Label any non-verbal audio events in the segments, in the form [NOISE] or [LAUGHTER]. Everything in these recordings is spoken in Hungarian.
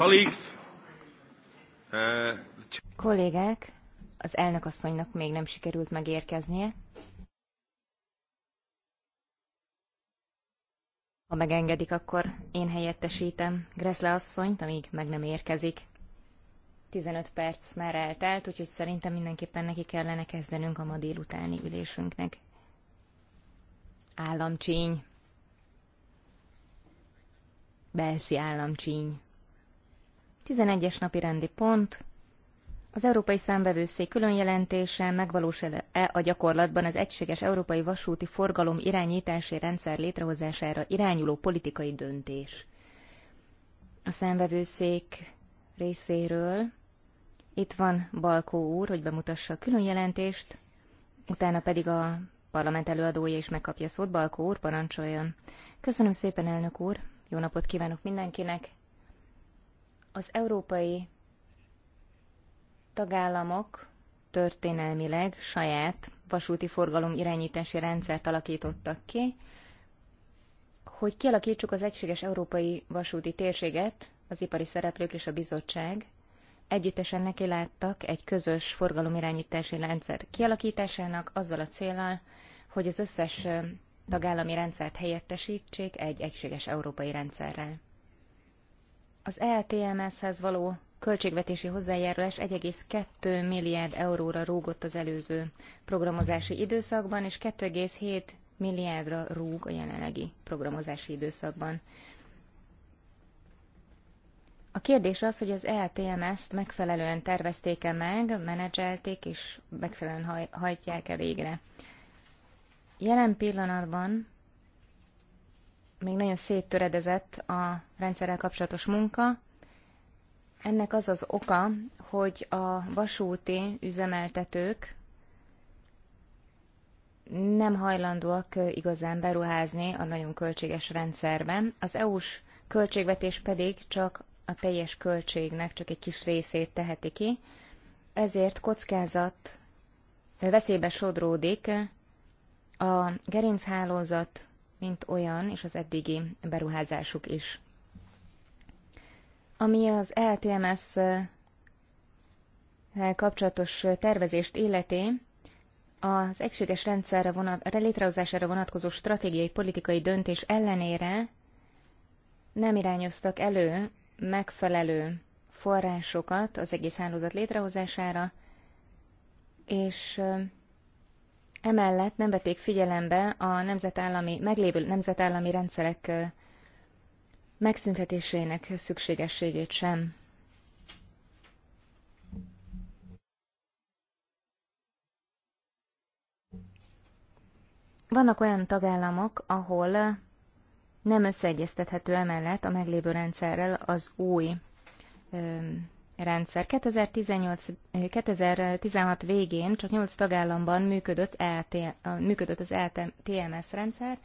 Uh, Kollégák, az elnökasszonynak még nem sikerült megérkeznie. Ha megengedik, akkor én helyettesítem Greszle asszonyt, amíg meg nem érkezik. 15 perc már eltelt, úgyhogy szerintem mindenképpen neki kellene kezdenünk a ma délutáni ülésünknek. Államcsíny. Belszi államcsíny. 11-es napi rendi pont. Az Európai Számbevőszék különjelentése megvalósul-e a gyakorlatban az egységes európai vasúti forgalom irányítási rendszer létrehozására irányuló politikai döntés? A számbevőszék részéről itt van Balkó úr, hogy bemutassa a különjelentést, utána pedig a parlament előadója is megkapja szót. Balkó úr, parancsoljon. Köszönöm szépen, elnök úr! Jó napot kívánok mindenkinek! Az európai tagállamok történelmileg saját vasúti forgalom irányítási rendszert alakítottak ki, hogy kialakítsuk az egységes európai vasúti térséget, az ipari szereplők és a bizottság együttesen neki láttak egy közös forgalomirányítási rendszer kialakításának azzal a célral, hogy az összes tagállami rendszert helyettesítsék egy egységes európai rendszerrel. Az ltms e hez való költségvetési hozzájárulás 1,2 milliárd euróra rúgott az előző programozási időszakban, és 2,7 milliárdra rúg a jelenlegi programozási időszakban. A kérdés az, hogy az ltms e t megfelelően tervezték-e meg, menedzselték és megfelelően hajtják-e végre. Jelen pillanatban még nagyon széttöredezett a rendszerrel kapcsolatos munka. Ennek az az oka, hogy a vasúti üzemeltetők nem hajlandóak igazán beruházni a nagyon költséges rendszerben. Az EU-s költségvetés pedig csak a teljes költségnek csak egy kis részét teheti ki, ezért kockázat veszélybe sodródik a gerinchálózat mint olyan, és az eddigi beruházásuk is. Ami az LTMS kapcsolatos tervezést illeti, az egységes rendszerre vonat, létrehozására vonatkozó stratégiai politikai döntés ellenére nem irányoztak elő megfelelő forrásokat az egész hálózat létrehozására, és Emellett nem vették figyelembe a nemzetállami, meglévő nemzetállami rendszerek megszüntetésének szükségességét sem. Vannak olyan tagállamok, ahol nem összeegyeztethető emellett a meglévő rendszerrel az új rendszer. 2018, 2016 eh, végén csak 8 tagállamban működött, LT, e működött az e TMS rendszer,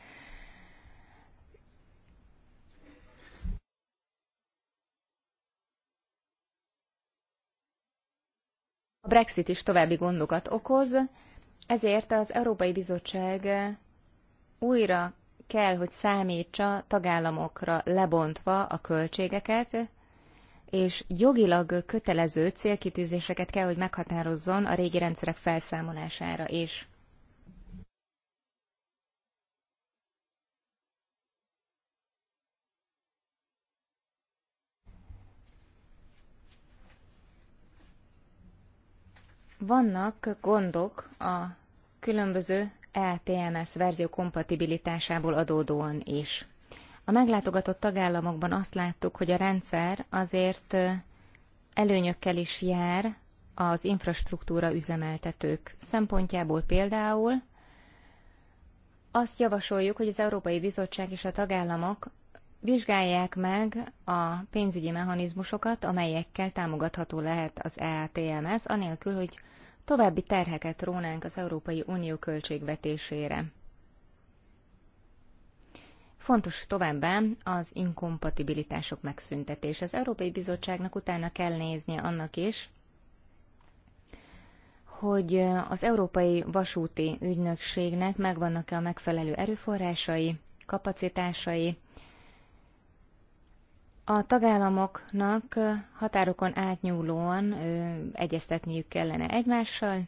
A Brexit is további gondokat okoz, ezért az Európai Bizottság eh, újra kell, hogy számítsa tagállamokra lebontva a költségeket, és jogilag kötelező célkitűzéseket kell, hogy meghatározzon a régi rendszerek felszámolására is. Vannak gondok a különböző LTMS e verzió kompatibilitásából adódóan is. A meglátogatott tagállamokban azt láttuk, hogy a rendszer azért előnyökkel is jár az infrastruktúra üzemeltetők szempontjából például. Azt javasoljuk, hogy az Európai Bizottság és a tagállamok vizsgálják meg a pénzügyi mechanizmusokat, amelyekkel támogatható lehet az EATMS, anélkül, hogy további terheket rónánk az Európai Unió költségvetésére. Fontos továbbá az inkompatibilitások megszüntetése. Az Európai Bizottságnak utána kell néznie annak is, hogy az Európai Vasúti Ügynökségnek megvannak-e a megfelelő erőforrásai, kapacitásai. A tagállamoknak határokon átnyúlóan ö, egyeztetniük kellene egymással,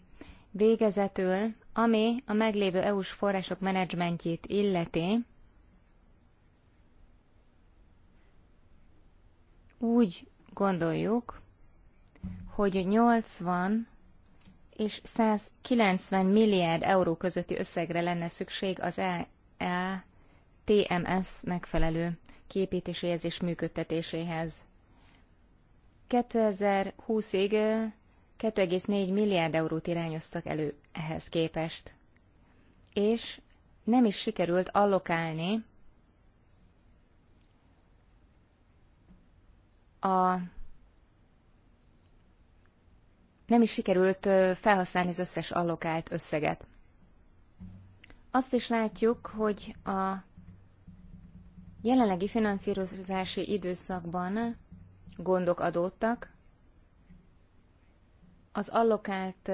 végezetül, ami a meglévő EU-s források menedzsmentjét illeti, úgy gondoljuk, hogy 80 és 190 milliárd euró közötti összegre lenne szükség az ETMS e megfelelő képítéséhez és működtetéséhez. 2020-ig 2,4 milliárd eurót irányoztak elő ehhez képest. És nem is sikerült allokálni a nem is sikerült felhasználni az összes allokált összeget. Azt is látjuk, hogy a jelenlegi finanszírozási időszakban gondok adódtak. Az allokált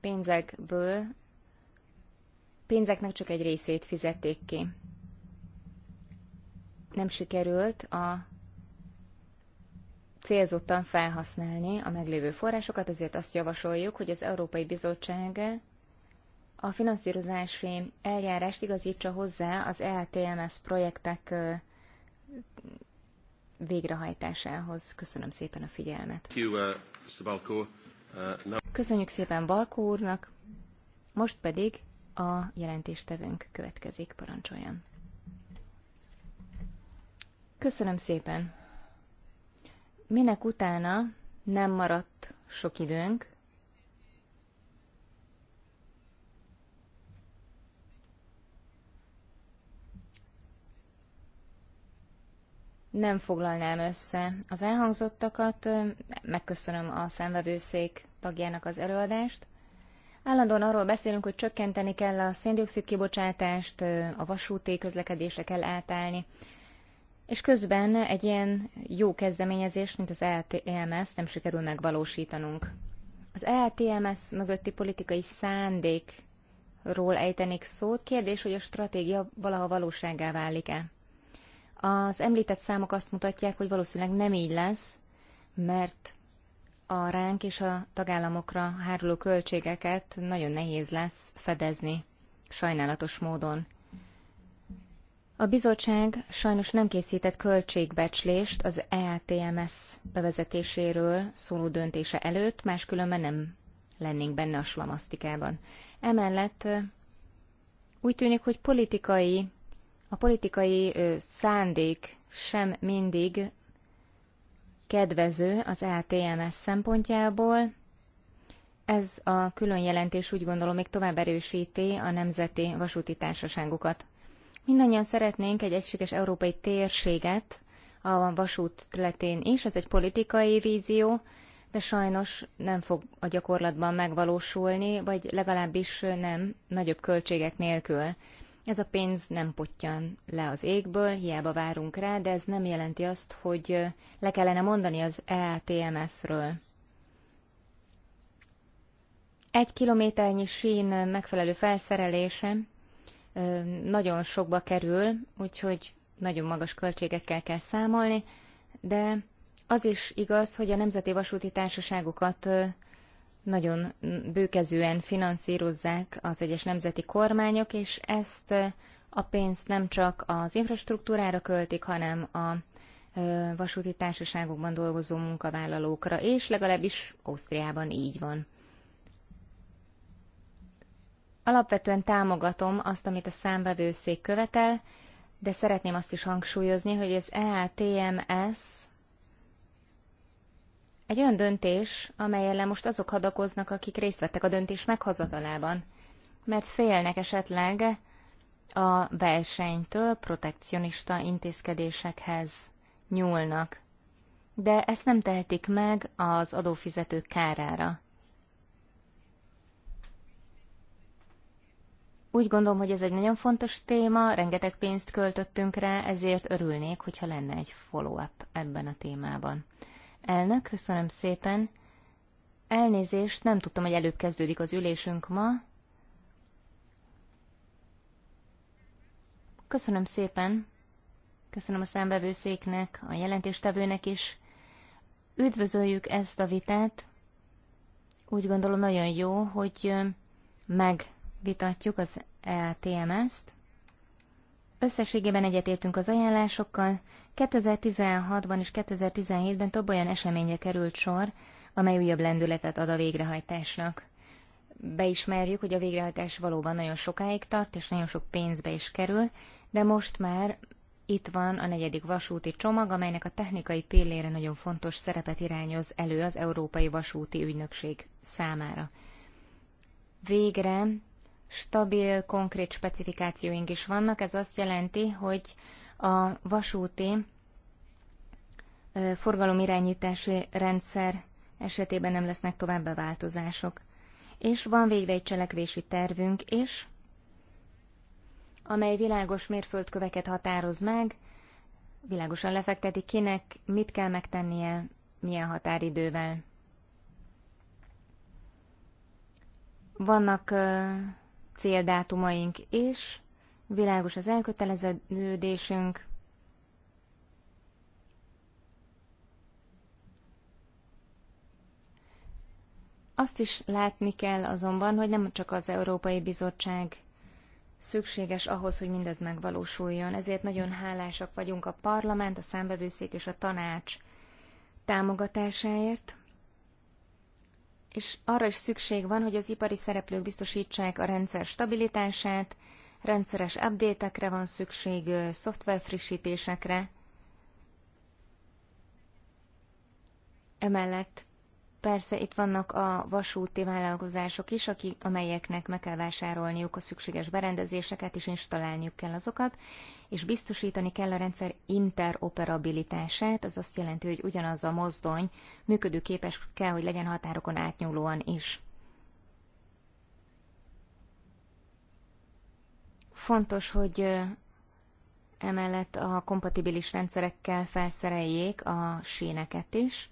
pénzekből pénzeknek csak egy részét fizették ki. Nem sikerült a célzottan felhasználni a meglévő forrásokat, ezért azt javasoljuk, hogy az Európai Bizottság a finanszírozási eljárást igazítsa hozzá az ELTMS projektek végrehajtásához. Köszönöm szépen a figyelmet. Uh, uh, Köszönjük szépen Balkó úrnak, most pedig a jelentéstevőnk következik, parancsoljon. Köszönöm szépen minek utána nem maradt sok időnk, nem foglalnám össze az elhangzottakat, megköszönöm a számvevőszék tagjának az előadást. Állandóan arról beszélünk, hogy csökkenteni kell a széndiokszid kibocsátást, a vasúti közlekedésre kell átállni és közben egy ilyen jó kezdeményezés, mint az ELTMS nem sikerül megvalósítanunk. Az ELTMS mögötti politikai szándékról ejtenék szót, kérdés, hogy a stratégia valaha valóságá válik-e. Az említett számok azt mutatják, hogy valószínűleg nem így lesz, mert a ránk és a tagállamokra háruló költségeket nagyon nehéz lesz fedezni, sajnálatos módon. A bizottság sajnos nem készített költségbecslést az EATMS bevezetéséről szóló döntése előtt, máskülönben nem lennénk benne a slamasztikában. Emellett úgy tűnik, hogy politikai, a politikai szándék sem mindig kedvező az EATMS szempontjából, ez a külön jelentés úgy gondolom még tovább erősíti a nemzeti vasúti társaságokat. Mindannyian szeretnénk egy egységes európai térséget a vasútletén is, ez egy politikai vízió, de sajnos nem fog a gyakorlatban megvalósulni, vagy legalábbis nem nagyobb költségek nélkül. Ez a pénz nem potyan le az égből, hiába várunk rá, de ez nem jelenti azt, hogy le kellene mondani az EATMS-ről. Egy kilométernyi sín megfelelő felszerelése nagyon sokba kerül, úgyhogy nagyon magas költségekkel kell számolni, de az is igaz, hogy a nemzeti vasúti társaságokat nagyon bőkezően finanszírozzák az egyes nemzeti kormányok, és ezt a pénzt nem csak az infrastruktúrára költik, hanem a vasúti társaságokban dolgozó munkavállalókra, és legalábbis Ausztriában így van. Alapvetően támogatom azt, amit a számvevőszék követel, de szeretném azt is hangsúlyozni, hogy az EATMS egy olyan döntés, amely ellen most azok hadakoznak, akik részt vettek a döntés meghozatalában, mert félnek esetleg a versenytől, protekcionista intézkedésekhez nyúlnak. De ezt nem tehetik meg az adófizetők kárára. Úgy gondolom, hogy ez egy nagyon fontos téma, rengeteg pénzt költöttünk rá, ezért örülnék, hogyha lenne egy follow-up ebben a témában. Elnök, köszönöm szépen. Elnézést, nem tudtam, hogy előbb kezdődik az ülésünk ma. Köszönöm szépen. Köszönöm a számbevőszéknek, a jelentéstevőnek is. Üdvözöljük ezt a vitát. Úgy gondolom nagyon jó, hogy meg vitatjuk az e TMS-t. Összességében egyetértünk az ajánlásokkal. 2016-ban és 2017-ben több olyan eseménye került sor, amely újabb lendületet ad a végrehajtásnak. Beismerjük, hogy a végrehajtás valóban nagyon sokáig tart, és nagyon sok pénzbe is kerül, de most már itt van a negyedik vasúti csomag, amelynek a technikai pillére nagyon fontos szerepet irányoz elő az Európai Vasúti Ügynökség számára. Végre stabil, konkrét specifikációink is vannak. Ez azt jelenti, hogy a vasúti forgalomirányítási rendszer esetében nem lesznek továbbá változások. És van végre egy cselekvési tervünk is, amely világos mérföldköveket határoz meg, világosan lefekteti kinek, mit kell megtennie, milyen határidővel. Vannak céldátumaink is, világos az elköteleződésünk, Azt is látni kell azonban, hogy nem csak az Európai Bizottság szükséges ahhoz, hogy mindez megvalósuljon. Ezért nagyon hálásak vagyunk a parlament, a számbevőszék és a tanács támogatásáért és arra is szükség van, hogy az ipari szereplők biztosítsák a rendszer stabilitását, rendszeres update-ekre van szükség, szoftver frissítésekre. Emellett Persze itt vannak a vasúti vállalkozások is, akik, amelyeknek meg kell vásárolniuk a szükséges berendezéseket, és installálniuk kell azokat, és biztosítani kell a rendszer interoperabilitását, az azt jelenti, hogy ugyanaz a mozdony működőképes kell, hogy legyen határokon átnyúlóan is. Fontos, hogy emellett a kompatibilis rendszerekkel felszereljék a síneket is,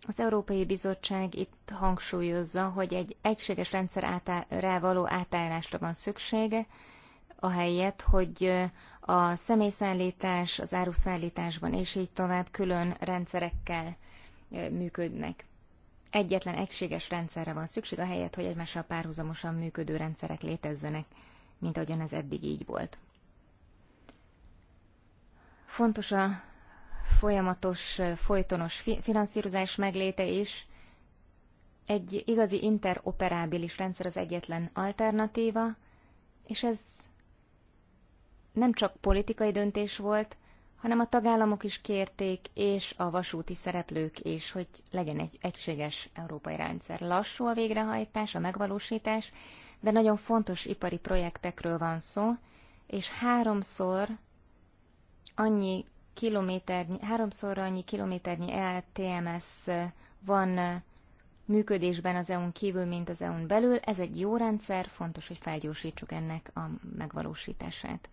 az Európai Bizottság itt hangsúlyozza, hogy egy egységes rendszer átállásra való átállásra van szüksége, ahelyett, hogy a személyszállítás, az áruszállításban és így tovább külön rendszerekkel működnek. Egyetlen egységes rendszerre van szükség, ahelyett, hogy egymással párhuzamosan működő rendszerek létezzenek, mint ahogyan ez eddig így volt. Fontos a folyamatos, folytonos finanszírozás megléte is. Egy igazi interoperábilis rendszer az egyetlen alternatíva, és ez nem csak politikai döntés volt, hanem a tagállamok is kérték, és a vasúti szereplők is, hogy legyen egy egységes európai rendszer. Lassú a végrehajtás, a megvalósítás, de nagyon fontos ipari projektekről van szó, és háromszor annyi kilométernyi, háromszor annyi kilométernyi ETMS van működésben az EU-n kívül, mint az EU-n belül. Ez egy jó rendszer, fontos, hogy felgyorsítsuk ennek a megvalósítását.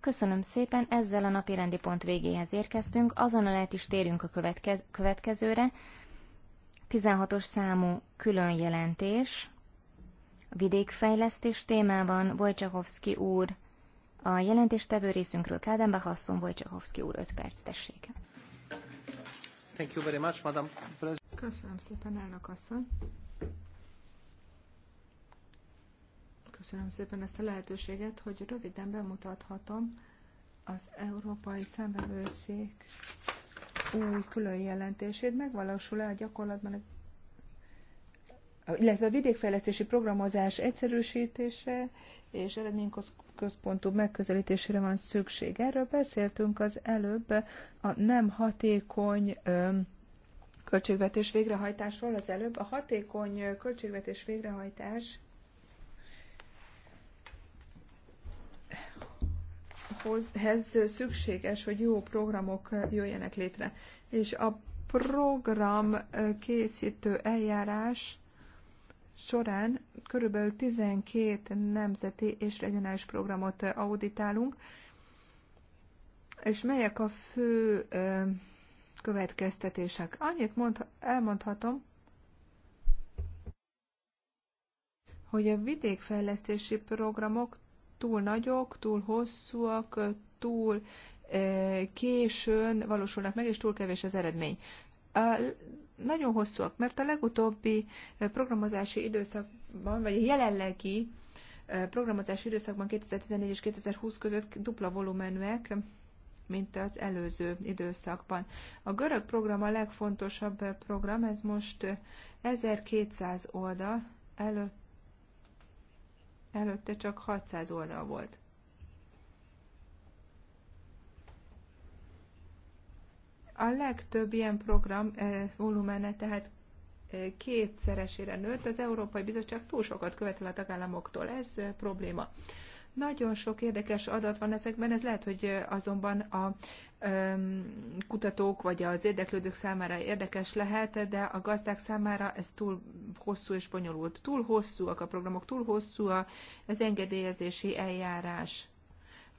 Köszönöm szépen, ezzel a napi rendi pont végéhez érkeztünk, azonnal lehet is térünk a következ- következőre. 16-os számú külön jelentés, vidékfejlesztés témában Wojciechowski úr a jelentéstevő részünkről Kádenbach asszony Wojciechowski úr 5 perc, tessék. Thank you very much, Madam President. Köszönöm szépen, elnök asszony. Köszönöm szépen ezt a lehetőséget, hogy röviden bemutathatom az Európai Számvevőszék új külön jelentését. Megvalósul-e a gyakorlatban, illetve a vidékfejlesztési programozás egyszerűsítése, és eredményközpontú megközelítésére van szükség. Erről beszéltünk az előbb a nem hatékony költségvetés végrehajtásról az előbb. A hatékony költségvetés végrehajtás hez szükséges, hogy jó programok jöjjenek létre. És a program készítő eljárás során körülbelül 12 nemzeti és regionális programot eh, auditálunk, és melyek a fő eh, következtetések. Annyit mond, elmondhatom, hogy a vidékfejlesztési programok túl nagyok, túl hosszúak, túl eh, későn valósulnak meg, és túl kevés az eredmény. A nagyon hosszúak, mert a legutóbbi eh, programozási időszakban, vagy a jelenlegi eh, programozási időszakban 2014 és 2020 között dupla volumenűek, mint az előző időszakban. A görög program a legfontosabb eh, program, ez most 1200 oldal, előtt, előtte csak 600 oldal volt. A legtöbb ilyen program eh, volumene tehát eh, kétszeresére nőtt, az Európai Bizottság túl sokat követel a tagállamoktól, ez eh, probléma. Nagyon sok érdekes adat van ezekben, ez lehet, hogy azonban a kutatók vagy az érdeklődők számára érdekes lehet, de a gazdák számára ez túl hosszú és bonyolult. Túl hosszúak a programok, túl hosszú az engedélyezési eljárás.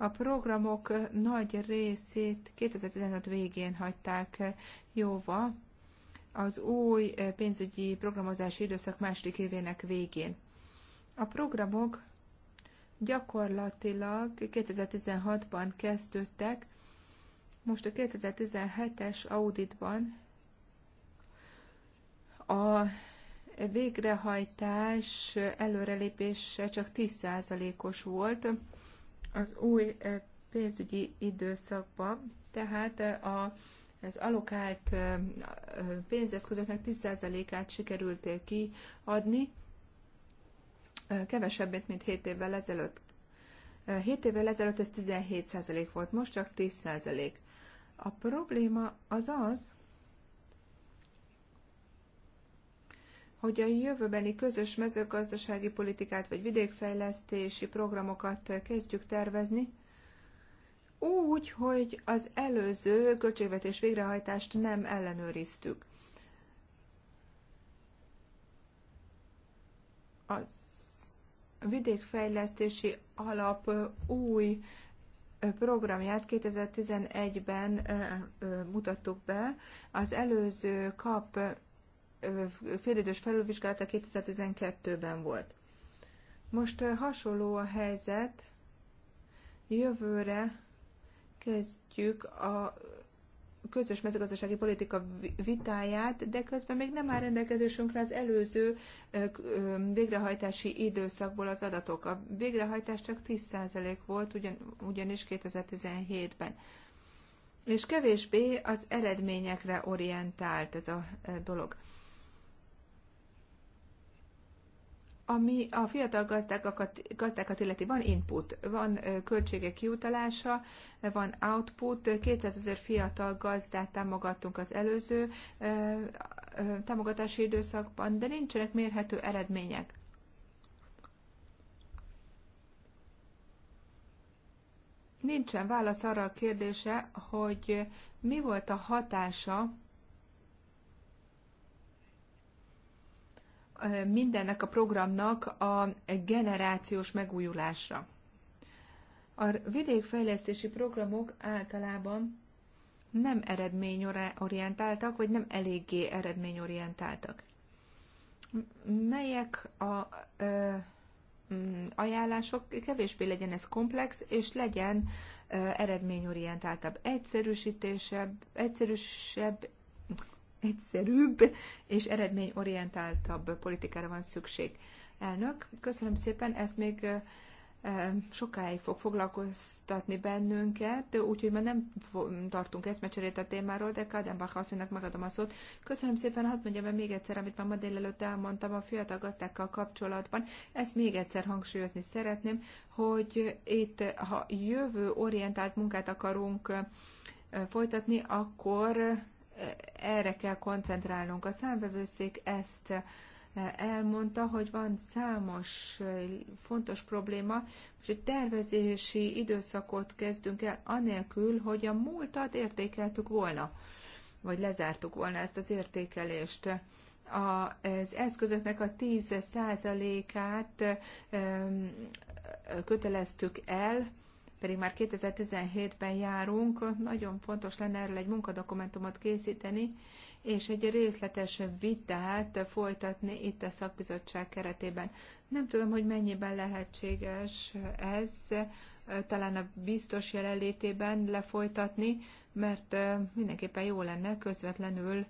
A programok nagy részét 2016 végén hagyták jóva az új pénzügyi programozási időszak második évének végén. A programok gyakorlatilag 2016-ban kezdődtek, most a 2017-es auditban a végrehajtás előrelépése csak 10%-os volt, az új pénzügyi időszakban, tehát a, az alokált pénzeszközöknek 10%-át sikerült kiadni, kevesebbet, mint 7 évvel ezelőtt. 7 évvel ezelőtt ez 17% volt, most csak 10%. A probléma az az, hogy a jövőbeni közös mezőgazdasági politikát vagy vidékfejlesztési programokat kezdjük tervezni, úgy, hogy az előző költségvetés végrehajtást nem ellenőriztük. Az vidékfejlesztési alap új programját 2011-ben mutattuk be. Az előző kap félidős felülvizsgálata 2012-ben volt. Most hasonló a helyzet, jövőre kezdjük a közös mezőgazdasági politika vitáját, de közben még nem áll rendelkezésünkre az előző végrehajtási időszakból az adatok. A végrehajtás csak 10% volt, ugyan, ugyanis 2017-ben. És kevésbé az eredményekre orientált ez a dolog. Ami a fiatal gazdákat, gazdákat illeti, van input, van költségek kiutalása, van output, 200 ezer fiatal gazdát támogattunk az előző támogatási időszakban, de nincsenek mérhető eredmények. Nincsen válasz arra a kérdése, hogy mi volt a hatása mindennek a programnak a generációs megújulásra. A vidékfejlesztési programok általában nem eredményorientáltak, vagy nem eléggé eredményorientáltak. Melyek a ö, mm, ajánlások, kevésbé legyen ez komplex, és legyen ö, eredményorientáltabb, egyszerűsítésebb, egyszerűsebb egyszerűbb és eredményorientáltabb politikára van szükség. Elnök, köszönöm szépen, ezt még sokáig fog foglalkoztatni bennünket, úgyhogy már nem tartunk eszmecserét a témáról, de Kádenbach asszonynak megadom a szót. Köszönöm szépen, hadd mondjam el még egyszer, amit már ma délelőtt elmondtam a fiatal gazdákkal kapcsolatban. Ezt még egyszer hangsúlyozni szeretném, hogy itt, ha jövő orientált munkát akarunk folytatni, akkor erre kell koncentrálnunk. A számvevőszék ezt eh, elmondta, hogy van számos eh, fontos probléma, és egy tervezési időszakot kezdünk el anélkül, hogy a múltat értékeltük volna, vagy lezártuk volna ezt az értékelést. Az eszközöknek a 10%-át eh, köteleztük el, pedig már 2017-ben járunk, nagyon fontos lenne erről egy munkadokumentumot készíteni, és egy részletes vitát folytatni itt a szakbizottság keretében. Nem tudom, hogy mennyiben lehetséges ez, talán a biztos jelenlétében lefolytatni, mert mindenképpen jó lenne közvetlenül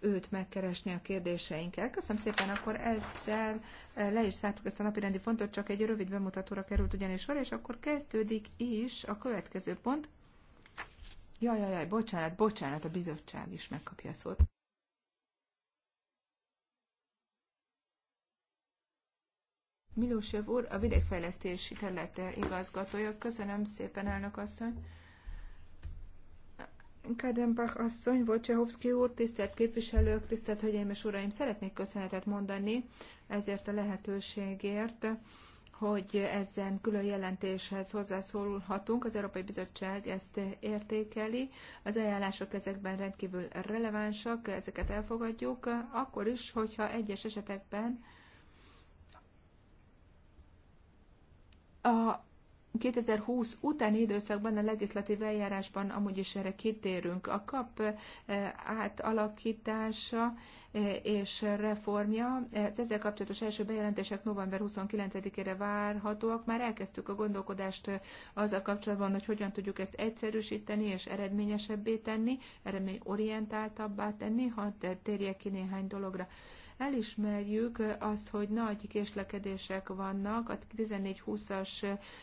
őt megkeresni a kérdéseinkkel. Köszönöm szépen, akkor ezzel eh, le is zártuk ezt a rendi pontot, csak egy rövid bemutatóra került ugyanis sor, és akkor kezdődik is a következő pont. Jaj, jaj, jaj, bocsánat, bocsánat, a bizottság is megkapja a szót. Milósev úr, a vidékfejlesztési területe igazgatója. Köszönöm szépen, elnök asszony. Kádenbach asszony, Wojciechowski úr, tisztelt képviselők, tisztelt hölgyeim és uraim, szeretnék köszönetet mondani ezért a lehetőségért, hogy ezen külön jelentéshez hozzászólhatunk. Az Európai Bizottság ezt értékeli. Az ajánlások ezekben rendkívül relevánsak, ezeket elfogadjuk, akkor is, hogyha egyes esetekben a 2020 utáni időszakban a legislatív eljárásban amúgy is erre kitérünk. A kap eh, átalakítása eh, és reformja, az ezzel kapcsolatos első bejelentések november 29-ére várhatóak. Már elkezdtük a gondolkodást eh, azzal kapcsolatban, hogy hogyan tudjuk ezt egyszerűsíteni és eredményesebbé tenni, eredményorientáltabbá tenni, ha térjek ki néhány dologra. Elismerjük azt, hogy nagy késlekedések vannak a 14-20-as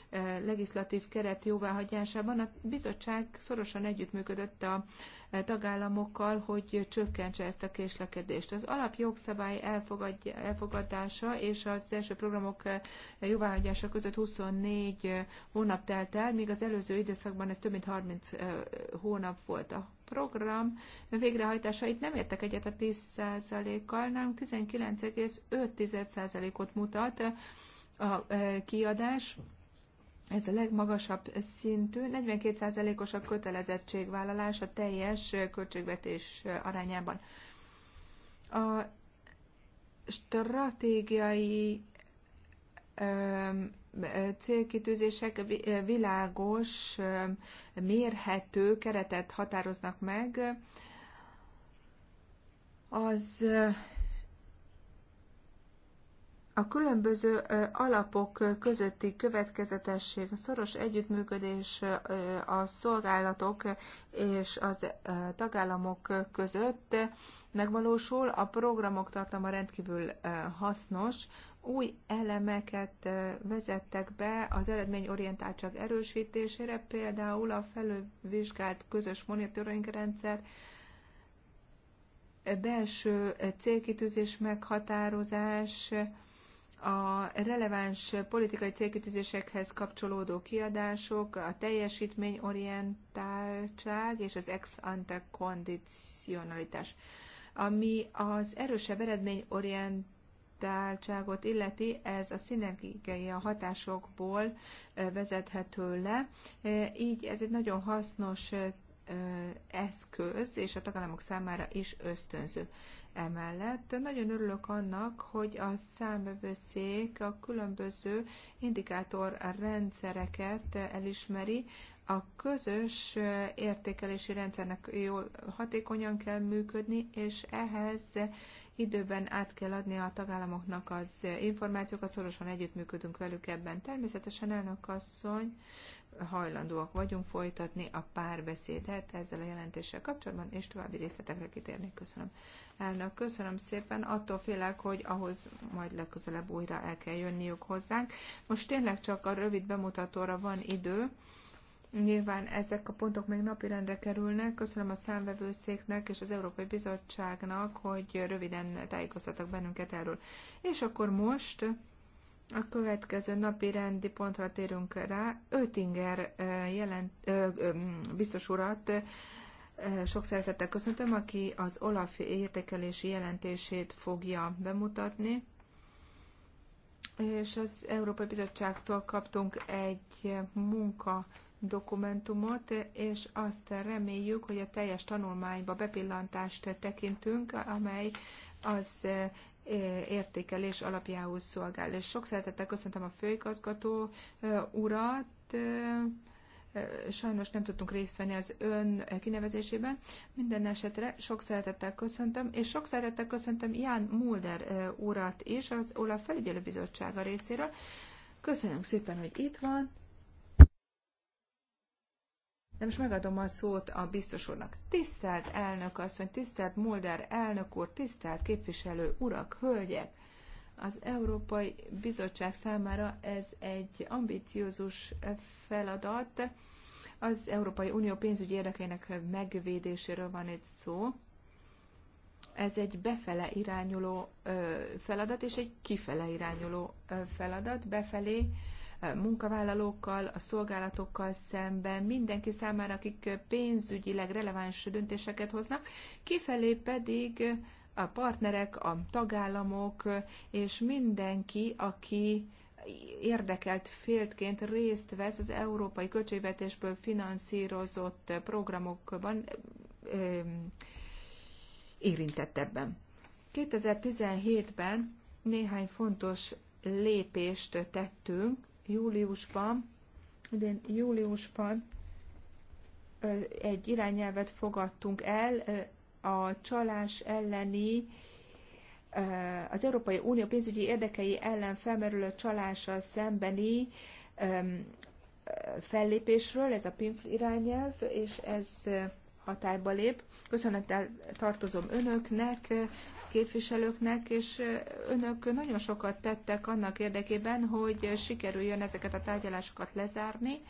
eh, legislatív keret jóváhagyásában. A bizottság szorosan együttműködött a eh, tagállamokkal, hogy csökkentse ezt a késlekedést. Az alapjogszabály elfogadása és az első programok eh, jóváhagyása között 24 hónap telt el, míg az előző időszakban ez több mint 30 hónap volt. A program végrehajtásait nem értek egyet a 10%-kal, nálunk 19,5%-ot mutat a e, kiadás, ez a legmagasabb szintű, 42%-os a kötelezettségvállalás a teljes költségvetés arányában. A stratégiai e, célkitűzések világos, mérhető keretet határoznak meg, az a különböző alapok közötti következetesség, a szoros együttműködés a szolgálatok és az tagállamok között megvalósul, a programok tartalma rendkívül hasznos, új elemeket vezettek be az eredményorientáltság erősítésére, például a felülvizsgált közös monitoring rendszer, belső célkitűzés meghatározás, a releváns politikai célkitűzésekhez kapcsolódó kiadások, a teljesítményorientáltság és az ex ante kondicionalitás, ami az erősebb eredményorientáltság konszolidáltságot illeti, ez a szinergiai a hatásokból vezethető le. Így ez egy nagyon hasznos eszköz, és a tagállamok számára is ösztönző. Emellett nagyon örülök annak, hogy a számvevőszék a különböző indikátor rendszereket elismeri, a közös értékelési rendszernek jól hatékonyan kell működni, és ehhez időben át kell adni a tagállamoknak az információkat, szorosan együttműködünk velük ebben. Természetesen elnök asszony, hajlandóak vagyunk folytatni a párbeszédet ezzel a jelentéssel kapcsolatban, és további részletekre kitérnék. Köszönöm. Elnök, köszönöm szépen. Attól félek, hogy ahhoz majd legközelebb újra el kell jönniük hozzánk. Most tényleg csak a rövid bemutatóra van idő. Nyilván ezek a pontok még napirendre kerülnek. Köszönöm a számvevőszéknek és az Európai Bizottságnak, hogy röviden tájékoztattak bennünket erről. És akkor most a következő napi rendi pontra térünk rá. Ötinger jelent, ö, ö, biztos urat sok szeretettel köszöntöm, aki az Olaf értékelési jelentését fogja bemutatni. És az Európai Bizottságtól kaptunk egy munka dokumentumot, és azt reméljük, hogy a teljes tanulmányba bepillantást tekintünk, amely az e, értékelés alapjául szolgál. És sok szeretettel köszöntöm a főigazgató e, urat, e, sajnos nem tudtunk részt venni az ön kinevezésében. Minden esetre sok szeretettel köszöntöm, és sok szeretettel köszöntöm Ján Mulder urat is, az Olaf Felügyelőbizottsága részéről. Köszönöm szépen, hogy itt van de most megadom a szót a biztos úrnak. Tisztelt elnök asszony, tisztelt Mulder elnök úr, tisztelt képviselő urak, hölgyek! Az Európai Bizottság számára ez egy ambiciózus feladat. Az Európai Unió pénzügyi érdekeinek megvédéséről van itt szó. Ez egy befele irányuló feladat, és egy kifele irányuló feladat. Befelé munkavállalókkal, a szolgálatokkal szemben, mindenki számára, akik pénzügyileg releváns döntéseket hoznak, kifelé pedig a partnerek, a tagállamok és mindenki, aki érdekelt féltként részt vesz az európai költségvetésből finanszírozott programokban érintett ebben. 2017-ben néhány fontos lépést tettünk júliusban, idén júliusban egy irányelvet fogadtunk el a csalás elleni az Európai Unió pénzügyi érdekei ellen felmerülő csalással szembeni fellépésről, ez a PINF irányelv, és ez hatályba lép. Köszönettel tartozom önöknek, képviselőknek, és önök nagyon sokat tettek annak érdekében, hogy sikerüljön ezeket a tárgyalásokat lezárni,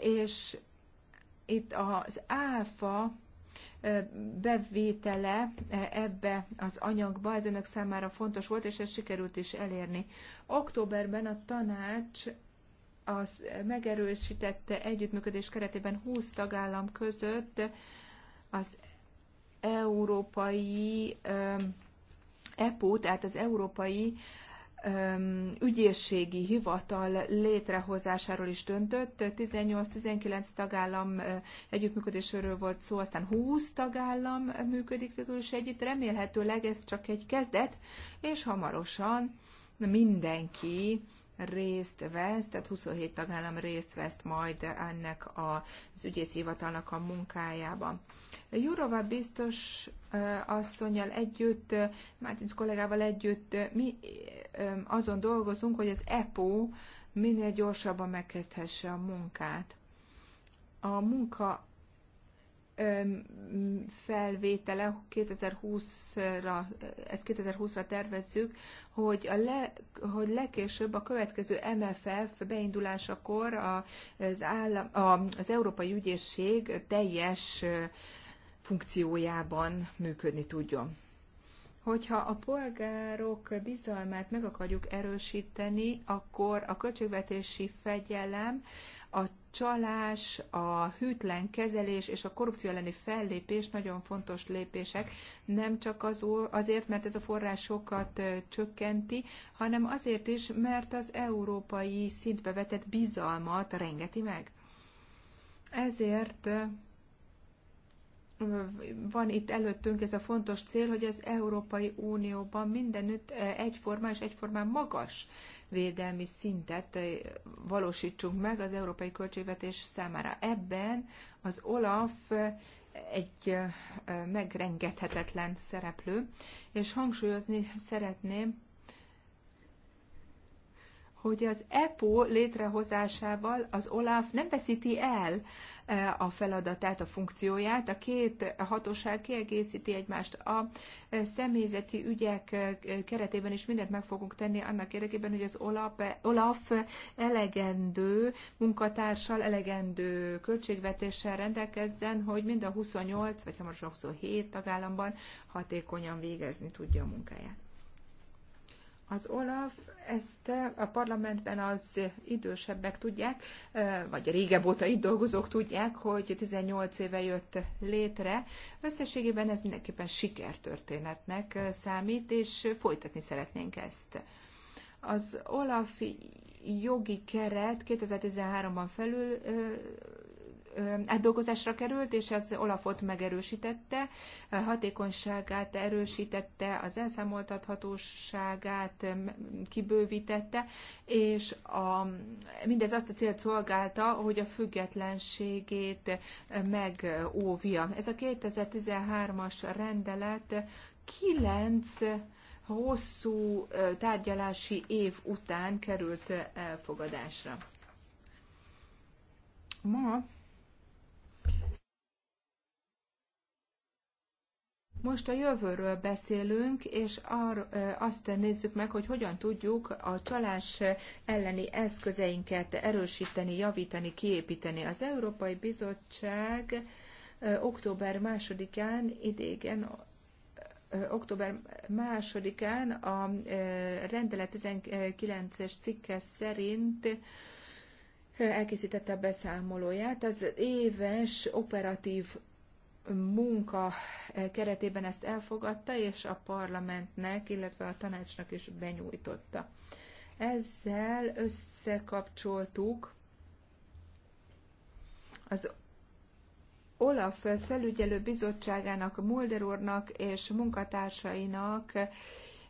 és itt az áfa bevétele ebbe az anyagba, ez önök számára fontos volt, és ezt sikerült is elérni. Októberben a tanács az megerősítette együttműködés keretében 20 tagállam között az európai EPO, tehát az európai ügyészségi hivatal létrehozásáról is döntött. 18-19 tagállam együttműködésről volt szó, aztán 20 tagállam működik végül is együtt. Remélhetőleg ez csak egy kezdet, és hamarosan mindenki részt vesz, tehát 27 tagállam részt vesz majd ennek az hivatalnak a munkájában. Jurova biztos asszonyjal együtt, Mártinc kollégával együtt mi azon dolgozunk, hogy az EPO minél gyorsabban megkezdhesse a munkát. A munka felvétele 2020-ra, ezt 2020-ra tervezzük, hogy, a le, hogy legkésőbb a következő MFF beindulásakor az, állam, az Európai Ügyészség teljes funkciójában működni tudjon. Hogyha a polgárok bizalmát meg akarjuk erősíteni, akkor a költségvetési fegyelem a csalás, a hűtlen kezelés és a korrupció elleni fellépés nagyon fontos lépések, nem csak az, azért, mert ez a forrásokat csökkenti, hanem azért is, mert az európai szintbe vetett bizalmat rengeti meg. Ezért van itt előttünk ez a fontos cél, hogy az Európai Unióban mindenütt eh, egyforma és egyformán magas védelmi szintet eh, valósítsunk meg az európai költségvetés számára. Ebben az OLAF eh, egy megrengethetetlen szereplő, és hangsúlyozni szeretném, hogy az EPO létrehozásával az OLAF nem veszíti el E, a feladatát, a funkcióját. A két hatóság kiegészíti egymást. A e, személyzeti ügyek e, keretében is mindent meg fogunk tenni annak érdekében, hogy az Olaf, OLAF elegendő munkatársal, elegendő költségvetéssel rendelkezzen, hogy mind a 28, vagy hamarosan 27 tagállamban hatékonyan végezni tudja a munkáját. Az OLAF ezt a parlamentben az idősebbek tudják, vagy régebb óta itt dolgozók tudják, hogy 18 éve jött létre. Összességében ez mindenképpen sikertörténetnek számít, és folytatni szeretnénk ezt. Az Olaf jogi keret 2013-ban felül átdolgozásra került, és az Olafot megerősítette, hatékonyságát erősítette, az elszámoltathatóságát kibővítette, és a, mindez azt a célt szolgálta, hogy a függetlenségét megóvja. Ez a 2013-as rendelet kilenc hosszú tárgyalási év után került elfogadásra. Ma Most a jövőről beszélünk, és ar, azt nézzük meg, hogy hogyan tudjuk a csalás elleni eszközeinket erősíteni, javítani, kiépíteni. Az Európai Bizottság október másodikán idégen október másodikán a rendelet 19-es cikke szerint elkészítette a beszámolóját. Az éves operatív munka eh, keretében ezt elfogadta, és a parlamentnek, illetve a tanácsnak is benyújtotta. Ezzel összekapcsoltuk az Olaf felügyelő bizottságának, Mulder úrnak és munkatársainak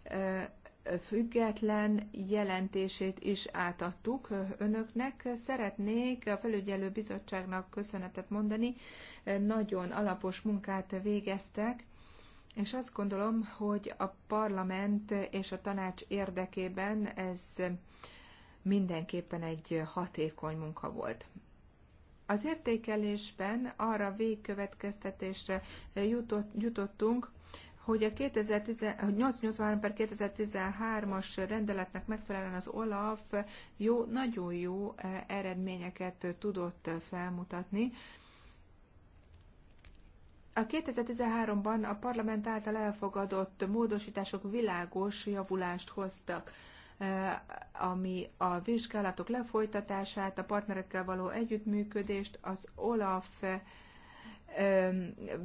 eh, független jelentését is átadtuk önöknek. Szeretnék a felügyelő bizottságnak köszönetet mondani. Nagyon alapos munkát végeztek, és azt gondolom, hogy a parlament és a tanács érdekében ez mindenképpen egy hatékony munka volt. Az értékelésben arra végkövetkeztetésre jutott, jutottunk, hogy a 883 per 2013-as rendeletnek megfelelően az OLAF jó, nagyon jó e, eredményeket tudott felmutatni. A 2013-ban a parlament által elfogadott módosítások világos javulást hoztak e, ami a vizsgálatok lefolytatását, a partnerekkel való együttműködést, az OLAF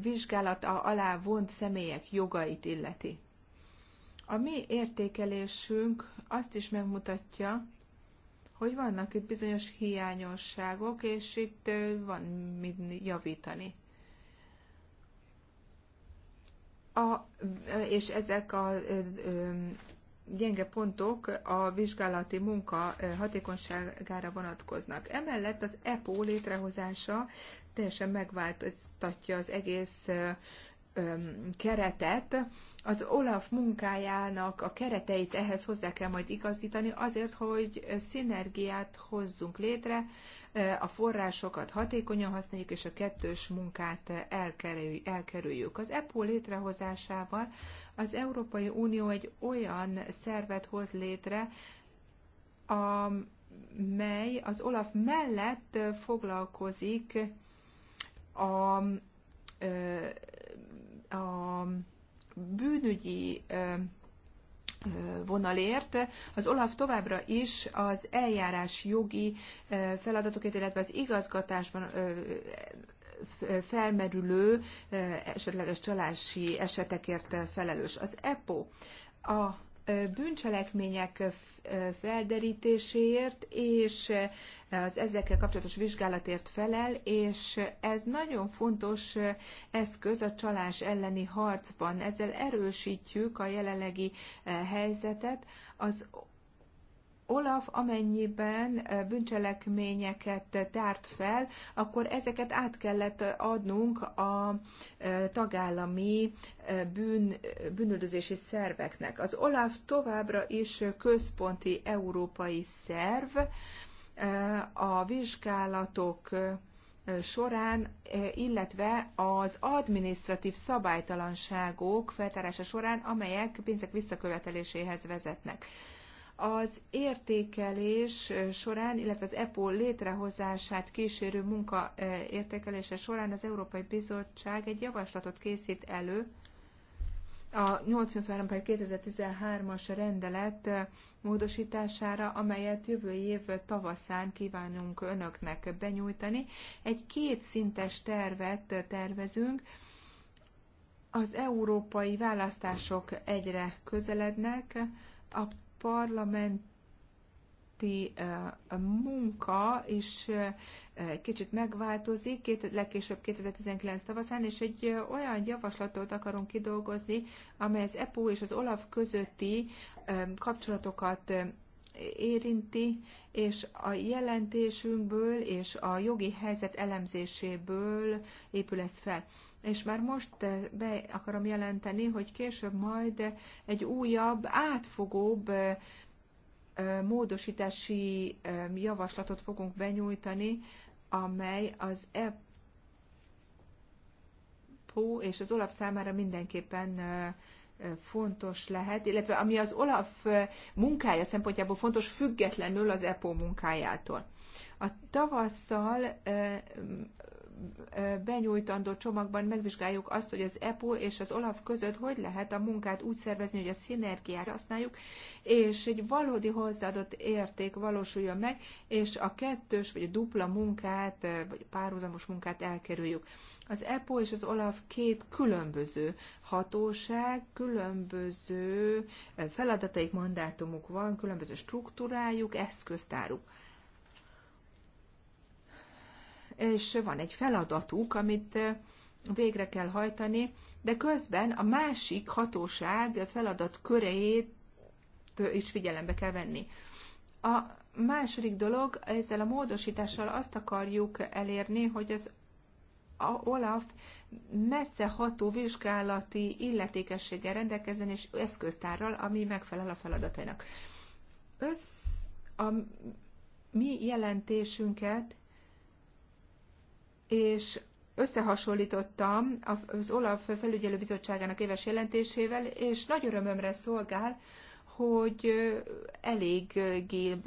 vizsgálata alá vont személyek jogait illeti. A mi értékelésünk azt is megmutatja, hogy vannak itt bizonyos hiányosságok, és itt van mit javítani. A, és ezek a gyenge pontok a vizsgálati munka eh, hatékonyságára vonatkoznak. Emellett az EPO létrehozása teljesen megváltoztatja az egész eh, keretet. Az OLAF munkájának a kereteit ehhez hozzá kell majd igazítani azért, hogy szinergiát hozzunk létre, eh, a forrásokat hatékonyan használjuk, és a kettős munkát elkerüljük. Az EPO létrehozásával az Európai Unió egy olyan szervet hoz létre, amely az Olaf mellett foglalkozik a, a bűnügyi vonalért. Az Olaf továbbra is az eljárás jogi feladatokért, illetve az igazgatásban felmerülő esetleges csalási esetekért felelős. Az EPO a bűncselekmények felderítéséért és az ezekkel kapcsolatos vizsgálatért felel, és ez nagyon fontos eszköz a csalás elleni harcban. Ezzel erősítjük a jelenlegi helyzetet. Az Olaf amennyiben bűncselekményeket tárt fel, akkor ezeket át kellett adnunk a tagállami bűn, bűnöldözési szerveknek. Az Olaf továbbra is központi európai szerv, a vizsgálatok során, illetve az administratív szabálytalanságok feltárása során, amelyek pénzek visszaköveteléséhez vezetnek. Az értékelés során, illetve az EPO létrehozását kísérő munka eh, értékelése során az Európai Bizottság egy javaslatot készít elő, a 83 2013-as rendelet eh, módosítására, amelyet jövő év tavaszán kívánunk önöknek benyújtani. Egy kétszintes tervet eh, tervezünk. Az európai választások egyre közelednek, a parlamenti eh, munka is eh, egy kicsit megváltozik, két, legkésőbb 2019 tavaszán, és egy eh, olyan javaslatot akarunk kidolgozni, amely az EPO és az OLAF közötti kapcsolatokat érinti, és a jelentésünkből és a jogi helyzet elemzéséből épül ez fel. És már most eh, be akarom jelenteni, hogy később majd egy újabb, átfogóbb eh, eh, módosítási javaslatot fogunk benyújtani, amely az EPO és az OLAF számára mindenképpen fontos lehet, illetve ami az Olaf munkája szempontjából fontos, függetlenül az EPO munkájától. A tavasszal benyújtandó csomagban megvizsgáljuk azt, hogy az EPO és az OLAF között hogy lehet a munkát úgy szervezni, hogy a szinergiát használjuk, és egy valódi hozzáadott érték valósuljon meg, és a kettős vagy a dupla munkát, vagy párhuzamos munkát elkerüljük. Az EPO és az OLAF két különböző hatóság, különböző feladataik, mandátumuk van, különböző struktúrájuk, eszköztáruk és van egy feladatuk, amit végre kell hajtani, de közben a másik hatóság feladat körejét is figyelembe kell venni. A második dolog, ezzel a módosítással azt akarjuk elérni, hogy az a Olaf messze ható vizsgálati illetékességgel rendelkezzen és eszköztárral, ami megfelel a feladatainak. Össz a mi jelentésünket és összehasonlítottam az Olaf felügyelőbizottságának éves jelentésével, és nagy örömömre szolgál, hogy elég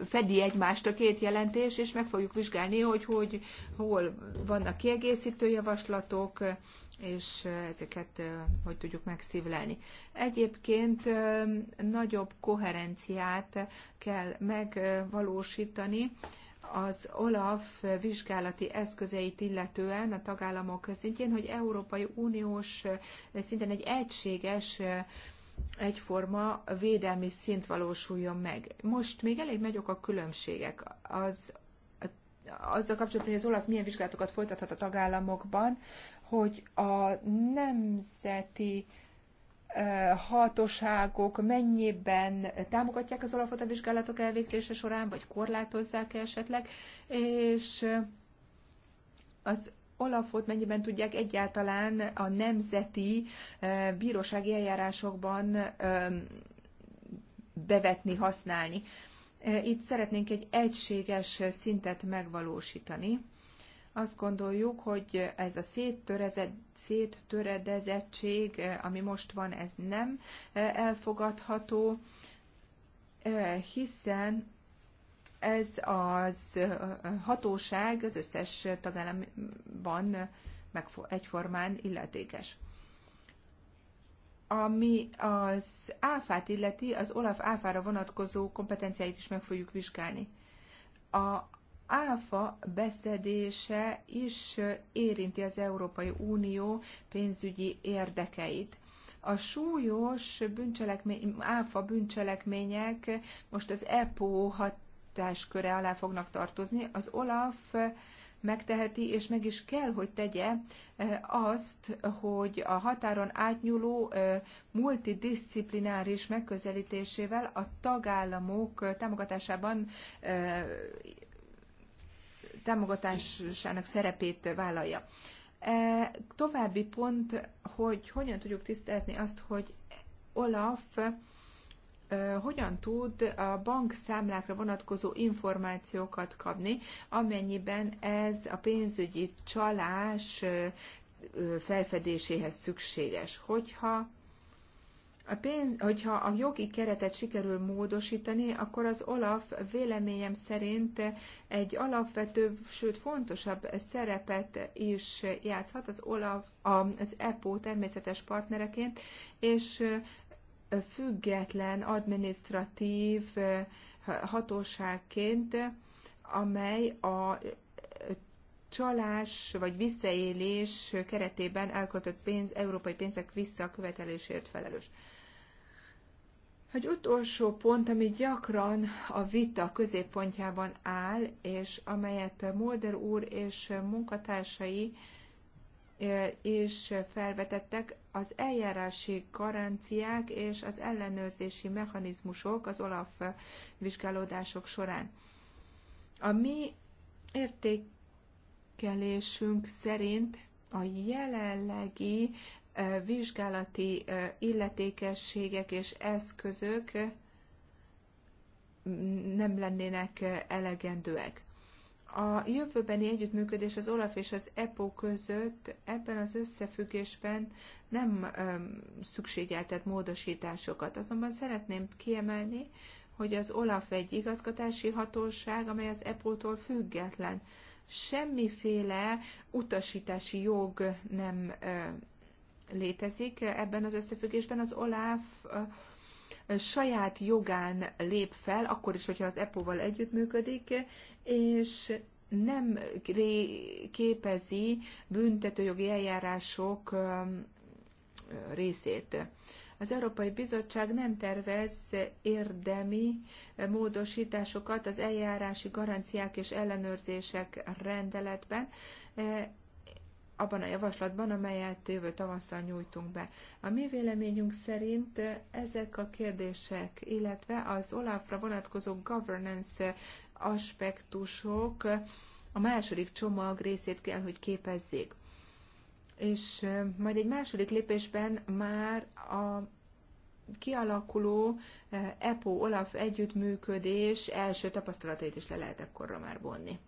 fedi egymást a két jelentés, és meg fogjuk vizsgálni, hogy, hogy hol vannak kiegészítő javaslatok, és ezeket hogy tudjuk megszívlelni. Egyébként nagyobb koherenciát kell megvalósítani az OLAF vizsgálati eszközeit illetően a tagállamok szintjén, hogy Európai Uniós szinten egy egységes egyforma védelmi szint valósuljon meg. Most még elég nagyok a különbségek. Az, azzal kapcsolatban, hogy az OLAF milyen vizsgálatokat folytathat a tagállamokban, hogy a nemzeti hatóságok mennyiben támogatják az alapot a vizsgálatok elvégzése során, vagy korlátozzák -e esetleg, és az Olafot mennyiben tudják egyáltalán a nemzeti bírósági eljárásokban bevetni, használni. Itt szeretnénk egy egységes szintet megvalósítani azt gondoljuk, hogy ez a széttöredezettség, ami most van, ez nem eh, elfogadható, eh, hiszen ez az eh, hatóság az összes tagállamban meg egyformán illetékes. Ami az áfát illeti, az Olaf áfára vonatkozó kompetenciáit is meg fogjuk vizsgálni. A, áfa beszedése is érinti az Európai Unió pénzügyi érdekeit. A súlyos bűncselekmény, áfa bűncselekmények most az EPO hatásköre alá fognak tartozni. Az OLAF megteheti, és meg is kell, hogy tegye azt, hogy a határon átnyúló multidisziplináris megközelítésével a tagállamok támogatásában támogatásának szerepét vállalja. E, további pont, hogy hogyan tudjuk tisztázni azt, hogy Olaf e, hogyan tud a bankszámlákra vonatkozó információkat kapni, amennyiben ez a pénzügyi csalás e, e, felfedéséhez szükséges. Hogyha a pénz, hogyha a jogi keretet sikerül módosítani, akkor az Olaf véleményem szerint egy alapvető, sőt fontosabb szerepet is játszhat az Olaf, az EPO természetes partnereként, és független adminisztratív hatóságként, amely a csalás vagy visszaélés keretében elköltött pénz, európai pénzek visszakövetelésért felelős. Egy utolsó pont, ami gyakran a vita középpontjában áll, és amelyet Mulder úr és munkatársai is felvetettek, az eljárási garanciák és az ellenőrzési mechanizmusok az OLAF vizsgálódások során. A mi értékelésünk szerint a jelenlegi vizsgálati illetékességek és eszközök nem lennének elegendőek. A jövőbeni együttműködés az OLAF és az EPO között ebben az összefüggésben nem öm, szükségeltet módosításokat. Azonban szeretném kiemelni, hogy az OLAF egy igazgatási hatóság, amely az EPO-tól független. Semmiféle utasítási jog nem létezik ebben az összefüggésben. Az OLAF saját jogán lép fel, akkor is, hogyha az EPO-val együttműködik, és nem képezi büntetőjogi eljárások részét. Az Európai Bizottság nem tervez érdemi módosításokat az eljárási garanciák és ellenőrzések rendeletben, abban a javaslatban, amelyet jövő tavasszal nyújtunk be. A mi véleményünk szerint ezek a kérdések, illetve az Olafra vonatkozó governance aspektusok a második csomag részét kell, hogy képezzék. És majd egy második lépésben már a kialakuló EPO-OLAF együttműködés első tapasztalatait is le lehet ekkorra már vonni.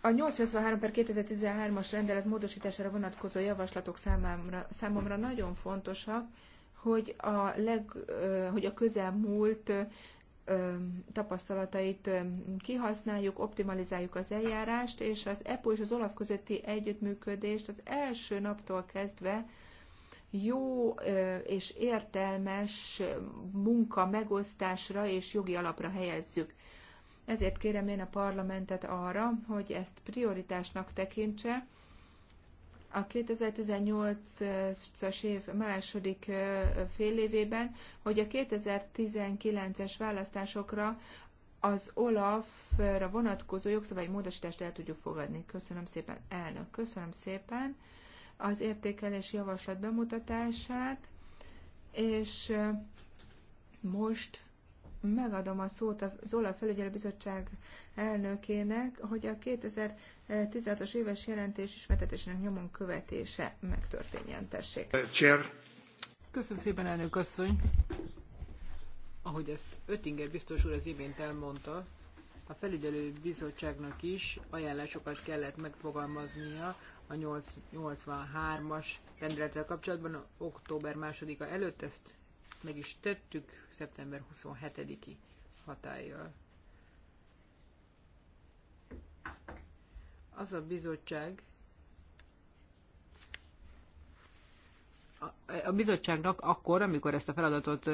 A 83 per 2013-as rendelet módosítására vonatkozó javaslatok számomra, számomra nagyon fontosak, hogy a, leg, hogy a közelmúlt tapasztalatait kihasználjuk, optimalizáljuk az eljárást, és az EPO és az OLAF közötti együttműködést az első naptól kezdve jó és értelmes munka megosztásra és jogi alapra helyezzük. Ezért kérem én a parlamentet arra, hogy ezt prioritásnak tekintse, a 2018-as év második fél évében, hogy a 2019-es választásokra az Olaf-ra vonatkozó jogszabályi módosítást el tudjuk fogadni. Köszönöm szépen, elnök. Köszönöm szépen az értékelés javaslat bemutatását, és most megadom a szót az OLAF felügyelőbizottság elnökének, hogy a 2016-os éves jelentés ismertetésének nyomon követése megtörténjen. Tessék. Chair. Köszönöm szépen, elnök asszony. Ahogy ezt Öttinger biztos úr az imént elmondta, a felügyelő bizottságnak is ajánlásokat kellett megfogalmaznia a 83-as rendelettel kapcsolatban október 2-a előtt ezt meg is tettük szeptember 27-i hatállyal. Az a bizottság, a bizottságnak akkor, amikor ezt a feladatot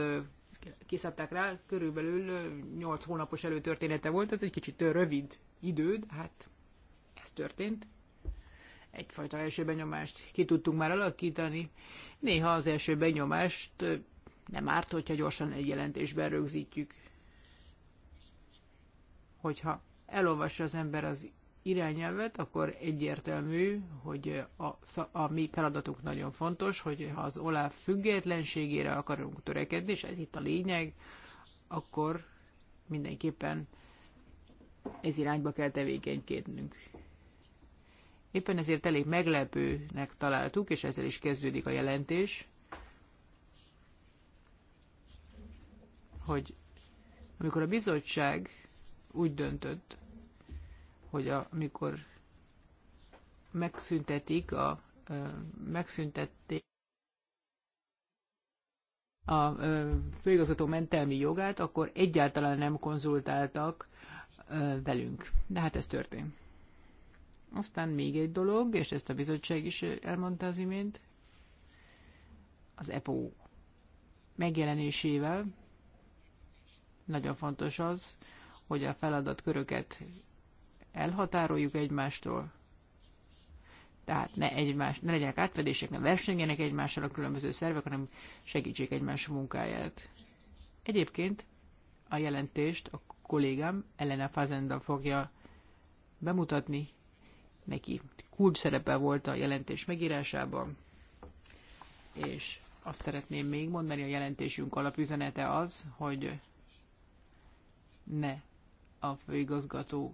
kiszabták rá, körülbelül 8 hónapos előtörténete volt, ez egy kicsit rövid idő, de hát ez történt. Egyfajta első benyomást ki tudtunk már alakítani. Néha az első benyomást nem árt, hogyha gyorsan egy jelentésben rögzítjük. Hogyha elolvassa az ember az irányelvet, akkor egyértelmű, hogy a, a mi feladatunk nagyon fontos, hogy ha az oláf függetlenségére akarunk törekedni, és ez itt a lényeg, akkor mindenképpen ez irányba kell tevékenykednünk. Éppen ezért elég meglepőnek találtuk, és ezzel is kezdődik a jelentés, hogy amikor a bizottság úgy döntött, hogy a, amikor megszüntetik a megszüntették a főigazgató mentelmi jogát, akkor egyáltalán nem konzultáltak velünk. De hát ez történt. Aztán még egy dolog, és ezt a bizottság is elmondta az imént, az EPO megjelenésével nagyon fontos az, hogy a feladatköröket elhatároljuk egymástól, tehát ne egymás, ne legyenek átfedések, ne versenjenek egymással a különböző szervek, hanem segítsék egymás munkáját. Egyébként a jelentést a kollégám Elena Fazenda fogja bemutatni. Neki kulcs szerepe volt a jelentés megírásában, és azt szeretném még mondani, a jelentésünk alapüzenete az, hogy ne a főigazgató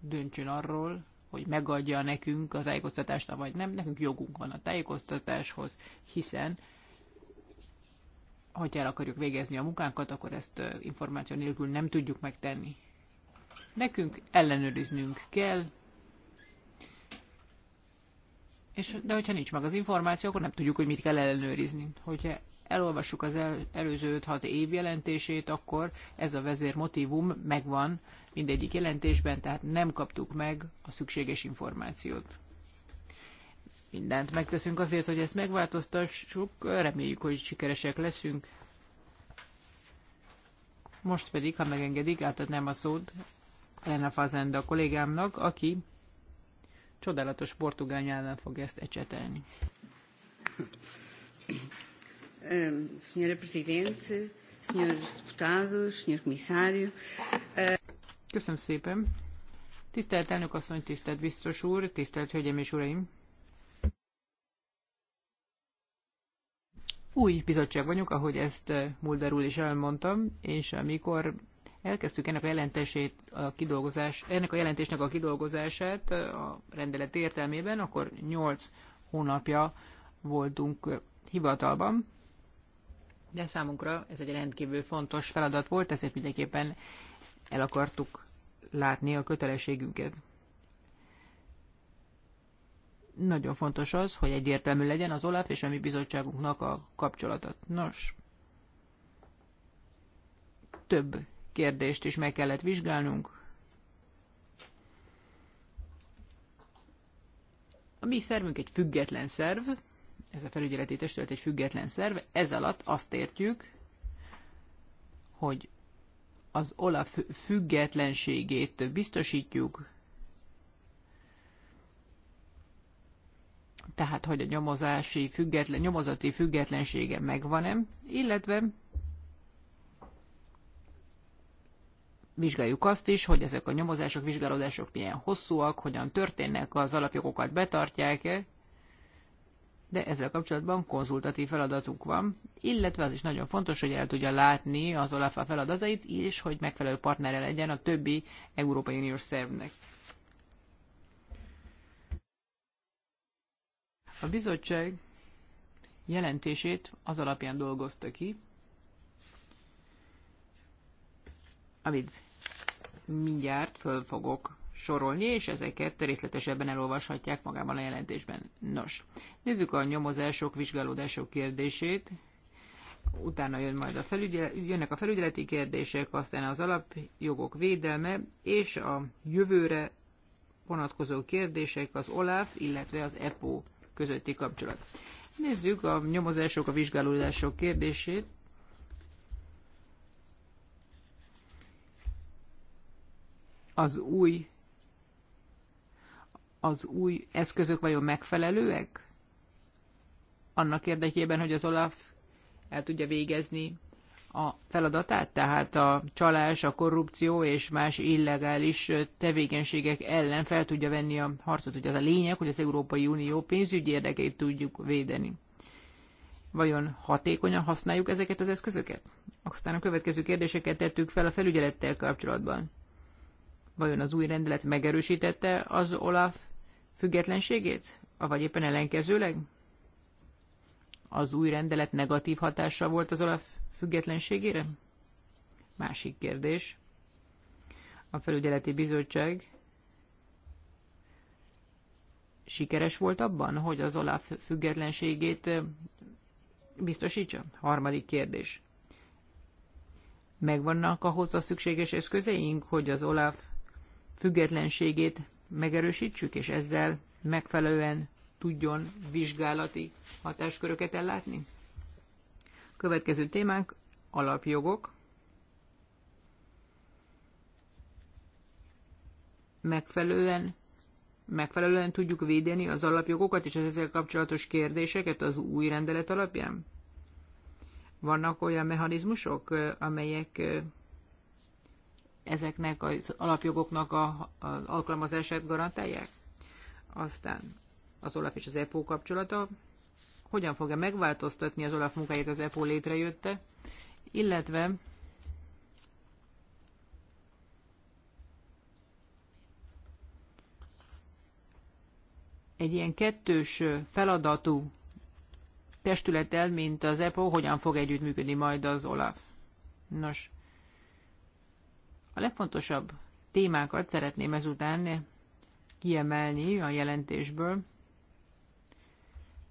döntsön arról, hogy megadja nekünk a tájékoztatást, vagy nem. Nekünk jogunk van a tájékoztatáshoz, hiszen ha el akarjuk végezni a munkánkat, akkor ezt információ nélkül nem tudjuk megtenni. Nekünk ellenőriznünk kell, és, de hogyha nincs meg az információ, akkor nem tudjuk, hogy mit kell ellenőrizni. Hogyha elolvassuk az el, előző 5-6 év jelentését, akkor ez a vezér motivum megvan mindegyik jelentésben, tehát nem kaptuk meg a szükséges információt. Mindent megteszünk azért, hogy ezt megváltoztassuk, reméljük, hogy sikeresek leszünk. Most pedig, ha megengedik, átadnám a szót Elena Fazenda kollégámnak, aki csodálatos portugál nyelven fog ezt ecsetelni. Senhora Presidente, Senhores Deputados, Senhor Comissário. Köszönöm szépen. Tisztelt elnök asszony, tisztelt biztos úr, tisztelt hölgyeim és uraim. Új bizottság vagyok, ahogy ezt eh, Mulder úr is elmondtam, és amikor elkezdtük ennek a, jelentését, a kidolgozás, ennek a jelentésnek a kidolgozását eh, a rendelet értelmében, akkor 8 hónapja voltunk eh, hivatalban de számunkra ez egy rendkívül fontos feladat volt, ezért mindenképpen el akartuk látni a kötelességünket. Nagyon fontos az, hogy egyértelmű legyen az OLAF és a mi bizottságunknak a kapcsolatot. Nos, több kérdést is meg kellett vizsgálnunk. A mi szervünk egy független szerv, ez a felügyeleti testület egy független szerv. Ez alatt azt értjük, hogy az OLAF függetlenségét biztosítjuk, tehát hogy a nyomozási független, nyomozati függetlensége megvan-e, illetve vizsgáljuk azt is, hogy ezek a nyomozások, vizsgálódások milyen hosszúak, hogyan történnek, az alapjogokat betartják-e, de ezzel kapcsolatban konzultatív feladatunk van, illetve az is nagyon fontos, hogy el tudja látni az olaf feladatait, és hogy megfelelő partnere legyen a többi Európai Uniós szervnek. A bizottság jelentését az alapján dolgozta ki, amit mindjárt föl fogok sorolni, és ezeket részletesebben elolvashatják magában a jelentésben. Nos, nézzük a nyomozások, vizsgálódások kérdését. Utána jön majd a felügyel, jönnek a felügyeleti kérdések, aztán az alapjogok védelme, és a jövőre vonatkozó kérdések az OLAF, illetve az EPO közötti kapcsolat. Nézzük a nyomozások, a vizsgálódások kérdését. Az új az új eszközök vajon megfelelőek? Annak érdekében, hogy az Olaf el tudja végezni a feladatát, tehát a csalás, a korrupció és más illegális tevékenységek ellen fel tudja venni a harcot. Ugye az a lényeg, hogy az Európai Unió pénzügyi érdekeit tudjuk védeni. Vajon hatékonyan használjuk ezeket az eszközöket? Aztán a következő kérdéseket tettük fel a felügyelettel kapcsolatban. Vajon az új rendelet megerősítette az Olaf függetlenségét? Vagy éppen ellenkezőleg? Az új rendelet negatív hatása volt az olaf függetlenségére? Másik kérdés. A felügyeleti bizottság sikeres volt abban, hogy az olaf függetlenségét biztosítsa? Harmadik kérdés. Megvannak ahhoz a szükséges eszközeink, hogy az olaf függetlenségét megerősítsük, és ezzel megfelelően tudjon vizsgálati hatásköröket ellátni? Következő témánk alapjogok. Megfelelően megfelelően tudjuk védeni az alapjogokat és az ezzel kapcsolatos kérdéseket az új rendelet alapján? Vannak olyan mechanizmusok, amelyek ezeknek az alapjogoknak a, a alkalmazását garantálják? Aztán az Olaf és az EPO kapcsolata. Hogyan fogja megváltoztatni az Olaf munkáját az EPO létrejötte? Illetve egy ilyen kettős feladatú testülettel, mint az EPO, hogyan fog együttműködni majd az OLAF. Nos, a legfontosabb témákat szeretném ezután kiemelni a jelentésből.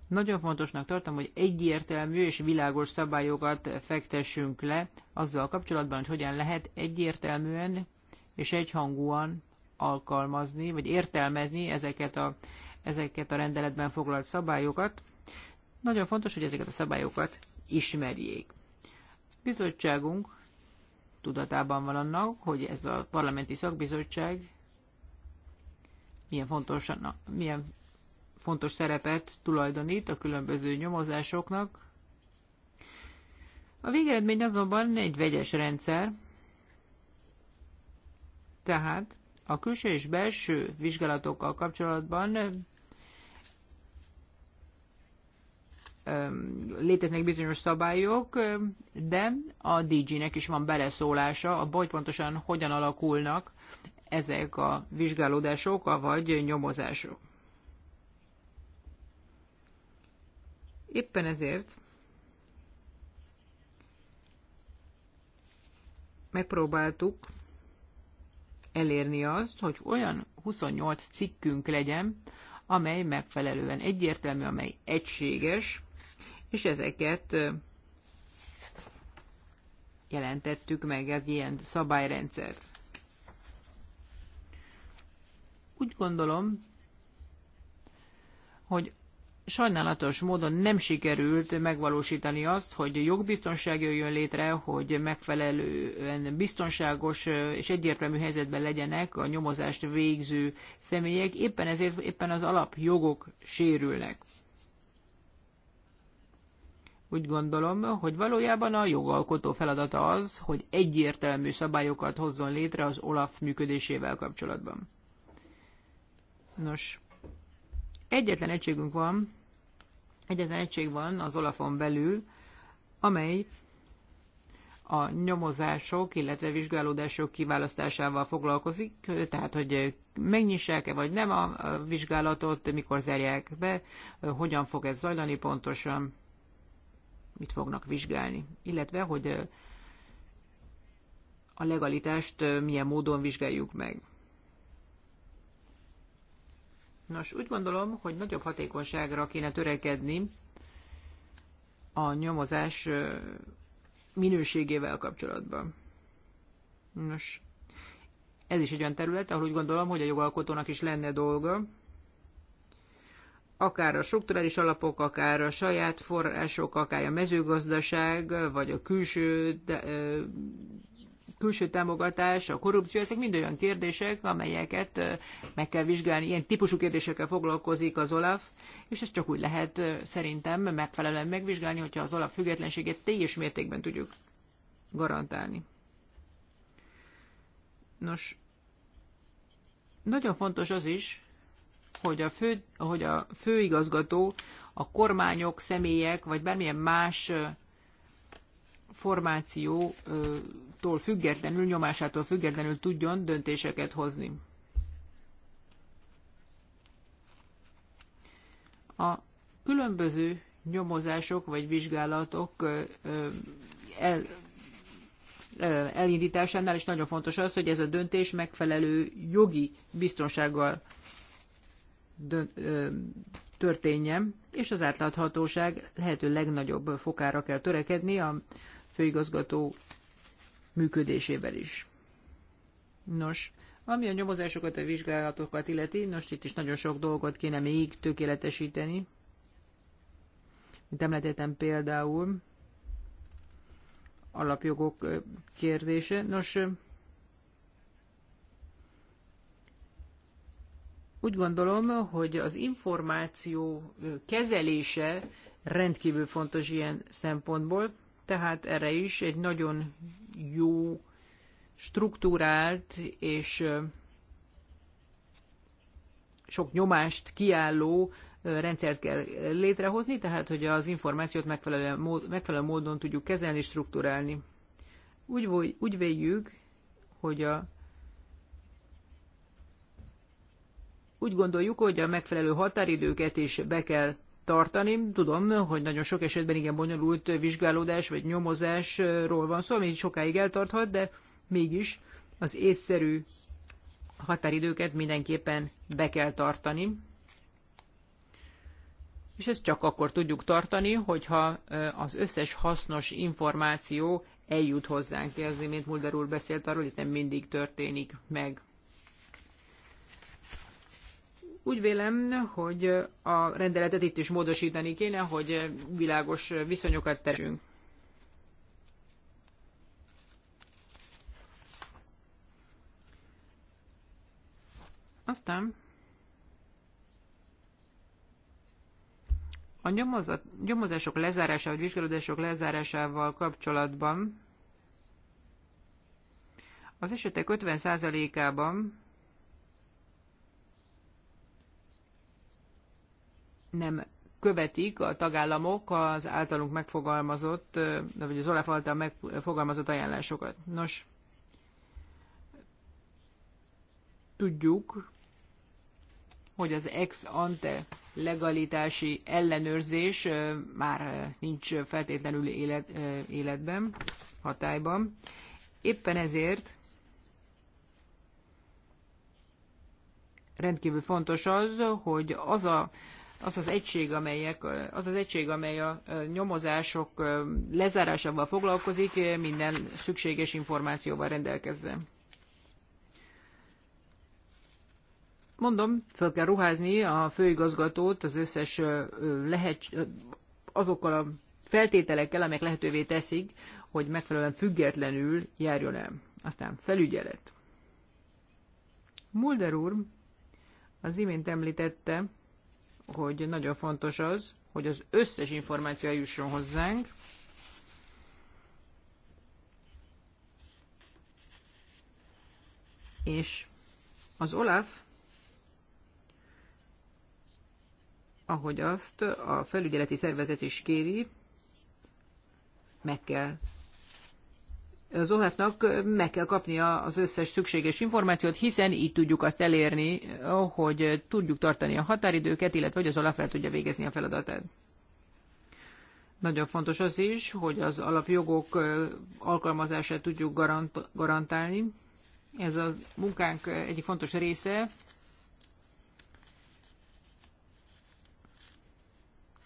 Nagyon fontosnak tartom, hogy egyértelmű és világos szabályokat fektessünk le azzal kapcsolatban, hogy hogyan lehet egyértelműen és egyhangúan alkalmazni, vagy értelmezni ezeket a, ezeket a rendeletben foglalt szabályokat. Nagyon fontos, hogy ezeket a szabályokat ismerjék. Bizottságunk tudatában van annak, hogy ez a parlamenti szakbizottság milyen fontos, na, milyen fontos szerepet tulajdonít a különböző nyomozásoknak. A végeredmény azonban egy vegyes rendszer, tehát a külső és belső vizsgálatokkal kapcsolatban léteznek bizonyos szabályok, de a DG-nek is van beleszólása A baj pontosan hogyan alakulnak ezek a vizsgálódások, vagy nyomozások. Éppen ezért megpróbáltuk elérni azt, hogy olyan 28 cikkünk legyen, amely megfelelően egyértelmű, amely egységes, és ezeket jelentettük meg egy ilyen szabályrendszer. Úgy gondolom, hogy sajnálatos módon nem sikerült megvalósítani azt, hogy jogbiztonság jöjjön létre, hogy megfelelően biztonságos és egyértelmű helyzetben legyenek a nyomozást végző személyek, éppen ezért éppen az alapjogok sérülnek úgy gondolom, hogy valójában a jogalkotó feladata az, hogy egyértelmű szabályokat hozzon létre az OLAF működésével kapcsolatban. Nos, egyetlen egységünk van, egyetlen egység van az olafon belül, amely a nyomozások, illetve vizsgálódások kiválasztásával foglalkozik, tehát hogy megnyissák-e vagy nem a vizsgálatot, mikor zárják be, hogyan fog ez zajlani pontosan mit fognak vizsgálni, illetve hogy a legalitást milyen módon vizsgáljuk meg. Nos, úgy gondolom, hogy nagyobb hatékonyságra kéne törekedni a nyomozás minőségével kapcsolatban. Nos, ez is egy olyan terület, ahol úgy gondolom, hogy a jogalkotónak is lenne dolga, akár a strukturális alapok, akár a saját források, akár a mezőgazdaság, vagy a külső, de, külső támogatás, a korrupció, ezek mind olyan kérdések, amelyeket meg kell vizsgálni. Ilyen típusú kérdésekkel foglalkozik az OLAF, és ezt csak úgy lehet szerintem megfelelően megvizsgálni, hogyha az OLAF függetlenségét teljes mértékben tudjuk garantálni. Nos, nagyon fontos az is, hogy a, fő, hogy a főigazgató a kormányok, személyek, vagy bármilyen más formációtól függetlenül, nyomásától függetlenül tudjon döntéseket hozni. A különböző nyomozások vagy vizsgálatok el, elindításánál is nagyon fontos az, hogy ez a döntés megfelelő jogi biztonsággal történjen, és az átláthatóság lehető legnagyobb fokára kell törekedni a főigazgató működésével is. Nos, ami a nyomozásokat, a vizsgálatokat illeti, nos itt is nagyon sok dolgot kéne még tökéletesíteni. Mint említettem például alapjogok kérdése. Nos, Úgy gondolom, hogy az információ kezelése rendkívül fontos ilyen szempontból, tehát erre is egy nagyon jó, struktúrált és sok nyomást kiálló rendszert kell létrehozni, tehát hogy az információt megfelelő, mód, megfelelő módon tudjuk kezelni és struktúrálni. Úgy, úgy véljük, hogy a Úgy gondoljuk, hogy a megfelelő határidőket is be kell tartani. Tudom, hogy nagyon sok esetben igen bonyolult vizsgálódás vagy nyomozásról van szó, ami sokáig eltarthat, de mégis az észszerű határidőket mindenképpen be kell tartani. És ezt csak akkor tudjuk tartani, hogyha az összes hasznos információ eljut hozzánk. Ez, mint Mulder úr beszélt arról, hogy ez nem mindig történik meg. Úgy vélem, hogy a rendeletet itt is módosítani kéne, hogy világos viszonyokat teremtsünk. Aztán a nyomozat, nyomozások lezárásával, vagy vizsgálódások lezárásával kapcsolatban az esetek 50%-ában nem követik a tagállamok az általunk megfogalmazott, vagy az Olaf által megfogalmazott ajánlásokat. Nos, tudjuk, hogy az ex ante legalitási ellenőrzés már nincs feltétlenül élet, életben, hatályban. Éppen ezért rendkívül fontos az, hogy az a az az egység, amelyek, az az egység, amely a nyomozások lezárásával foglalkozik, minden szükséges információval rendelkezzen. Mondom, fel kell ruházni a főigazgatót az összes lehet, azokkal a feltételekkel, amelyek lehetővé teszik, hogy megfelelően függetlenül járjon el. Aztán felügyelet. Mulder úr az imént említette, hogy nagyon fontos az, hogy az összes információ eljusson hozzánk, és az Olaf, ahogy azt a felügyeleti szervezet is kéri, meg kell az ONF-nak meg kell kapnia az összes szükséges információt, hiszen így tudjuk azt elérni, hogy tudjuk tartani a határidőket, illetve hogy az OLAF el tudja végezni a feladatát. Nagyon fontos az is, hogy az alapjogok alkalmazását tudjuk garant- garantálni. Ez a munkánk egyik fontos része.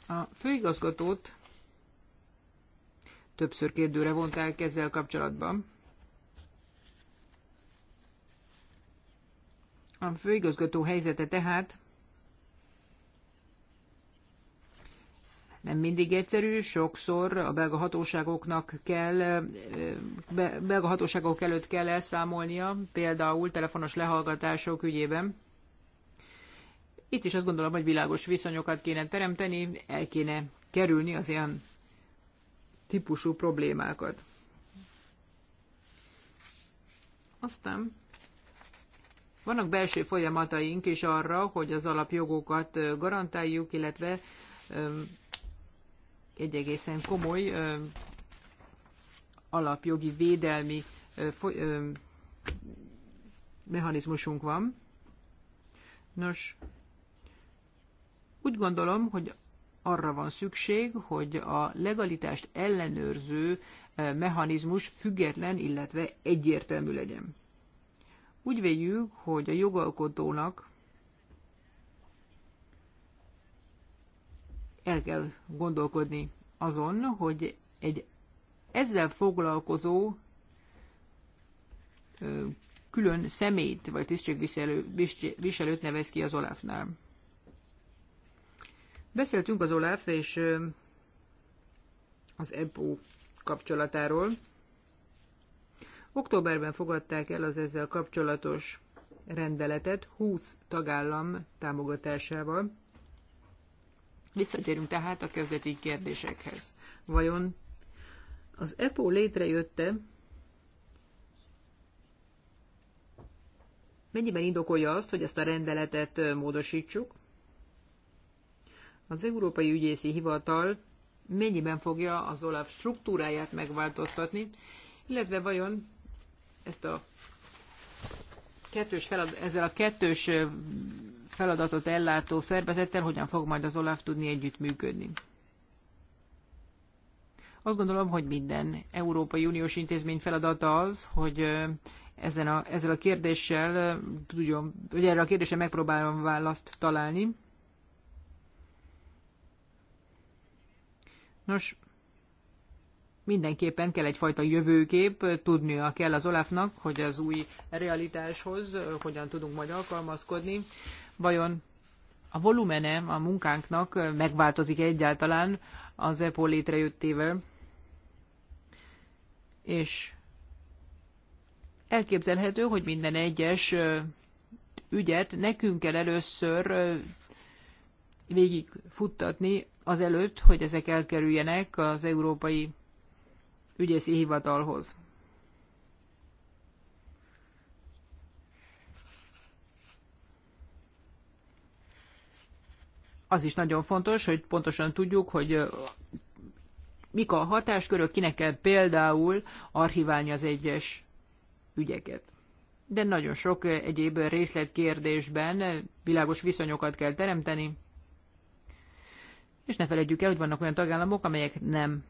A főigazgatót többször kérdőre vonták ezzel kapcsolatban. A főigazgató helyzete tehát nem mindig egyszerű, sokszor a belga hatóságoknak kell, belga hatóságok előtt kell elszámolnia, például telefonos lehallgatások ügyében. Itt is azt gondolom, hogy világos viszonyokat kéne teremteni, el kéne kerülni az ilyen típusú problémákat. Aztán vannak belső folyamataink is arra, hogy az alapjogokat garantáljuk, illetve egy egészen komoly alapjogi védelmi mechanizmusunk van. Nos, úgy gondolom, hogy arra van szükség, hogy a legalitást ellenőrző e, mechanizmus független, illetve egyértelmű legyen. Úgy véljük, hogy a jogalkotónak el kell gondolkodni azon, hogy egy ezzel foglalkozó e, külön szemét vagy tisztségviselőt nevez ki az Olafnál. Beszéltünk az Olaf és az EPO kapcsolatáról. Októberben fogadták el az ezzel kapcsolatos rendeletet 20 tagállam támogatásával. Visszatérünk tehát a kezdeti kérdésekhez. Vajon az EPO létrejötte, mennyiben indokolja azt, hogy ezt a rendeletet módosítsuk? Az Európai Ügyészi Hivatal mennyiben fogja az OLAF struktúráját megváltoztatni, illetve vajon ezt a kettős felad, ezzel a kettős feladatot ellátó szervezettel hogyan fog majd az OLAF tudni együttműködni. Azt gondolom, hogy minden Európai Uniós intézmény feladata az, hogy ezen a, ezzel a kérdéssel tudjon, hogy erre a kérdésre megpróbálom választ találni. Nos, mindenképpen kell egyfajta jövőkép, tudnia kell az Olafnak, hogy az új realitáshoz hogyan tudunk majd alkalmazkodni. Vajon a volumene a munkánknak megváltozik egyáltalán az EPO létrejöttével, és elképzelhető, hogy minden egyes ügyet nekünk kell először végig futtatni azelőtt, hogy ezek elkerüljenek az Európai Ügyészi Hivatalhoz. Az is nagyon fontos, hogy pontosan tudjuk, hogy mik a hatáskörök, kinek kell például archiválni az egyes ügyeket. De nagyon sok egyéb részletkérdésben világos viszonyokat kell teremteni, és ne felejtjük el, hogy vannak olyan tagállamok, amelyek nem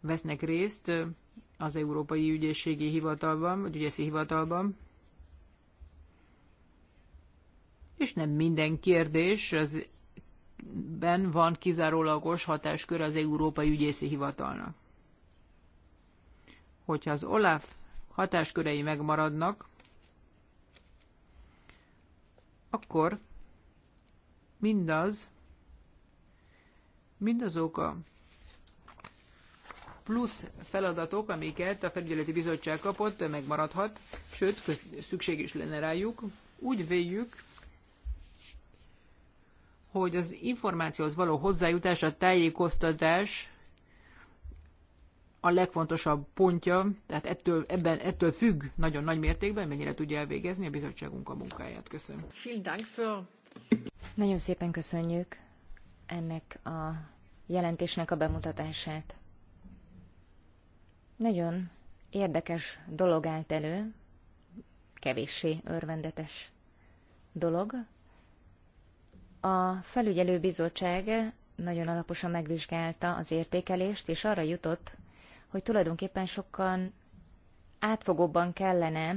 vesznek részt az Európai Ügyészségi Hivatalban, vagy Ügyészi Hivatalban. És nem minden kérdés az ben van kizárólagos hatáskör az Európai Ügyészi Hivatalnak. Hogyha az OLAF hatáskörei megmaradnak, akkor mindaz, Mindazok a plusz feladatok, amiket a felügyeleti bizottság kapott, megmaradhat, sőt, szükség is lenne rájuk. Úgy véljük, hogy az információhoz való hozzájutás, a tájékoztatás a legfontosabb pontja, tehát ettől, ebben, ettől függ nagyon nagy mértékben, mennyire tudja elvégezni a bizottságunk a munkáját. Köszönöm. Nagyon szépen köszönjük ennek a jelentésnek a bemutatását. Nagyon érdekes dolog állt elő, kevéssé örvendetes dolog. A felügyelőbizottság nagyon alaposan megvizsgálta az értékelést, és arra jutott, hogy tulajdonképpen sokkal átfogóbban kellene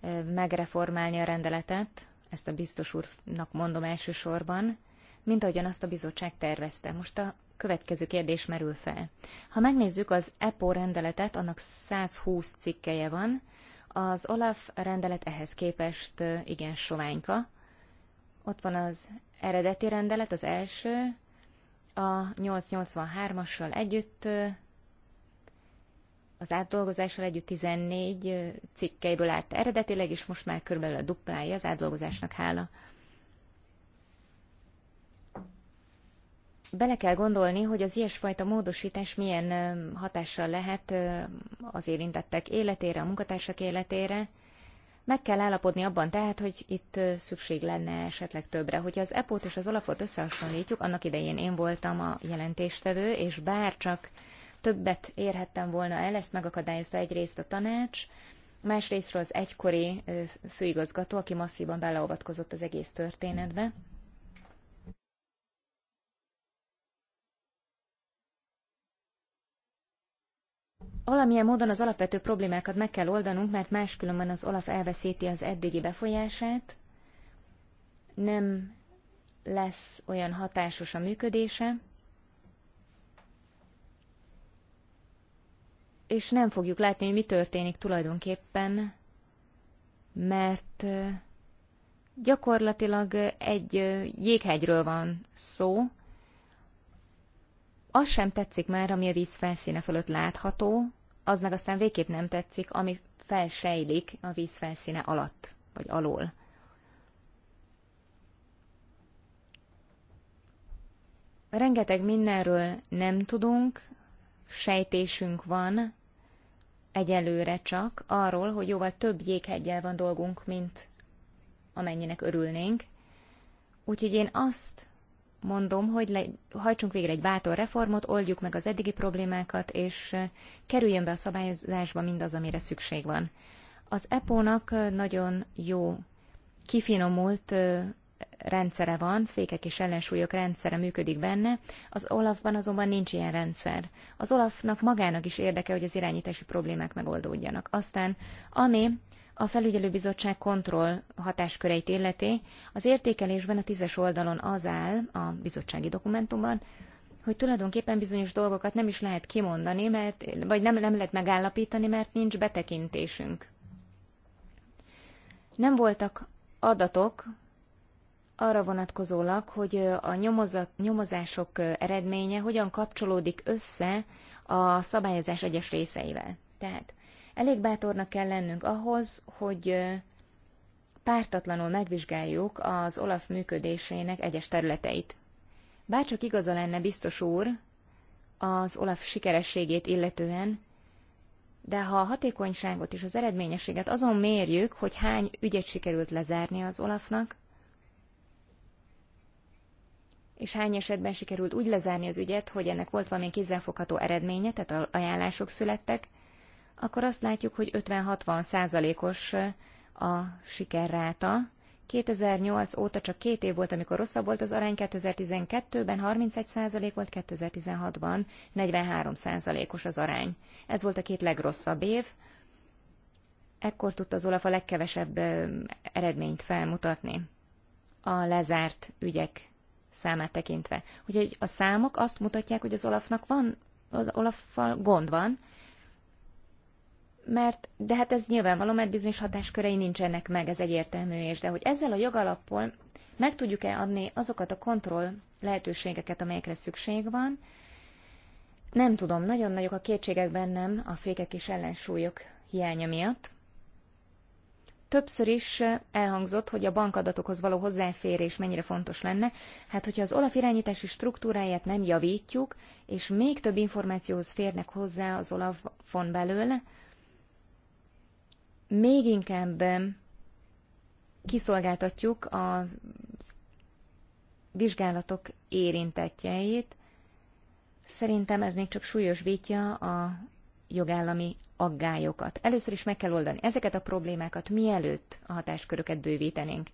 eh, megreformálni a rendeletet, ezt a biztos úrnak mondom elsősorban, mint ahogyan azt a bizottság tervezte. Most a következő kérdés merül fel. Ha megnézzük az EPO rendeletet, annak 120 cikkeje van, az OLAF rendelet ehhez képest igen soványka. Ott van az eredeti rendelet, az első, a 883-assal együtt, az átdolgozással együtt 14 cikkeiből állt eredetileg, és most már körülbelül a duplája az átdolgozásnak hála. bele kell gondolni, hogy az ilyesfajta módosítás milyen hatással lehet az érintettek életére, a munkatársak életére. Meg kell állapodni abban tehát, hogy itt szükség lenne esetleg többre. Hogyha az EPO-t és az Olafot összehasonlítjuk, annak idején én voltam a jelentéstevő, és bár csak többet érhettem volna el, ezt megakadályozta egyrészt a tanács, másrésztről az egykori főigazgató, aki masszívan beleavatkozott az egész történetbe. Mm. Valamilyen módon az alapvető problémákat meg kell oldanunk, mert máskülönben az Olaf elveszíti az eddigi befolyását, nem lesz olyan hatásos a működése, és nem fogjuk látni, hogy mi történik tulajdonképpen, mert gyakorlatilag egy jéghegyről van szó, az sem tetszik már, ami a víz felszíne fölött látható, az meg aztán végképp nem tetszik, ami felsejlik a víz felszíne alatt, vagy alól. Rengeteg mindenről nem tudunk, sejtésünk van, egyelőre csak arról, hogy jóval több jéghegyel van dolgunk, mint amennyinek örülnénk. Úgyhogy én azt mondom, hogy le, hajtsunk végre egy bátor reformot, oldjuk meg az eddigi problémákat, és kerüljön be a szabályozásba mindaz, amire szükség van. Az EPO-nak nagyon jó, kifinomult rendszere van, fékek és ellensúlyok rendszere működik benne, az Olafban azonban nincs ilyen rendszer. Az Olafnak magának is érdeke, hogy az irányítási problémák megoldódjanak. Aztán, ami a felügyelőbizottság kontroll hatásköreit illeti, az értékelésben a tízes oldalon az áll a bizottsági dokumentumban, hogy tulajdonképpen bizonyos dolgokat nem is lehet kimondani, mert, vagy nem, nem lehet megállapítani, mert nincs betekintésünk. Nem voltak adatok arra vonatkozólag, hogy a nyomozat, nyomozások eredménye hogyan kapcsolódik össze a szabályozás egyes részeivel. Tehát Elég bátornak kell lennünk ahhoz, hogy pártatlanul megvizsgáljuk az Olaf működésének egyes területeit. Bárcsak igaza lenne biztos úr az Olaf sikerességét illetően, de ha a hatékonyságot és az eredményességet azon mérjük, hogy hány ügyet sikerült lezárni az Olafnak, és hány esetben sikerült úgy lezárni az ügyet, hogy ennek volt valami kézzelfogható eredménye, tehát ajánlások születtek, akkor azt látjuk, hogy 50-60 százalékos eh, a sikerráta. 2008 óta csak két év volt, amikor rosszabb volt az arány, 2012-ben 31 százalék volt, 2016-ban 43 százalékos az arány. Ez volt a két legrosszabb év. Ekkor tudta az Olaf a legkevesebb eh, eredményt felmutatni a lezárt ügyek számát tekintve. Úgyhogy a számok azt mutatják, hogy az Olafnak van, az Olaffal gond van, mert, de hát ez nyilvánvaló, mert bizonyos hatáskörei nincsenek meg, ez egyértelmű és, de hogy ezzel a jogalappal meg tudjuk-e adni azokat a kontroll lehetőségeket, amelyekre szükség van, nem tudom, nagyon nagyok a kétségek bennem a fékek és ellensúlyok hiánya miatt. Többször is elhangzott, hogy a bankadatokhoz való hozzáférés mennyire fontos lenne. Hát, hogyha az OLAF irányítási struktúráját nem javítjuk, és még több információhoz férnek hozzá az OLAF-on belőle, még inkább kiszolgáltatjuk a vizsgálatok érintetjeit. Szerintem ez még csak súlyosbítja a jogállami aggályokat. Először is meg kell oldani ezeket a problémákat, mielőtt a hatásköröket bővítenénk.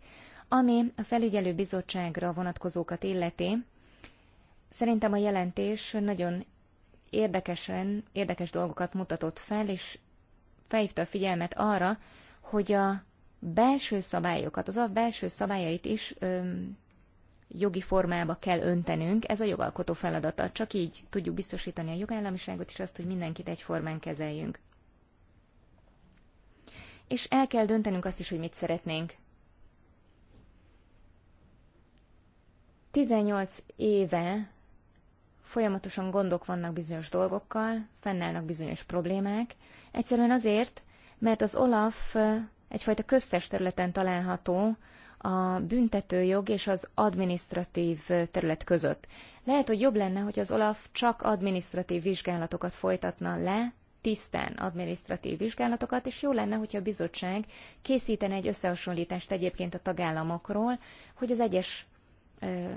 Ami a felügyelő bizottságra vonatkozókat illeti, szerintem a jelentés nagyon érdekesen, érdekes dolgokat mutatott fel, és felhívta a figyelmet arra, hogy a belső szabályokat, az a belső szabályait is öm, jogi formába kell öntenünk, ez a jogalkotó feladata. Csak így tudjuk biztosítani a jogállamiságot és azt, hogy mindenkit egyformán kezeljünk. És el kell döntenünk azt is, hogy mit szeretnénk. 18 éve folyamatosan gondok vannak bizonyos dolgokkal, fennállnak bizonyos problémák, Egyszerűen azért, mert az OLAF egyfajta köztes területen található a büntetőjog és az administratív terület között. Lehet, hogy jobb lenne, hogy az OLAF csak administratív vizsgálatokat folytatna le, tisztán administratív vizsgálatokat, és jó lenne, hogyha a bizottság készítene egy összehasonlítást egyébként a tagállamokról, hogy az egyes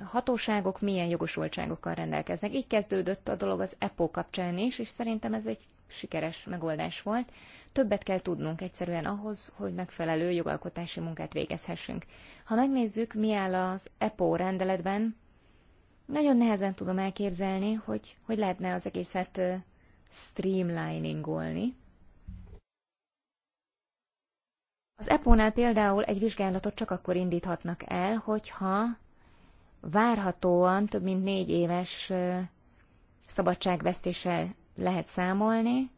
hatóságok milyen jogosultságokkal rendelkeznek. Így kezdődött a dolog az EPO kapcsán is, és szerintem ez egy sikeres megoldás volt. Többet kell tudnunk egyszerűen ahhoz, hogy megfelelő jogalkotási munkát végezhessünk. Ha megnézzük, mi áll az EPO rendeletben, nagyon nehezen tudom elképzelni, hogy hogy lehetne az egészet streamliningolni. Az EPO-nál például egy vizsgálatot csak akkor indíthatnak el, hogyha várhatóan több mint négy éves szabadságvesztéssel lehet számolni.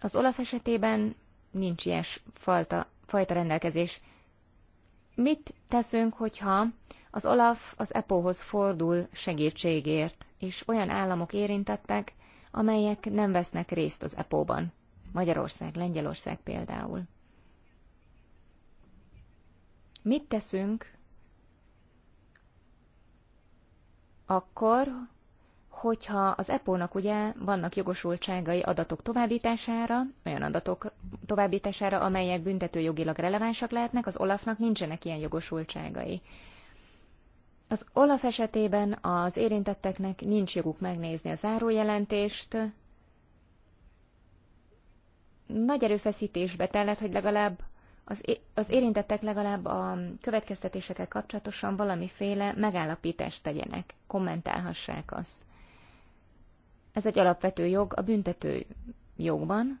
Az Olaf esetében nincs ilyes falta, fajta rendelkezés. Mit teszünk, hogyha az Olaf az EPO-hoz fordul segítségért, és olyan államok érintettek, amelyek nem vesznek részt az EPO-ban? Magyarország, Lengyelország például. Mit teszünk akkor, hogyha az EPO-nak ugye vannak jogosultságai adatok továbbítására, olyan adatok továbbítására, amelyek büntetőjogilag relevánsak lehetnek, az Olafnak nincsenek ilyen jogosultságai. Az Olaf esetében az érintetteknek nincs joguk megnézni a zárójelentést. Nagy erőfeszítésbe tellett, hogy legalább az, az érintettek legalább a következtetésekkel kapcsolatosan valamiféle megállapítást tegyenek, kommentálhassák azt. Ez egy alapvető jog a büntető jogban,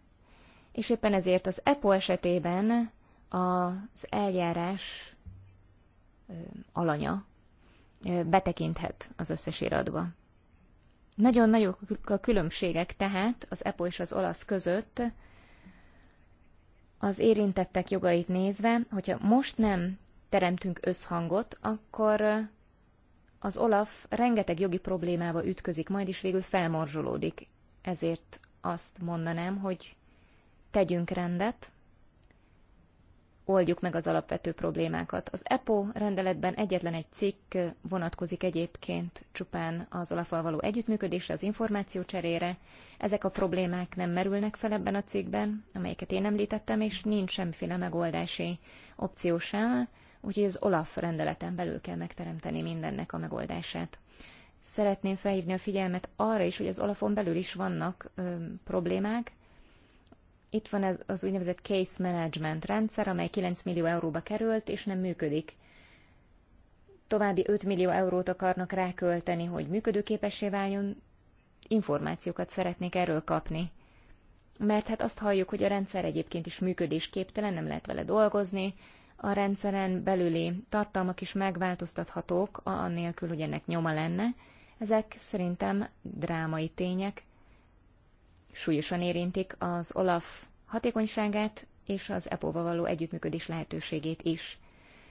és éppen ezért az EPO esetében az eljárás alanya betekinthet az összes iratba. Nagyon nagyok a különbségek tehát az EPO és az OLAF között az érintettek jogait nézve, hogyha most nem teremtünk összhangot, akkor az Olaf rengeteg jogi problémával ütközik majd, és végül felmorzsolódik. Ezért azt mondanám, hogy tegyünk rendet, oldjuk meg az alapvető problémákat. Az EPO rendeletben egyetlen egy cikk vonatkozik egyébként csupán az olaf való együttműködésre, az információ cserére. Ezek a problémák nem merülnek fel ebben a cikkben, amelyeket én említettem, és nincs semmiféle megoldási opció sem úgyhogy az OLAF rendeleten belül kell megteremteni mindennek a megoldását. Szeretném felhívni a figyelmet arra is, hogy az OLAFon belül is vannak ö, problémák. Itt van ez az úgynevezett case management rendszer, amely 9 millió euróba került, és nem működik. További 5 millió eurót akarnak rákölteni, hogy működőképessé váljon. Információkat szeretnék erről kapni mert hát azt halljuk, hogy a rendszer egyébként is működésképtelen, nem lehet vele dolgozni, a rendszeren belüli tartalmak is megváltoztathatók, annélkül, hogy ennek nyoma lenne. Ezek szerintem drámai tények, súlyosan érintik az OLAF hatékonyságát és az EPO-val való együttműködés lehetőségét is.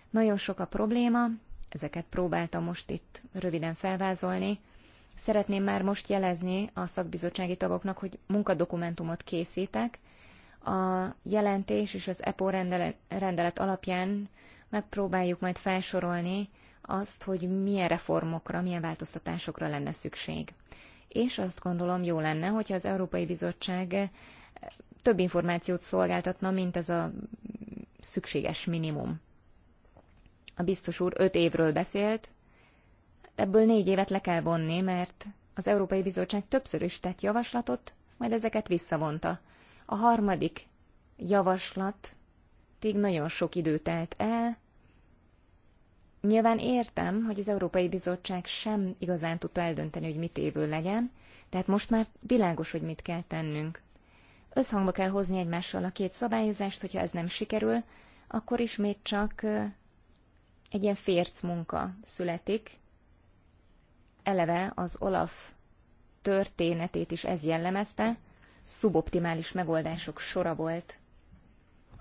Nagyon sok a probléma, ezeket próbáltam most itt röviden felvázolni. Szeretném már most jelezni a szakbizottsági tagoknak, hogy munkadokumentumot készítek, a jelentés és az EPO rendelet, rendelet alapján megpróbáljuk majd felsorolni azt, hogy milyen reformokra, milyen változtatásokra lenne szükség. És azt gondolom jó lenne, hogyha az Európai Bizottság eh, több információt szolgáltatna, mint ez a szükséges minimum. A biztos úr öt évről beszélt, ebből négy évet le kell vonni, mert az Európai Bizottság többször is tett javaslatot, majd ezeket visszavonta. A harmadik javaslat, tég nagyon sok idő telt el. Nyilván értem, hogy az Európai Bizottság sem igazán tudta eldönteni, hogy mit évő legyen, tehát most már világos, hogy mit kell tennünk. Összhangba kell hozni egymással a két szabályozást, hogyha ez nem sikerül, akkor ismét csak egy ilyen férc munka születik. Eleve az Olaf történetét is ez jellemezte, szuboptimális megoldások sora volt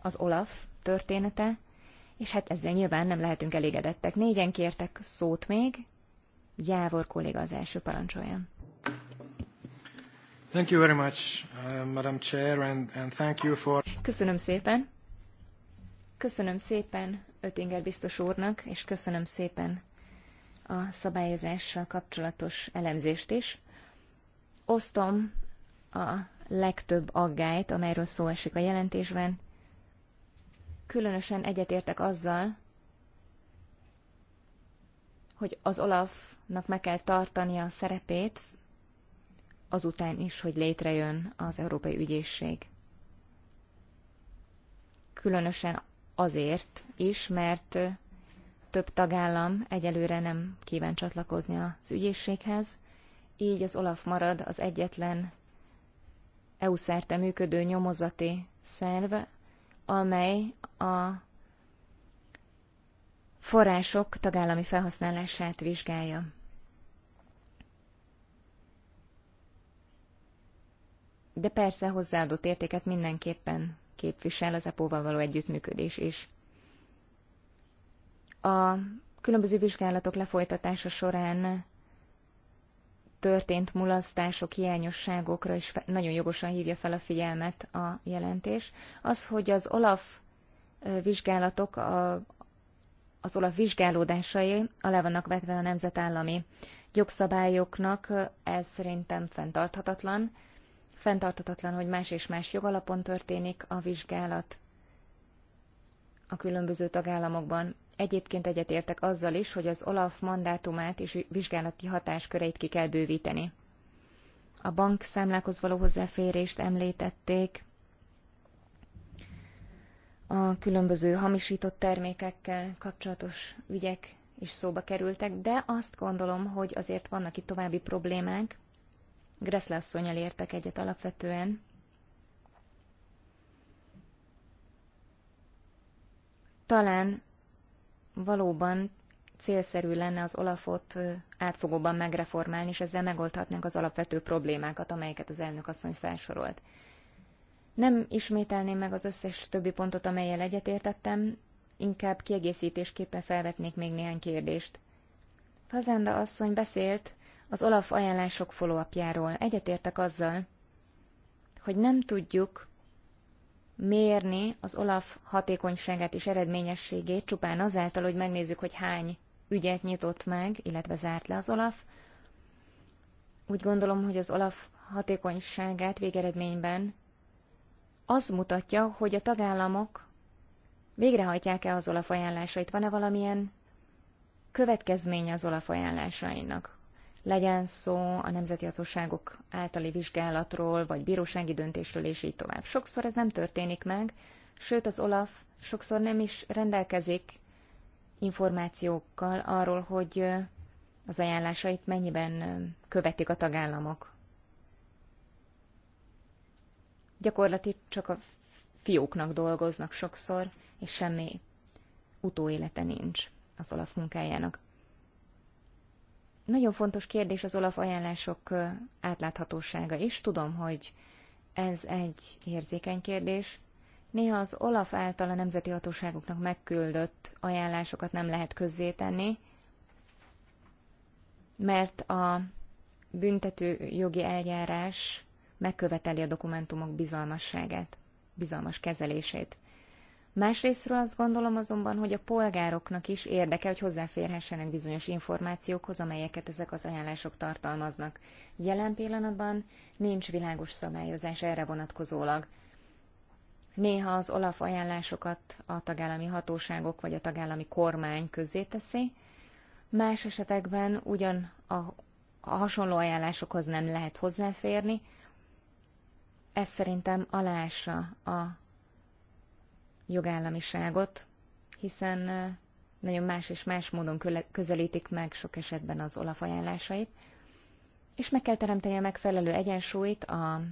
az Olaf története, és hát ezzel nyilván nem lehetünk elégedettek. Négyen kértek szót még. Jávor kolléga az első parancsolja. Thank you very much, uh, Madam Chair, and, and thank you for... Köszönöm szépen. Köszönöm szépen Ötinger biztos úrnak, és köszönöm szépen a szabályozással kapcsolatos elemzést is. Osztom a legtöbb aggályt, amelyről szó esik a jelentésben. Különösen egyetértek azzal, hogy az Olafnak meg kell tartania a szerepét, azután is, hogy létrejön az Európai Ügyészség. Különösen azért is, mert több tagállam egyelőre nem kíván csatlakozni az ügyészséghez, így az Olaf marad az egyetlen EU szerte működő nyomozati szerv, amely a források tagállami felhasználását vizsgálja. De persze hozzáadott értéket mindenképpen képvisel az EPO-val való együttműködés is. A különböző vizsgálatok lefolytatása során történt mulasztások, hiányosságokra is nagyon jogosan hívja fel a figyelmet a jelentés. Az, hogy az OLAF vizsgálatok, a, az OLAF vizsgálódásai alá vannak vetve a nemzetállami jogszabályoknak, ez szerintem fenntarthatatlan. Fenntarthatatlan, hogy más és más jogalapon történik a vizsgálat a különböző tagállamokban. Egyébként egyetértek azzal is, hogy az OLAF mandátumát és vizsgálati hatásköreit ki kell bővíteni. A számlákhoz való hozzáférést említették, a különböző hamisított termékekkel kapcsolatos ügyek is szóba kerültek, de azt gondolom, hogy azért vannak itt további problémák. Gressle asszonyjal értek egyet alapvetően. Talán valóban célszerű lenne az Olafot átfogóban megreformálni, és ezzel megoldhatnánk az alapvető problémákat, amelyeket az elnök asszony felsorolt. Nem ismételném meg az összes többi pontot, amelyel egyetértettem, inkább kiegészítésképpen felvetnék még néhány kérdést. Fazenda asszony beszélt az Olaf ajánlások follow Egyetértek azzal, hogy nem tudjuk mérni az OLAF hatékonyságát és eredményességét csupán azáltal, hogy megnézzük, hogy hány ügyet nyitott meg, illetve zárt le az OLAF. Úgy gondolom, hogy az OLAF hatékonyságát végeredményben az mutatja, hogy a tagállamok végrehajtják-e az OLAF ajánlásait. Van-e valamilyen következménye az OLAF ajánlásainak? legyen szó a nemzeti hatóságok általi vizsgálatról, vagy bírósági döntésről, és így tovább. Sokszor ez nem történik meg, sőt az Olaf sokszor nem is rendelkezik információkkal arról, hogy az ajánlásait mennyiben követik a tagállamok. Gyakorlatilag csak a fióknak dolgoznak sokszor, és semmi utóélete nincs az Olaf munkájának. Nagyon fontos kérdés az Olaf ajánlások átláthatósága is. Tudom, hogy ez egy érzékeny kérdés. Néha az Olaf által a nemzeti hatóságoknak megküldött ajánlásokat nem lehet közzétenni, mert a büntető jogi eljárás megköveteli a dokumentumok bizalmasságát, bizalmas kezelését. Másrésztről azt gondolom azonban, hogy a polgároknak is érdeke, hogy hozzáférhessenek bizonyos információkhoz, amelyeket ezek az ajánlások tartalmaznak. Jelen pillanatban nincs világos szabályozás erre vonatkozólag. Néha az OLAF ajánlásokat a tagállami hatóságok vagy a tagállami kormány közzé teszi, más esetekben ugyan a, a hasonló ajánlásokhoz nem lehet hozzáférni, ez szerintem alása a jogállamiságot, hiszen nagyon más és más módon közelítik meg sok esetben az olaf ajánlásait, és meg kell teremteni a megfelelő egyensúlyt a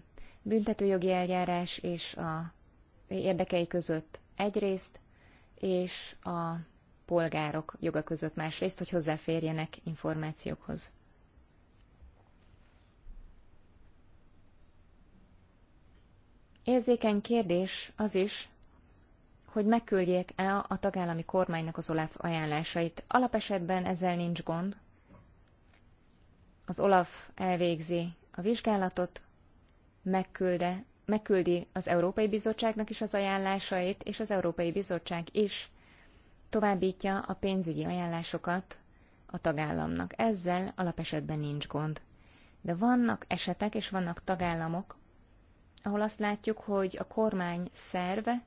büntetőjogi eljárás és a érdekei között egyrészt, és a polgárok joga között másrészt, hogy hozzáférjenek információkhoz. Érzékeny kérdés az is, hogy megküldjék e a tagállami kormánynak az OLAF ajánlásait. Alapesetben ezzel nincs gond. Az OLAF elvégzi a vizsgálatot, megkülde, megküldi az Európai Bizottságnak is az ajánlásait, és az Európai Bizottság is továbbítja a pénzügyi ajánlásokat a tagállamnak. Ezzel alapesetben nincs gond. De vannak esetek és vannak tagállamok, ahol azt látjuk, hogy a kormány szerve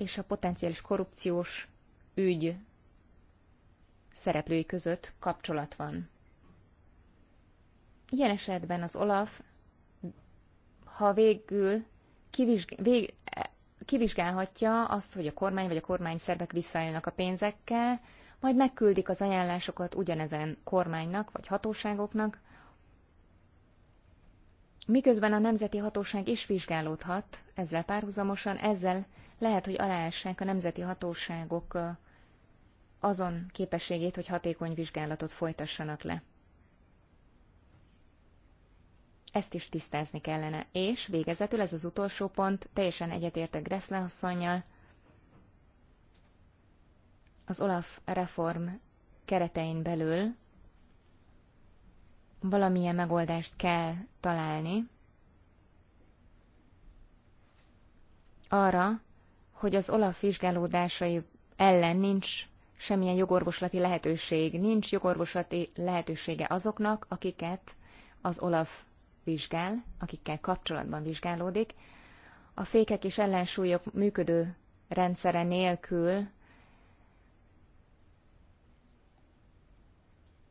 és a potenciális korrupciós ügy szereplői között kapcsolat van. Ilyen esetben az Olaf, ha végül kivizsg- vég- kivizsgálhatja azt, hogy a kormány vagy a kormány szervek visszaélnek a pénzekkel, majd megküldik az ajánlásokat ugyanezen kormánynak vagy hatóságoknak, miközben a nemzeti hatóság is vizsgálódhat ezzel párhuzamosan, ezzel lehet, hogy aláássák a nemzeti hatóságok azon képességét, hogy hatékony vizsgálatot folytassanak le. Ezt is tisztázni kellene. És végezetül ez az utolsó pont, teljesen egyetértek Gressle asszonynal, az Olaf reform keretein belül valamilyen megoldást kell találni arra, hogy az Olaf vizsgálódásai ellen nincs semmilyen jogorvoslati lehetőség, nincs jogorvoslati lehetősége azoknak, akiket az Olaf vizsgál, akikkel kapcsolatban vizsgálódik. A fékek és ellensúlyok működő rendszere nélkül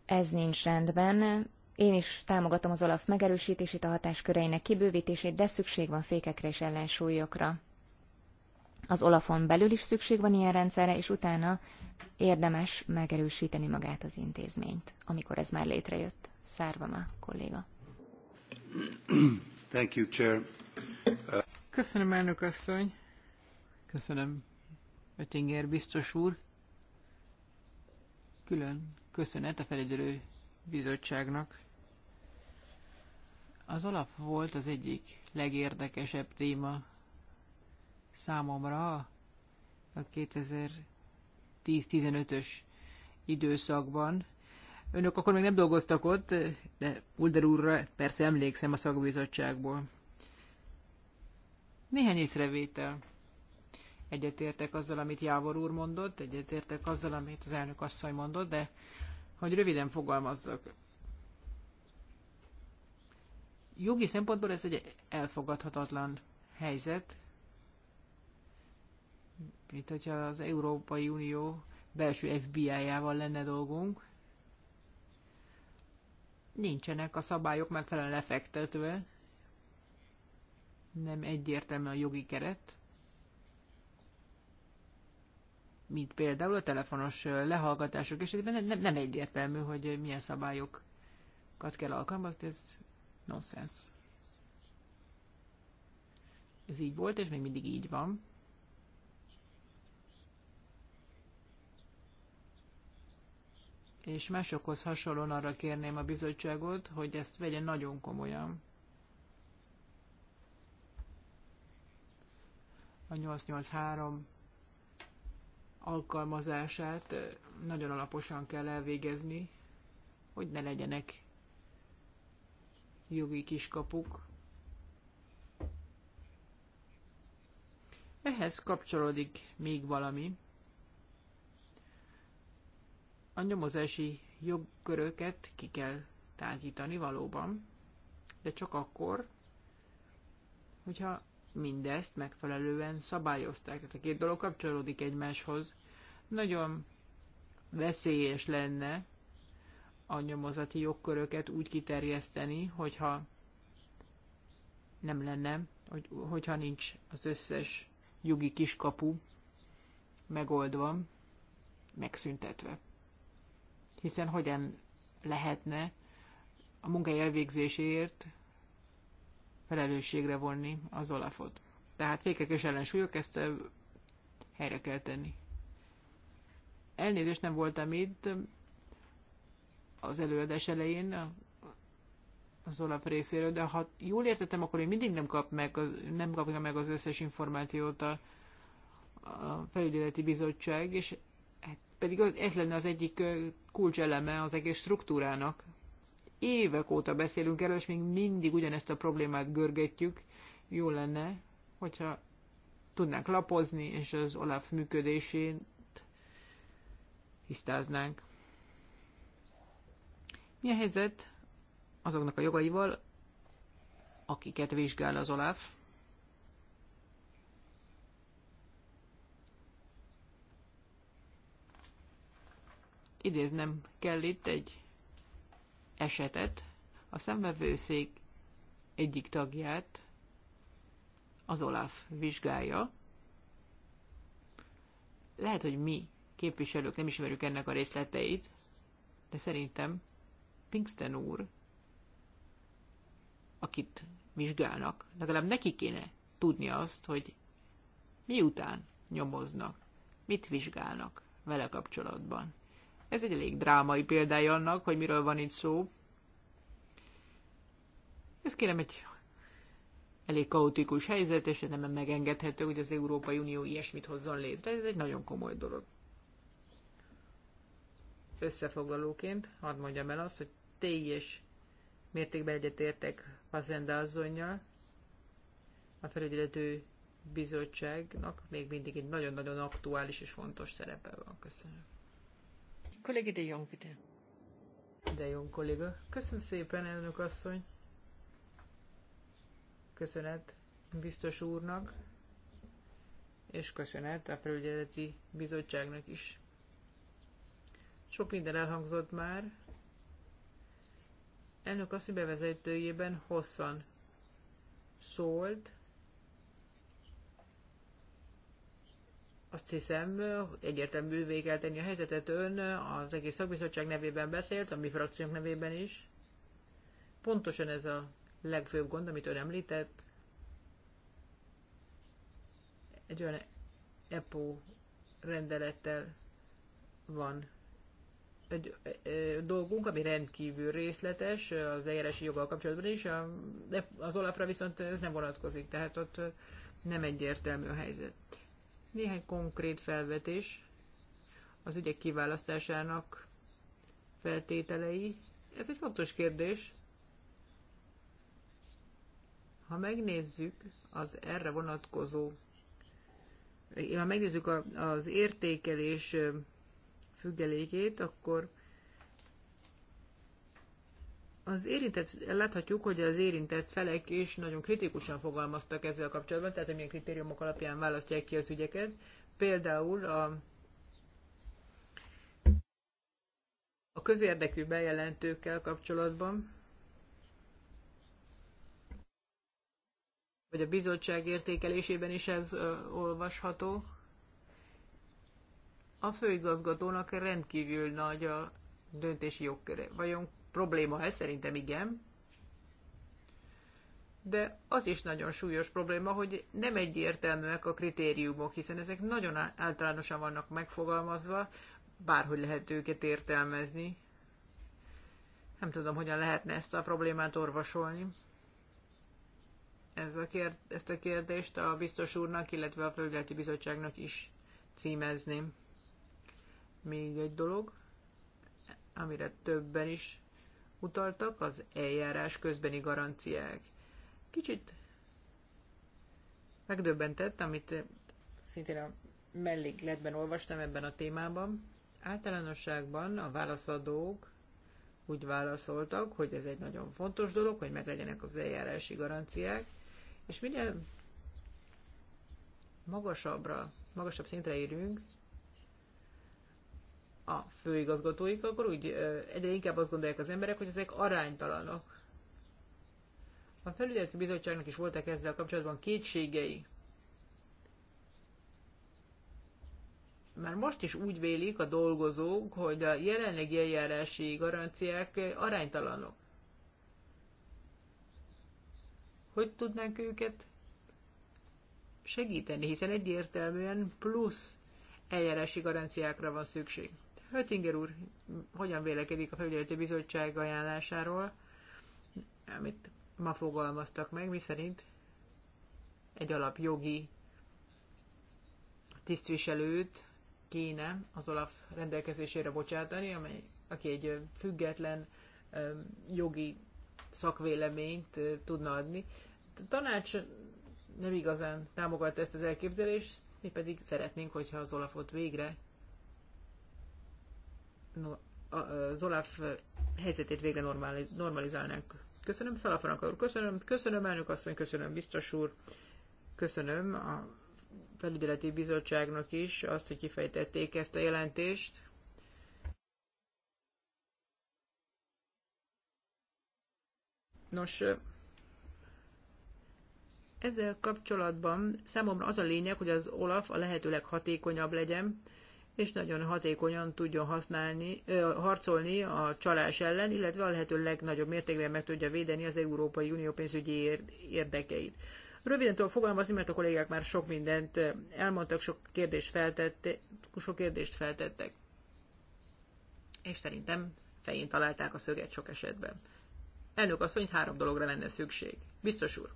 ez nincs rendben. Én is támogatom az Olaf megerősítését, a hatásköreinek kibővítését, de szükség van fékekre és ellensúlyokra. Az Olafon belül is szükség van ilyen rendszerre, és utána érdemes megerősíteni magát az intézményt, amikor ez már létrejött. Szárvama kolléga. [CLEARS THROAT] Thank you, Chair. Köszönöm, elnök asszony. Köszönöm, Ötinger biztos úr. Külön köszönet a felügyelő bizottságnak. Az alap volt az egyik legérdekesebb téma számomra a 2010-15-ös időszakban. Önök akkor még nem dolgoztak ott, de Mulder úrra persze emlékszem a szakbizottságból. Néhány észrevétel. Egyetértek azzal, amit Jávor úr mondott, egyetértek azzal, amit az elnök asszony mondott, de hogy röviden fogalmazzak. Jogi szempontból ez egy elfogadhatatlan helyzet, mint hogyha az Európai Unió belső FBI-jával lenne dolgunk. Nincsenek a szabályok megfelelően lefektetve. Nem egyértelmű a jogi keret. Mint például a telefonos lehallgatások esetében nem, nem, egyértelmű, hogy milyen szabályokat kell alkalmazni, ez nonsens. Ez így volt, és még mindig így van. és másokhoz hasonlóan arra kérném a bizottságot, hogy ezt vegye nagyon komolyan. A 883 alkalmazását eh, nagyon alaposan kell elvégezni, hogy ne legyenek jogi kiskapuk. Ehhez kapcsolódik még valami a nyomozási jogköröket ki kell tágítani valóban, de csak akkor, hogyha mindezt megfelelően szabályozták. Tehát a két dolog kapcsolódik egymáshoz. Nagyon veszélyes lenne a nyomozati jogköröket úgy kiterjeszteni, hogyha nem lenne, hogy, hogyha nincs az összes jogi kiskapu megoldva, megszüntetve hiszen hogyan lehetne a munkai elvégzéséért felelősségre vonni az Olafot. Tehát fékek és ellensúlyok, ezt helyre kell tenni. Elnézést nem voltam itt az előadás elején az Olaf részéről, de ha jól értettem, akkor én mindig nem, kap meg, nem kapja meg az összes információt a, a felügyeleti bizottság, és pedig ez lenne az egyik kulcseleme az egész struktúrának. Évek óta beszélünk erről, és még mindig ugyanezt a problémát görgetjük. Jó lenne, hogyha tudnánk lapozni, és az Olaf működését tisztáznánk. Mi a helyzet azoknak a jogaival, akiket vizsgál az Olaf? idéznem kell itt egy esetet, a szemvevőszék egyik tagját az Olaf vizsgálja. Lehet, hogy mi képviselők nem ismerjük ennek a részleteit, de szerintem Pinkston úr, akit vizsgálnak, legalább neki kéne tudni azt, hogy miután nyomoznak, mit vizsgálnak vele kapcsolatban. Ez egy elég drámai példája annak, hogy miről van itt szó. Ez kérem egy elég kaotikus helyzet, és nem megengedhető, hogy az Európai Unió ilyesmit hozzon létre. Ez egy nagyon komoly dolog. Összefoglalóként hadd mondjam el azt, hogy teljes mértékben egyetértek Fazenda azonnyal. a felügyelető bizottságnak még mindig egy nagyon-nagyon aktuális és fontos szerepe van. Köszönöm. Kollégi de Jong, bitte. De Jong kolléga. Köszönöm szépen, elnök asszony. Köszönet biztos úrnak, és köszönet a felügyeleti bizottságnak is. Sok minden elhangzott már. Elnök asszony bevezetőjében hosszan szólt azt hiszem, egyértelművé kell tenni a helyzetet. Ön az egész szakbizottság nevében beszélt, a mi frakciónk nevében is. Pontosan ez a legfőbb gond, amit ön említett. Egy olyan EPO rendelettel van egy e, dolgunk, ami rendkívül részletes az eljárási joggal kapcsolatban is, de az Olafra viszont ez nem vonatkozik, tehát ott nem egyértelmű a helyzet. Néhány konkrét felvetés az ügyek kiválasztásának feltételei. Ez egy fontos kérdés. Ha megnézzük az erre vonatkozó, ha megnézzük az értékelés függelékét, akkor az érintett, láthatjuk, hogy az érintett felek is nagyon kritikusan fogalmaztak ezzel kapcsolatban, tehát hogy milyen kritériumok alapján választják ki az ügyeket. Például a, a közérdekű bejelentőkkel kapcsolatban, vagy a bizottság értékelésében is ez ö, olvasható. A főigazgatónak rendkívül nagy a döntési jogköre. Vajon probléma ez, szerintem igen. De az is nagyon súlyos probléma, hogy nem egyértelműek a kritériumok, hiszen ezek nagyon általánosan vannak megfogalmazva, bárhogy lehet őket értelmezni. Nem tudom, hogyan lehetne ezt a problémát orvosolni. Ez a kér- ezt a kérdést a biztos úrnak, illetve a Földleti Bizottságnak is címezném. Még egy dolog, amire többen is utaltak, az eljárás közbeni garanciák. Kicsit megdöbbentett, amit szintén a mellékletben olvastam ebben a témában. Általánosságban a válaszadók úgy válaszoltak, hogy ez egy nagyon fontos dolog, hogy meglegyenek az eljárási garanciák, és minél magasabbra, magasabb szintre érünk, a főigazgatóik, akkor úgy egyre inkább azt gondolják az emberek, hogy ezek aránytalanok. A felügyeleti bizottságnak is voltak ezzel kapcsolatban kétségei. Már most is úgy vélik a dolgozók, hogy a jelenlegi eljárási garanciák aránytalanok. Hogy tudnánk őket segíteni, hiszen egyértelműen plusz eljárási garanciákra van szükség. Höttinger úr hogyan vélekedik a felügyeleti bizottság ajánlásáról, amit ma fogalmaztak meg, miszerint egy jogi tisztviselőt kéne az Olaf rendelkezésére bocsátani, amely, aki egy független jogi szakvéleményt tudna adni. A tanács nem igazán támogatta ezt az elképzelést, mi pedig szeretnénk, hogyha az Olafot végre az Olaf helyzetét végre normalizálnánk. Köszönöm, Szalafranka úr, köszönöm, köszönöm, elnök asszony, köszönöm, biztos úr, köszönöm a felügyeleti bizottságnak is azt, hogy kifejtették ezt a jelentést. Nos, ezzel kapcsolatban számomra az a lényeg, hogy az Olaf a lehető leghatékonyabb legyen, és nagyon hatékonyan tudjon használni, harcolni a csalás ellen, illetve a lehető legnagyobb mértékben meg tudja védeni az Európai Unió pénzügyi érdekeit. Röviden tudom fogalmazni, mert a kollégák már sok mindent elmondtak, sok kérdést, feltette, sok kérdést feltettek. És szerintem fején találták a szöget sok esetben. Elnök asszony, három dologra lenne szükség. Biztos úr,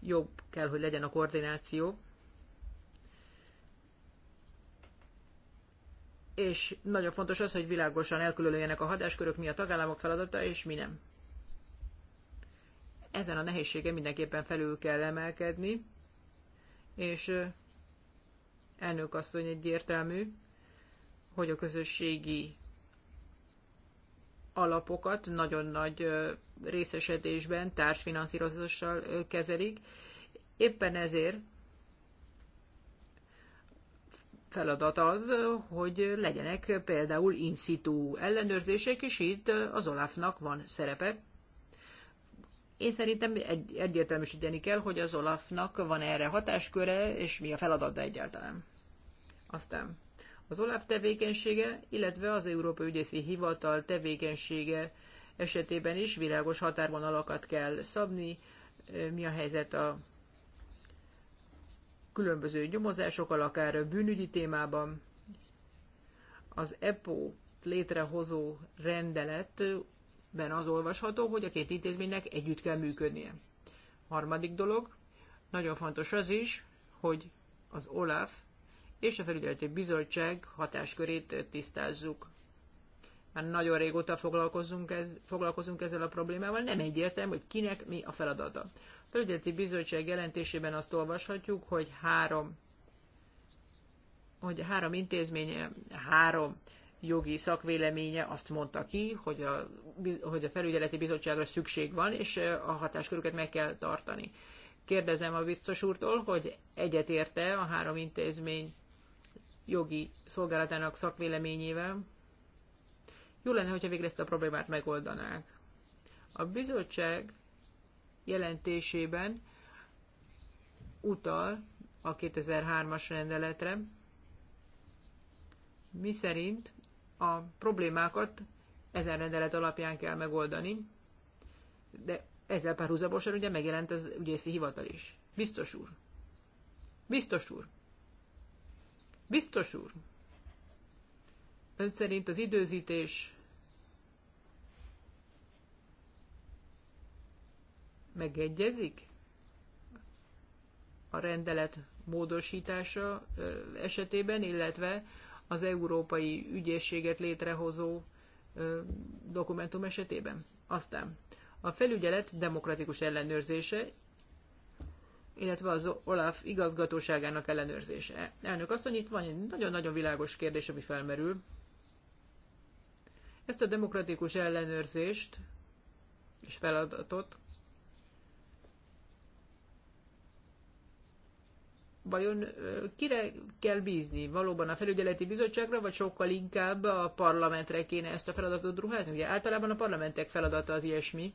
jobb kell, hogy legyen a koordináció, és nagyon fontos az, hogy világosan elkülönüljenek a hatáskörök, mi a tagállamok feladata, és mi nem. Ezen a nehézségen mindenképpen felül kell emelkedni, és elnök asszony egyértelmű, hogy a közösségi alapokat nagyon nagy részesedésben társfinanszírozással kezelik. Éppen ezért feladat az, hogy legyenek például in situ ellenőrzések, és itt az Olafnak van szerepe. Én szerintem egy, egyértelműsíteni kell, hogy az Olafnak van erre hatásköre, és mi a feladat egyáltalán. Aztán az Olaf tevékenysége, illetve az Európai Ügyészi Hivatal tevékenysége esetében is világos határvonalakat kell szabni, mi a helyzet a különböző nyomozásokkal, akár bűnügyi témában. Az EPO létrehozó rendeletben az olvasható, hogy a két intézménynek együtt kell működnie. Harmadik dolog, nagyon fontos az is, hogy az OLAF és a felügyeleti bizottság hatáskörét tisztázzuk. Már nagyon régóta foglalkozunk, ez, foglalkozunk ezzel a problémával, nem egyértelmű, hogy kinek mi a feladata. Felügyeleti Bizottság jelentésében azt olvashatjuk, hogy három, hogy három intézménye, három jogi szakvéleménye azt mondta ki, hogy a, hogy a felügyeleti bizottságra szükség van, és a hatásköröket meg kell tartani. Kérdezem a biztos úrtól, hogy egyetérte a három intézmény jogi szolgálatának szakvéleményével. Jó lenne, hogyha végre ezt a problémát megoldanák. A bizottság jelentésében utal a 2003-as rendeletre, miszerint a problémákat ezen rendelet alapján kell megoldani, de ezzel párhuzamosan ugye megjelent az ügyészi hivatal is. Biztos úr. Biztos úr. Biztos úr. Ön szerint az időzítés megegyezik a rendelet módosítása esetében, illetve az európai ügyészséget létrehozó dokumentum esetében. Aztán a felügyelet demokratikus ellenőrzése, illetve az OLAF igazgatóságának ellenőrzése. Elnök asszony, itt van egy nagyon-nagyon világos kérdés, ami felmerül. Ezt a demokratikus ellenőrzést és feladatot vajon kire kell bízni? Valóban a felügyeleti bizottságra, vagy sokkal inkább a parlamentre kéne ezt a feladatot ruházni? Ugye általában a parlamentek feladata az ilyesmi.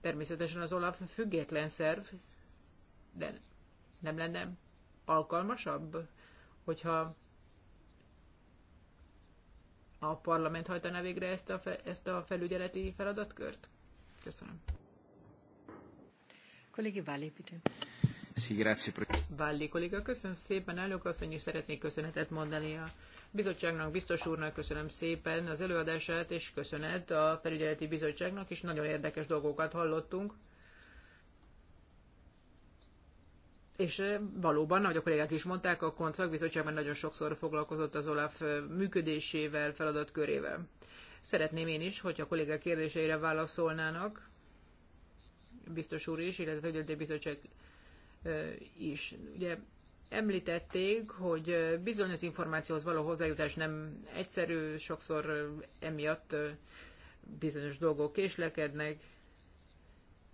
Természetesen az Olaf független szerv, de nem lenne alkalmasabb, hogyha a parlament hajtaná végre ezt a, fe, ezt a felügyeleti feladatkört? Köszönöm. Kollégi Váli, bitte. Válli kolléga, köszönöm szépen, elnök asszony, és szeretnék köszönetet mondani a bizottságnak, biztos úrnak, köszönöm szépen az előadását, és köszönet a felügyeleti bizottságnak, és nagyon érdekes dolgokat hallottunk. És eh, valóban, ahogy a kollégák is mondták, a koncak bizottságban nagyon sokszor foglalkozott az OLAF eh, működésével, feladatkörével. Szeretném én is, hogy a kollégák kérdéseire válaszolnának, biztos úr is, illetve a bizottság is. Ugye említették, hogy bizony az információhoz való hozzájutás nem egyszerű, sokszor emiatt bizonyos dolgok késlekednek,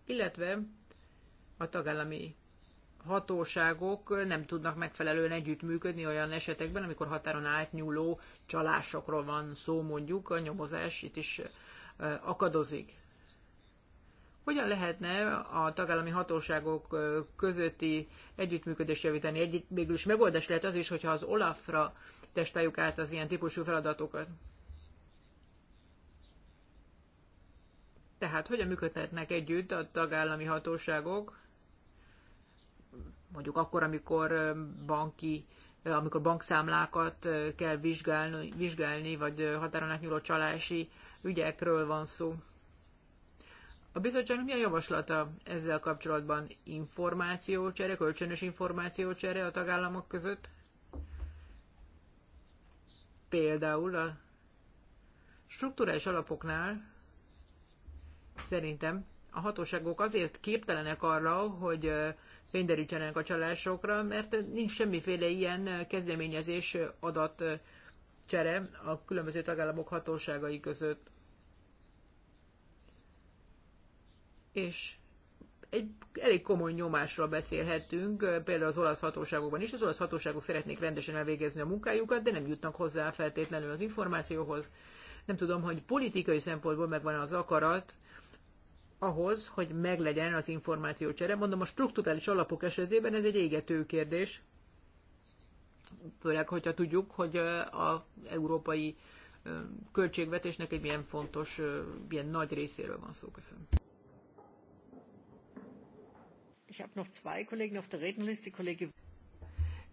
illetve a tagállami hatóságok nem tudnak megfelelően együttműködni olyan esetekben, amikor határon átnyúló csalásokról van szó, mondjuk a nyomozás itt is akadozik. Hogyan lehetne a tagállami hatóságok közötti együttműködést javítani? Egy, mégis megoldás lehet az is, hogyha az Olafra testáljuk át az ilyen típusú feladatokat. Tehát hogyan működhetnek együtt a tagállami hatóságok, mondjuk akkor, amikor banki amikor bankszámlákat kell vizsgálni, vizsgálni vagy határon átnyúló csalási ügyekről van szó. A bizottság mi a javaslata ezzel kapcsolatban? Információcsere, kölcsönös információcsere a tagállamok között? Például a struktúrás alapoknál szerintem a hatóságok azért képtelenek arra, hogy fényderítsenek a csalásokra, mert nincs semmiféle ilyen kezdeményezés adat csere a különböző tagállamok hatóságai között. és egy elég komoly nyomásra beszélhetünk, például az olasz hatóságokban is. Az olasz hatóságok szeretnék rendesen elvégezni a munkájukat, de nem jutnak hozzá feltétlenül az információhoz. Nem tudom, hogy politikai szempontból megvan az akarat ahhoz, hogy meglegyen az információcsere. Mondom, a strukturális alapok esetében ez egy égető kérdés, főleg, hogyha tudjuk, hogy az európai költségvetésnek egy milyen fontos, milyen nagy részéről van szó. Köszönöm. Ich habe noch zwei Kollegen auf der Rednerliste, Kollege.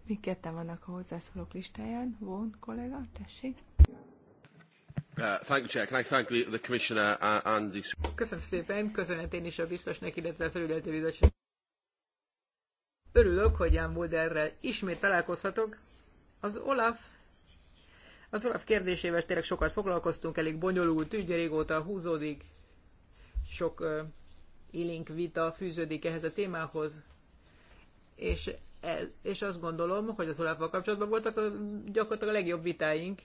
Még ketten vannak a hozzászólók listáján. Von kollega, tessék. Uh, thank you, Chair. Can I thank the, the Commissioner uh, and the... Köszönöm szépen, köszönet én is a biztosnak, illetve a felügyeleti bizottság. Örülök, hogy Jan Mulderrel ismét találkozhatok. Az Olaf az Olaf kérdésével tényleg sokat foglalkoztunk, elég bonyolult ügy, régóta húzódik, sok élénk vita fűződik ehhez a témához. És, e, és azt gondolom, hogy az olaf kapcsolatban voltak a, gyakorlatilag a legjobb vitáink,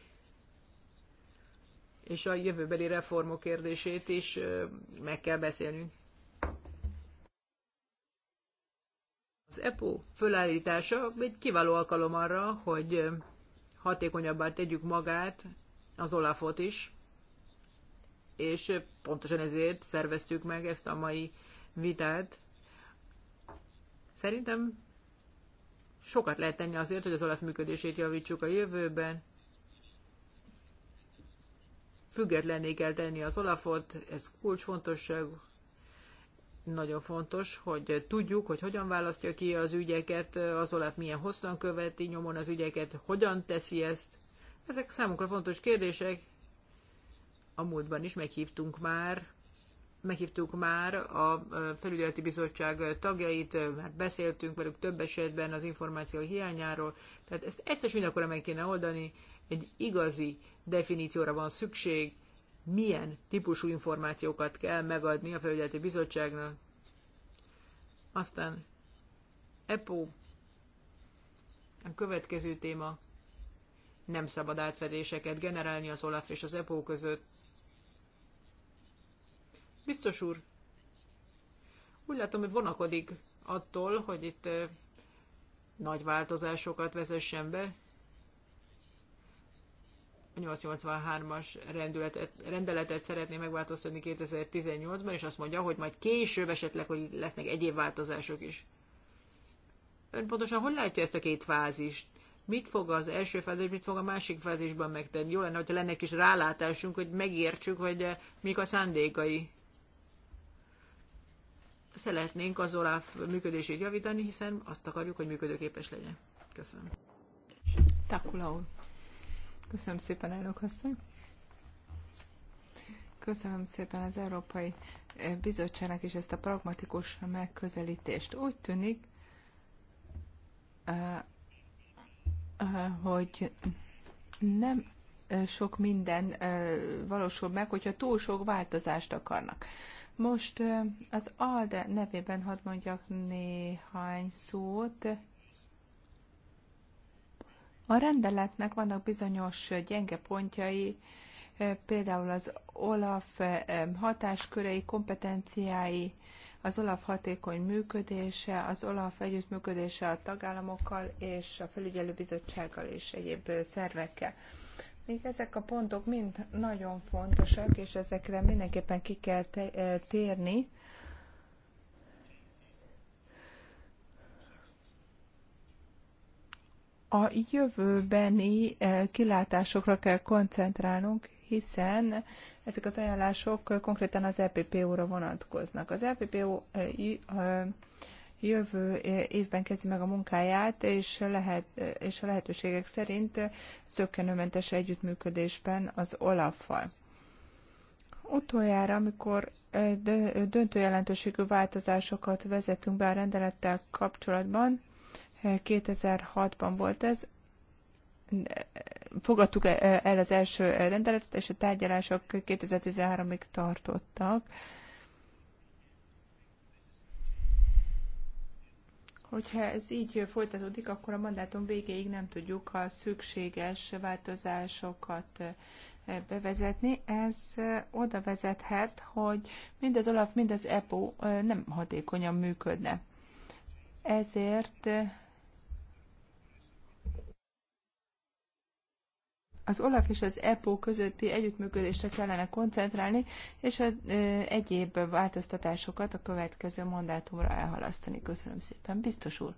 és a jövőbeli reformok kérdését is meg kell beszélnünk. Az EPO fölállítása egy kiváló alkalom arra, hogy hatékonyabbá tegyük magát, az Olafot is, és pontosan ezért szerveztük meg ezt a mai vitát. Szerintem sokat lehet tenni azért, hogy az Olaf működését javítsuk a jövőben. Függetlenné kell tenni az Olafot, ez kulcsfontosság. Nagyon fontos, hogy tudjuk, hogy hogyan választja ki az ügyeket, az Olaf milyen hosszan követi nyomon az ügyeket, hogyan teszi ezt. Ezek számunkra fontos kérdések, a múltban is meghívtunk már, meghívtuk már a felügyeleti bizottság tagjait, már hát beszéltünk velük több esetben az információ hiányáról, tehát ezt egyszer mindenkor akkor meg kéne oldani, egy igazi definícióra van szükség, milyen típusú információkat kell megadni a felügyeleti bizottságnak. Aztán EPO, a következő téma, nem szabad átfedéseket generálni az OLAF és az EPO között. Biztos úr, úgy látom, hogy vonakodik attól, hogy itt nagy változásokat vezessen be. A 883-as rendeletet, rendeletet szeretné megváltoztatni 2018-ban, és azt mondja, hogy majd később esetleg, hogy lesznek egyéb változások is. Ön pontosan hogy látja ezt a két fázist? Mit fog az első fázis, mit fog a másik fázisban megtenni? Jó lenne, hogyha lenne egy kis rálátásunk, hogy megértsük, hogy mik a szándékai szeretnénk az OLAF működését javítani, hiszen azt akarjuk, hogy működőképes legyen. Köszönöm. Takula úr. Köszönöm szépen, elnök asszony. Köszönöm szépen az Európai Bizottságnak is ezt a pragmatikus megközelítést. Úgy tűnik, hogy nem sok minden valósul meg, hogyha túl sok változást akarnak. Most az ALDE nevében hadd mondjak néhány szót. A rendeletnek vannak bizonyos gyenge pontjai, például az OLAF hatáskörei, kompetenciái, az OLAF hatékony működése, az OLAF együttműködése a tagállamokkal és a felügyelőbizottsággal és egyéb szervekkel. Még ezek a pontok mind nagyon fontosak, és ezekre mindenképpen ki kell eh, térni. A jövőbeni eh, kilátásokra kell koncentrálnunk, hiszen ezek az ajánlások konkrétan az EPPO-ra vonatkoznak. Az EPPO eh, jövő évben kezdi meg a munkáját, és, lehet, és a lehetőségek szerint zöggenőmentes együttműködésben az Olaffal. Utoljára, amikor döntő jelentőségű változásokat vezetünk be a rendelettel kapcsolatban, 2006-ban volt ez, fogadtuk e, e, el az első rendeletet, és a tárgyalások 2013-ig tartottak Hogyha ez így folytatódik, akkor a mandátum végéig nem tudjuk a szükséges változásokat eh, bevezetni. Ez eh, oda vezethet, hogy mind az OLAF, mind az EPO eh, nem hatékonyan működne. Ezért az OLAF és az EPO közötti együttműködésre kellene koncentrálni, és az egyéb változtatásokat a következő mandátumra elhalasztani. Köszönöm szépen, biztos úr.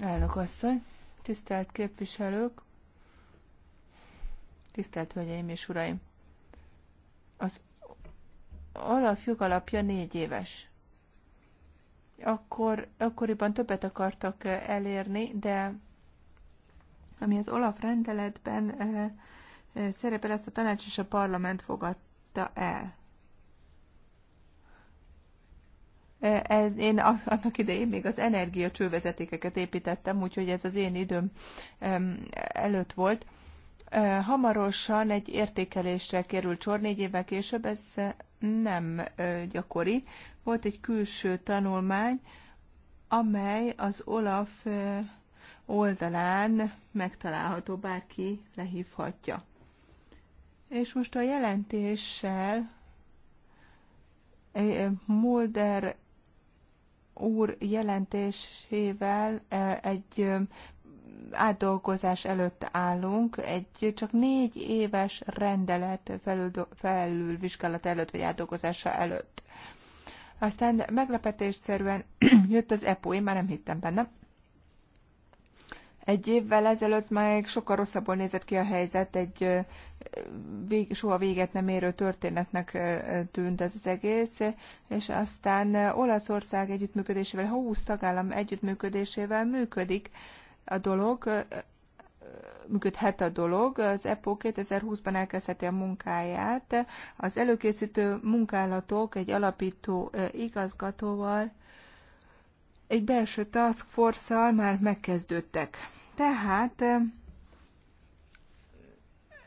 Elnök asszony, tisztelt képviselők, tisztelt hölgyeim és uraim. Az OLAF jogalapja négy éves akkor, akkoriban többet akartak elérni, de ami az Olaf rendeletben szerepel, ezt a tanács és a parlament fogadta el. Ez, én annak idején még az energiacsővezetékeket építettem, úgyhogy ez az én időm előtt volt. Hamarosan egy értékelésre került sor, négy évvel később, ez nem gyakori. Volt egy külső tanulmány, amely az Olaf oldalán megtalálható, bárki lehívhatja. És most a jelentéssel eh, eh, Mulder úr jelentésével eh, egy átdolgozás előtt állunk, egy csak négy éves rendelet felül, felülvizsgálat előtt, vagy átdolgozása előtt. Aztán meglepetésszerűen [CLEARS THROAT] jött az EPO, én már nem hittem benne, egy évvel ezelőtt meg sokkal rosszabbul nézett ki a helyzet, egy vég, soha véget nem érő történetnek tűnt ez az egész, és aztán Olaszország együttműködésével, 20 tagállam együttműködésével működik a dolog, működhet a dolog. Az EPO 2020-ban elkezdheti a munkáját. Az előkészítő munkálatok egy alapító igazgatóval, egy belső task force már megkezdődtek. Tehát eh,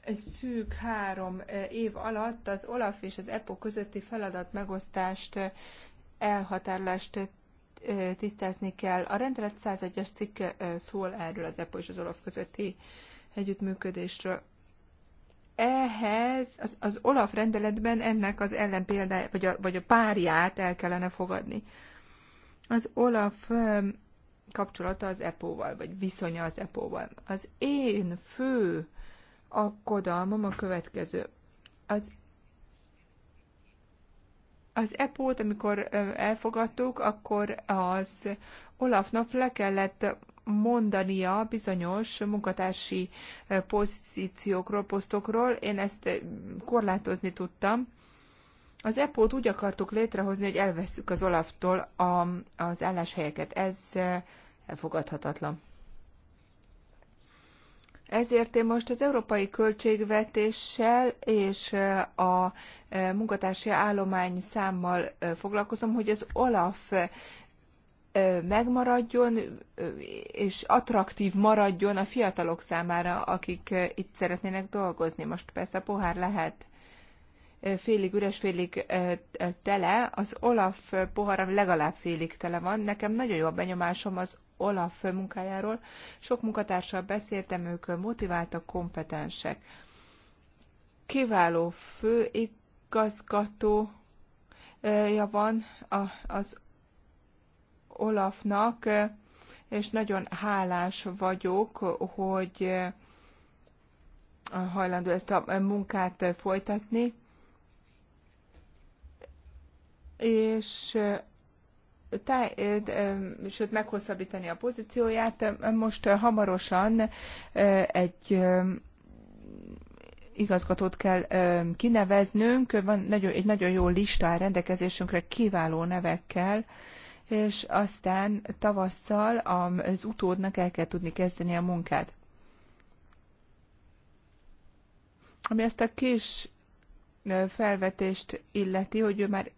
egy szűk három eh, év alatt az OLAF és az EPO közötti feladat megosztást, eh, elhatárlást tisztázni kell. A rendelet 101-es cikke szól erről az EPO és az OLAF közötti együttműködésről. Ehhez az, az OLAF rendeletben ennek az ellenpéldája, vagy a, vagy a párját el kellene fogadni az Olaf kapcsolata az EPO-val, vagy viszonya az EPO-val. Az én fő akkodalmam a következő. Az az EPO-t, amikor elfogadtuk, akkor az Olafnak le kellett mondania bizonyos munkatársi pozíciókról, posztokról. Én ezt korlátozni tudtam. Az EPO-t úgy akartuk létrehozni, hogy elvesszük az Olaftól a, az álláshelyeket. Ez eh, elfogadhatatlan. Ezért én most az európai költségvetéssel és eh, a eh, munkatársi állomány számmal foglalkozom, hogy az OLAF megmaradjon és attraktív maradjon a fiatalok számára, akik itt szeretnének dolgozni. Most persze pohár lehet félig üres, félig tele, az Olaf poharam legalább félig tele van. Nekem nagyon jó a benyomásom az Olaf munkájáról. Sok munkatársal beszéltem, ők motiváltak, kompetensek. Kiváló főigazgatója van az Olafnak, és nagyon hálás vagyok, hogy hajlandó ezt a munkát folytatni és sőt meghosszabbítani a pozícióját. Most hamarosan egy igazgatót kell kineveznünk, van nagyon, egy nagyon jó lista áll rendelkezésünkre kiváló nevekkel, és aztán tavasszal az utódnak el kell tudni kezdeni a munkát. Ami ezt a kis felvetést illeti, hogy ő már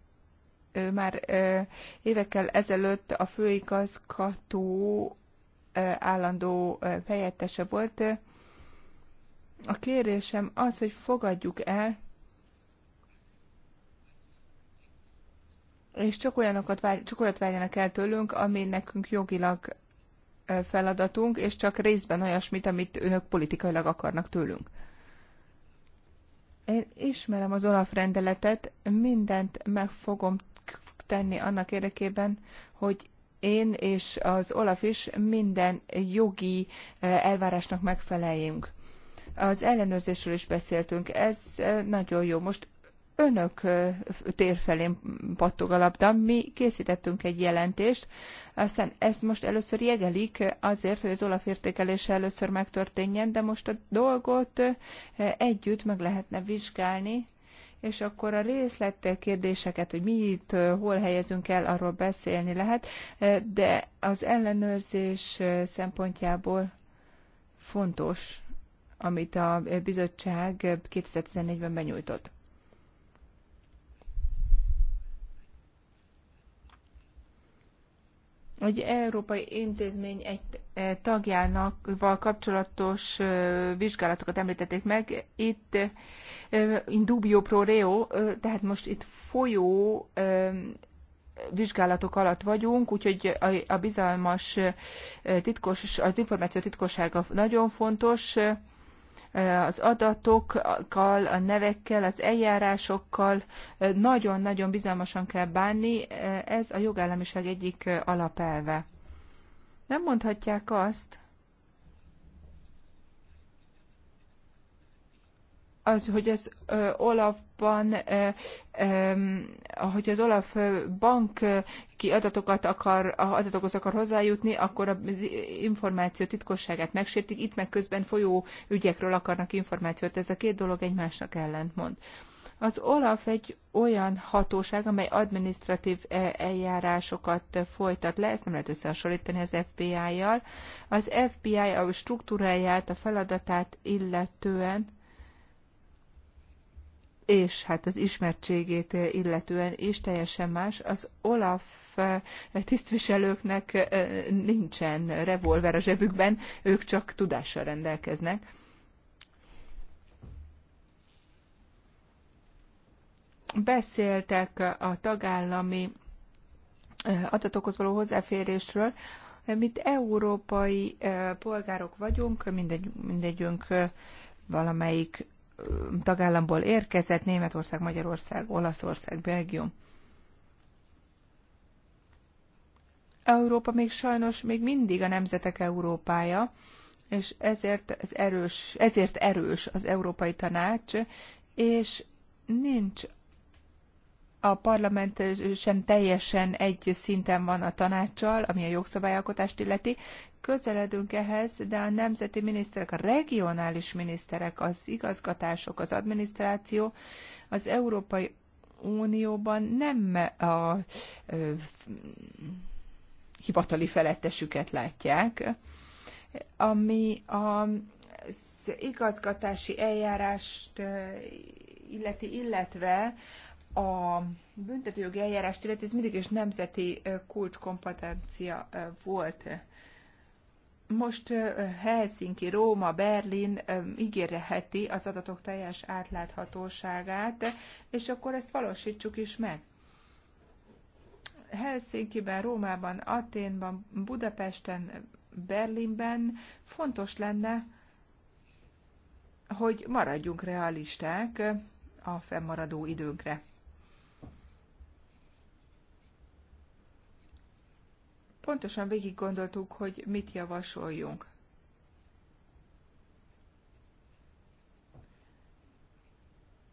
ő már évekkel ezelőtt a főigazgató állandó helyettese volt. A kérésem az, hogy fogadjuk el, és csak, olyanokat vár, csak olyat várjanak el tőlünk, ami nekünk jogilag feladatunk, és csak részben olyasmit, amit önök politikailag akarnak tőlünk. Én ismerem az Olaf rendeletet, mindent meg fogom tenni annak érdekében, hogy én és az Olaf is minden jogi eh, elvárásnak megfeleljünk. Az ellenőrzésről is beszéltünk, ez eh, nagyon jó. Most önök térfelén pattog a labda. Mi készítettünk egy jelentést, aztán ezt most először jegelik azért, hogy az Olaf értékelése először megtörténjen, de most a dolgot együtt meg lehetne vizsgálni, és akkor a részlet kérdéseket, hogy mi itt, hol helyezünk el, arról beszélni lehet, de az ellenőrzés szempontjából fontos, amit a bizottság 2014-ben benyújtott. egy európai intézmény egy e, tagjának kapcsolatos e, vizsgálatokat említették meg. Itt e, in dubio pro reo, tehát most itt folyó vizsgálatok alatt vagyunk, úgyhogy a bizalmas titkos, az információ titkossága nagyon fontos az adatokkal, a nevekkel, az eljárásokkal nagyon-nagyon bizalmasan kell bánni, ez a jogállamiság egyik alapelve. Nem mondhatják azt, az, hogy az Olafban, hogy az Olaf bank ki adatokat akar, adatokhoz akar hozzájutni, akkor az információ titkosságát megsértik, itt meg közben folyó ügyekről akarnak információt. Ez a két dolog egymásnak ellentmond. Az OLAF egy olyan hatóság, amely administratív eljárásokat folytat le, ezt nem lehet összehasonlítani az FBI-jal. Az FBI a struktúráját, a feladatát illetően és hát az ismertségét illetően is teljesen más. Az Olaf eh, tisztviselőknek eh, nincsen revolver a zsebükben, ők csak tudással rendelkeznek. Beszéltek a tagállami eh, adatokhoz való hozzáférésről, mint európai polgárok vagyunk, mindegy, mindegyünk valamelyik tagállamból érkezett, Németország, Magyarország, Olaszország, Belgium. Európa még sajnos még mindig a nemzetek Európája, és ezért, az erős, ezért erős az Európai Tanács, és nincs a parlament sem teljesen egy szinten van a tanácssal, ami a jogszabályalkotást illeti, közeledünk ehhez, de a nemzeti miniszterek, a regionális miniszterek, az igazgatások, az adminisztráció az Európai Unióban nem a hivatali felettesüket látják, ami az igazgatási eljárást illeti, illetve a büntetőjogi eljárást illeti, ez mindig is nemzeti kulcskompetencia volt most Helsinki, Róma, Berlin ígérheti az adatok teljes átláthatóságát, és akkor ezt valósítsuk is meg. Helsinkiben, Rómában, Aténban, Budapesten, Berlinben fontos lenne, hogy maradjunk realisták a fennmaradó időnkre. pontosan végig gondoltuk, hogy mit javasoljunk.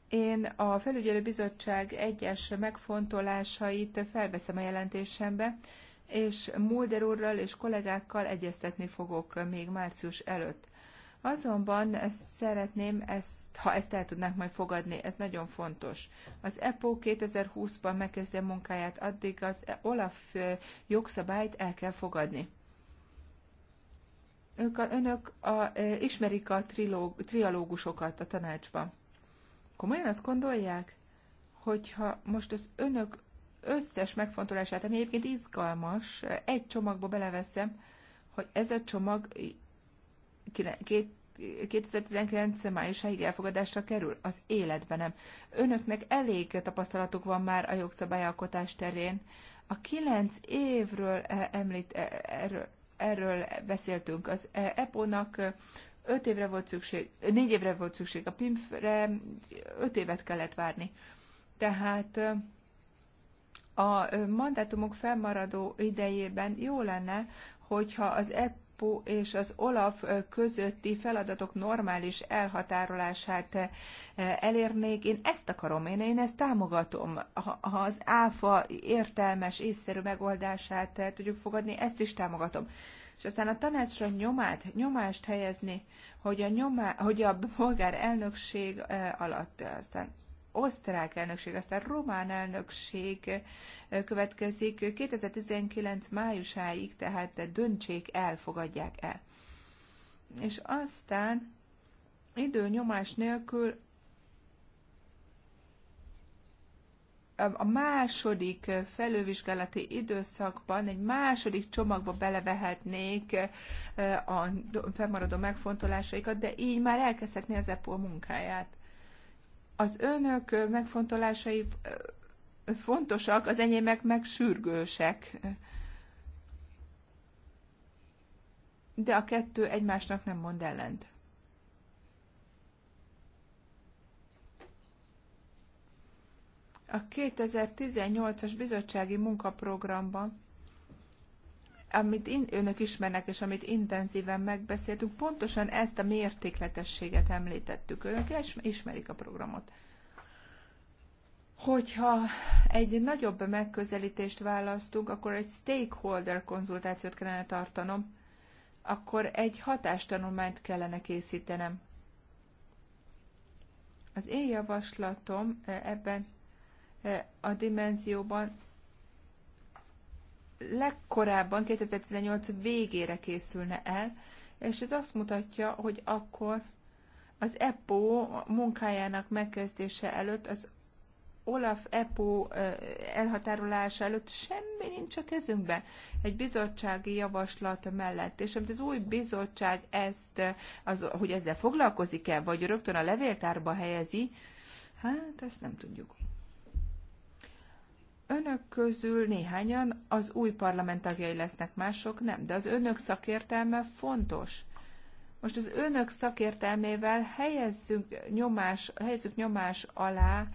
Én a felügyelőbizottság egyes megfontolásait felveszem a jelentésembe, és Mulder úrral és kollégákkal egyeztetni fogok még március előtt. Azonban ezt szeretném, ezt, ha ezt el tudnánk majd fogadni, ez nagyon fontos. Az EPO 2020-ban megkezdje munkáját, addig az OLAF jogszabályt el kell fogadni. Ők a, önök a, ismerik a trilóg, trialógusokat a tanácsban. Komolyan azt gondolják, hogyha most az önök összes megfontolását, ami egyébként izgalmas, egy csomagba beleveszem, hogy ez a csomag 2019. májusáig elfogadásra kerül? Az életben nem. Önöknek elég tapasztalatuk van már a jogszabályalkotás terén. A kilenc évről e, említ, e, erről, erről beszéltünk. Az e, EPO-nak öt évre volt szükség, négy évre volt szükség, a PIMF-re öt évet kellett várni. Tehát a mandátumok felmaradó idejében jó lenne, hogyha az EP EPPO és az OLAF közötti feladatok normális elhatárolását elérnék. Én ezt akarom, én, én ezt támogatom. Ha, ha az ÁFA értelmes, észszerű megoldását tudjuk fogadni, ezt is támogatom és aztán a tanácsra nyomát, nyomást helyezni, hogy a, nyomá, hogy a bolgár elnökség alatt aztán osztrák elnökség, aztán román elnökség következik 2019 májusáig, tehát döntsék el, fogadják el. És aztán időnyomás nélkül a második felővizsgálati időszakban egy második csomagba belevehetnék a fennmaradó megfontolásaikat, de így már elkezdhetné az EPO munkáját. Az önök megfontolásai fontosak, az enyémek meg sürgősek. De a kettő egymásnak nem mond ellent. A 2018-as bizottsági munkaprogramban amit in, önök ismernek, és amit intenzíven megbeszéltünk, pontosan ezt a mértékletességet említettük. Önök ismerik a programot. Hogyha egy nagyobb megközelítést választunk, akkor egy stakeholder konzultációt kellene tartanom, akkor egy hatástanulmányt kellene készítenem. Az én javaslatom eh, ebben eh, a dimenzióban legkorábban 2018 végére készülne el, és ez azt mutatja, hogy akkor az EPO munkájának megkezdése előtt, az Olaf EPO elhatárolása előtt semmi nincs a kezünkben egy bizottsági javaslat mellett. És amit az új bizottság ezt, az, hogy ezzel foglalkozik-e, vagy rögtön a levéltárba helyezi, hát ezt nem tudjuk. Önök közül néhányan az új parlament tagjai lesznek, mások nem, de az önök szakértelme fontos. Most az önök szakértelmével helyezzük nyomás, helyezzük nyomás alá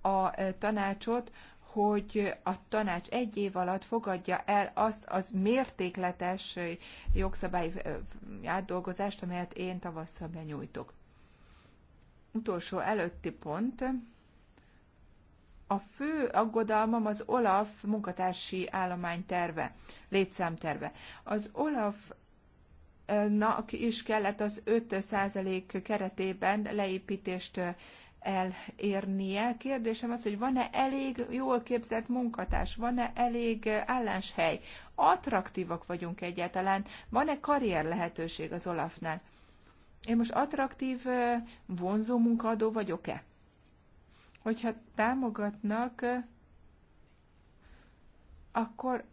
a e, tanácsot, hogy a tanács egy év alatt fogadja el azt az mértékletes jogszabályi e, átdolgozást, amelyet én tavasszal benyújtok. Utolsó előtti pont a fő aggodalmam az OLAF munkatársi terve, létszámterve. Az OLAF eh, nak is kellett az 5% keretében leépítést eh, elérnie. Kérdésem az, hogy van-e elég jól képzett munkatárs, van-e elég eh, álláshely, attraktívak vagyunk egyáltalán, van-e karrier lehetőség az Olafnál? Én most attraktív, vonzó munkaadó vagyok-e? hogyha támogatnak, akkor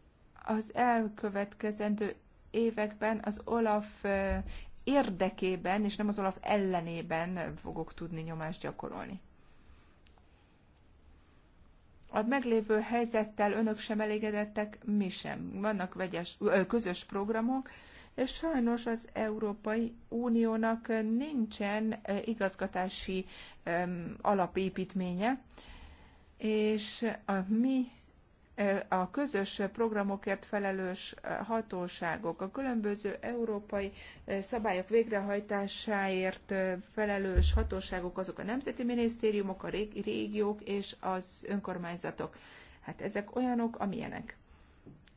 az elkövetkezendő években az Olaf érdekében, és nem az Olaf ellenében fogok tudni nyomást gyakorolni. A meglévő helyzettel önök sem elégedettek, mi sem. Vannak vegyes, közös programok, és sajnos az Európai Uniónak nincsen eh, igazgatási alapépítménye, és a mi eh, a közös programokért felelős eh, hatóságok, a különböző európai szabályok végrehajtásáért felelős hatóságok, azok a nemzeti minisztériumok, a régiók és az önkormányzatok. Hát ezek olyanok, amilyenek.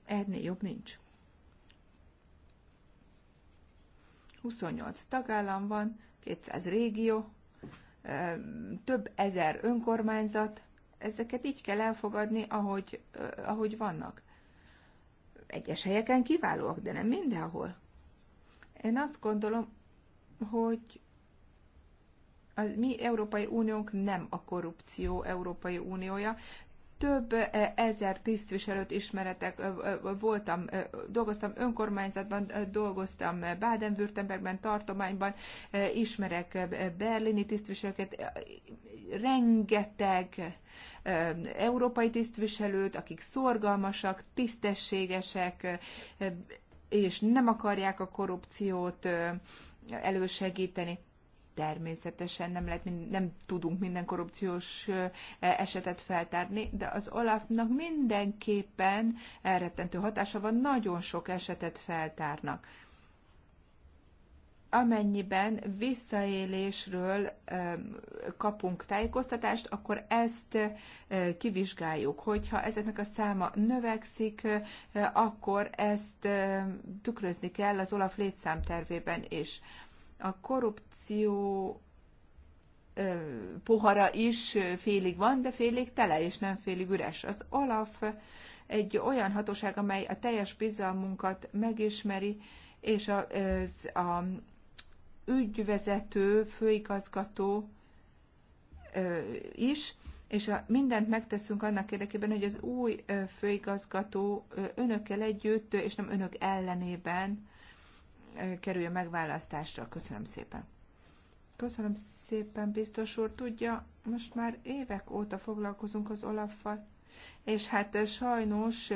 Ennél jobb nincs. 28 tagállam van, 200 régió, több ezer önkormányzat, ezeket így kell elfogadni, ahogy, ahogy vannak. Egyes helyeken kiválóak, de nem mindenhol. Én azt gondolom, hogy az mi Európai Uniónk nem a korrupció Európai Uniója, több eh, ezer tisztviselőt ismeretek eh, eh, voltam, dolgoztam önkormányzatban, dolgoztam Baden-Württembergben, tartományban, ismerek berlini tisztviselőket, rengeteg európai tisztviselőt, akik szorgalmasak, tisztességesek, és nem akarják a korrupciót elősegíteni. Természetesen nem, lehet, nem tudunk minden korrupciós e, esetet feltárni, de az Olafnak mindenképpen elrettentő hatása van, nagyon sok esetet feltárnak. Amennyiben visszaélésről kapunk tájékoztatást, akkor ezt kivizsgáljuk. Hogyha ezeknek a száma növekszik, akkor ezt tükrözni kell az Olaf létszámtervében is a korrupció pohara is félig van, de félig tele, és nem félig üres. Az Olaf egy olyan hatóság, amely a teljes bizalmunkat megismeri, és a, az, a ügyvezető, főigazgató is, és a, mindent megteszünk annak érdekében, hogy az új főigazgató önökkel együtt, és nem önök ellenében kerüljön megválasztásra. Köszönöm szépen. Köszönöm szépen, biztos úr. Tudja, most már évek óta foglalkozunk az Olaffal, és hát sajnos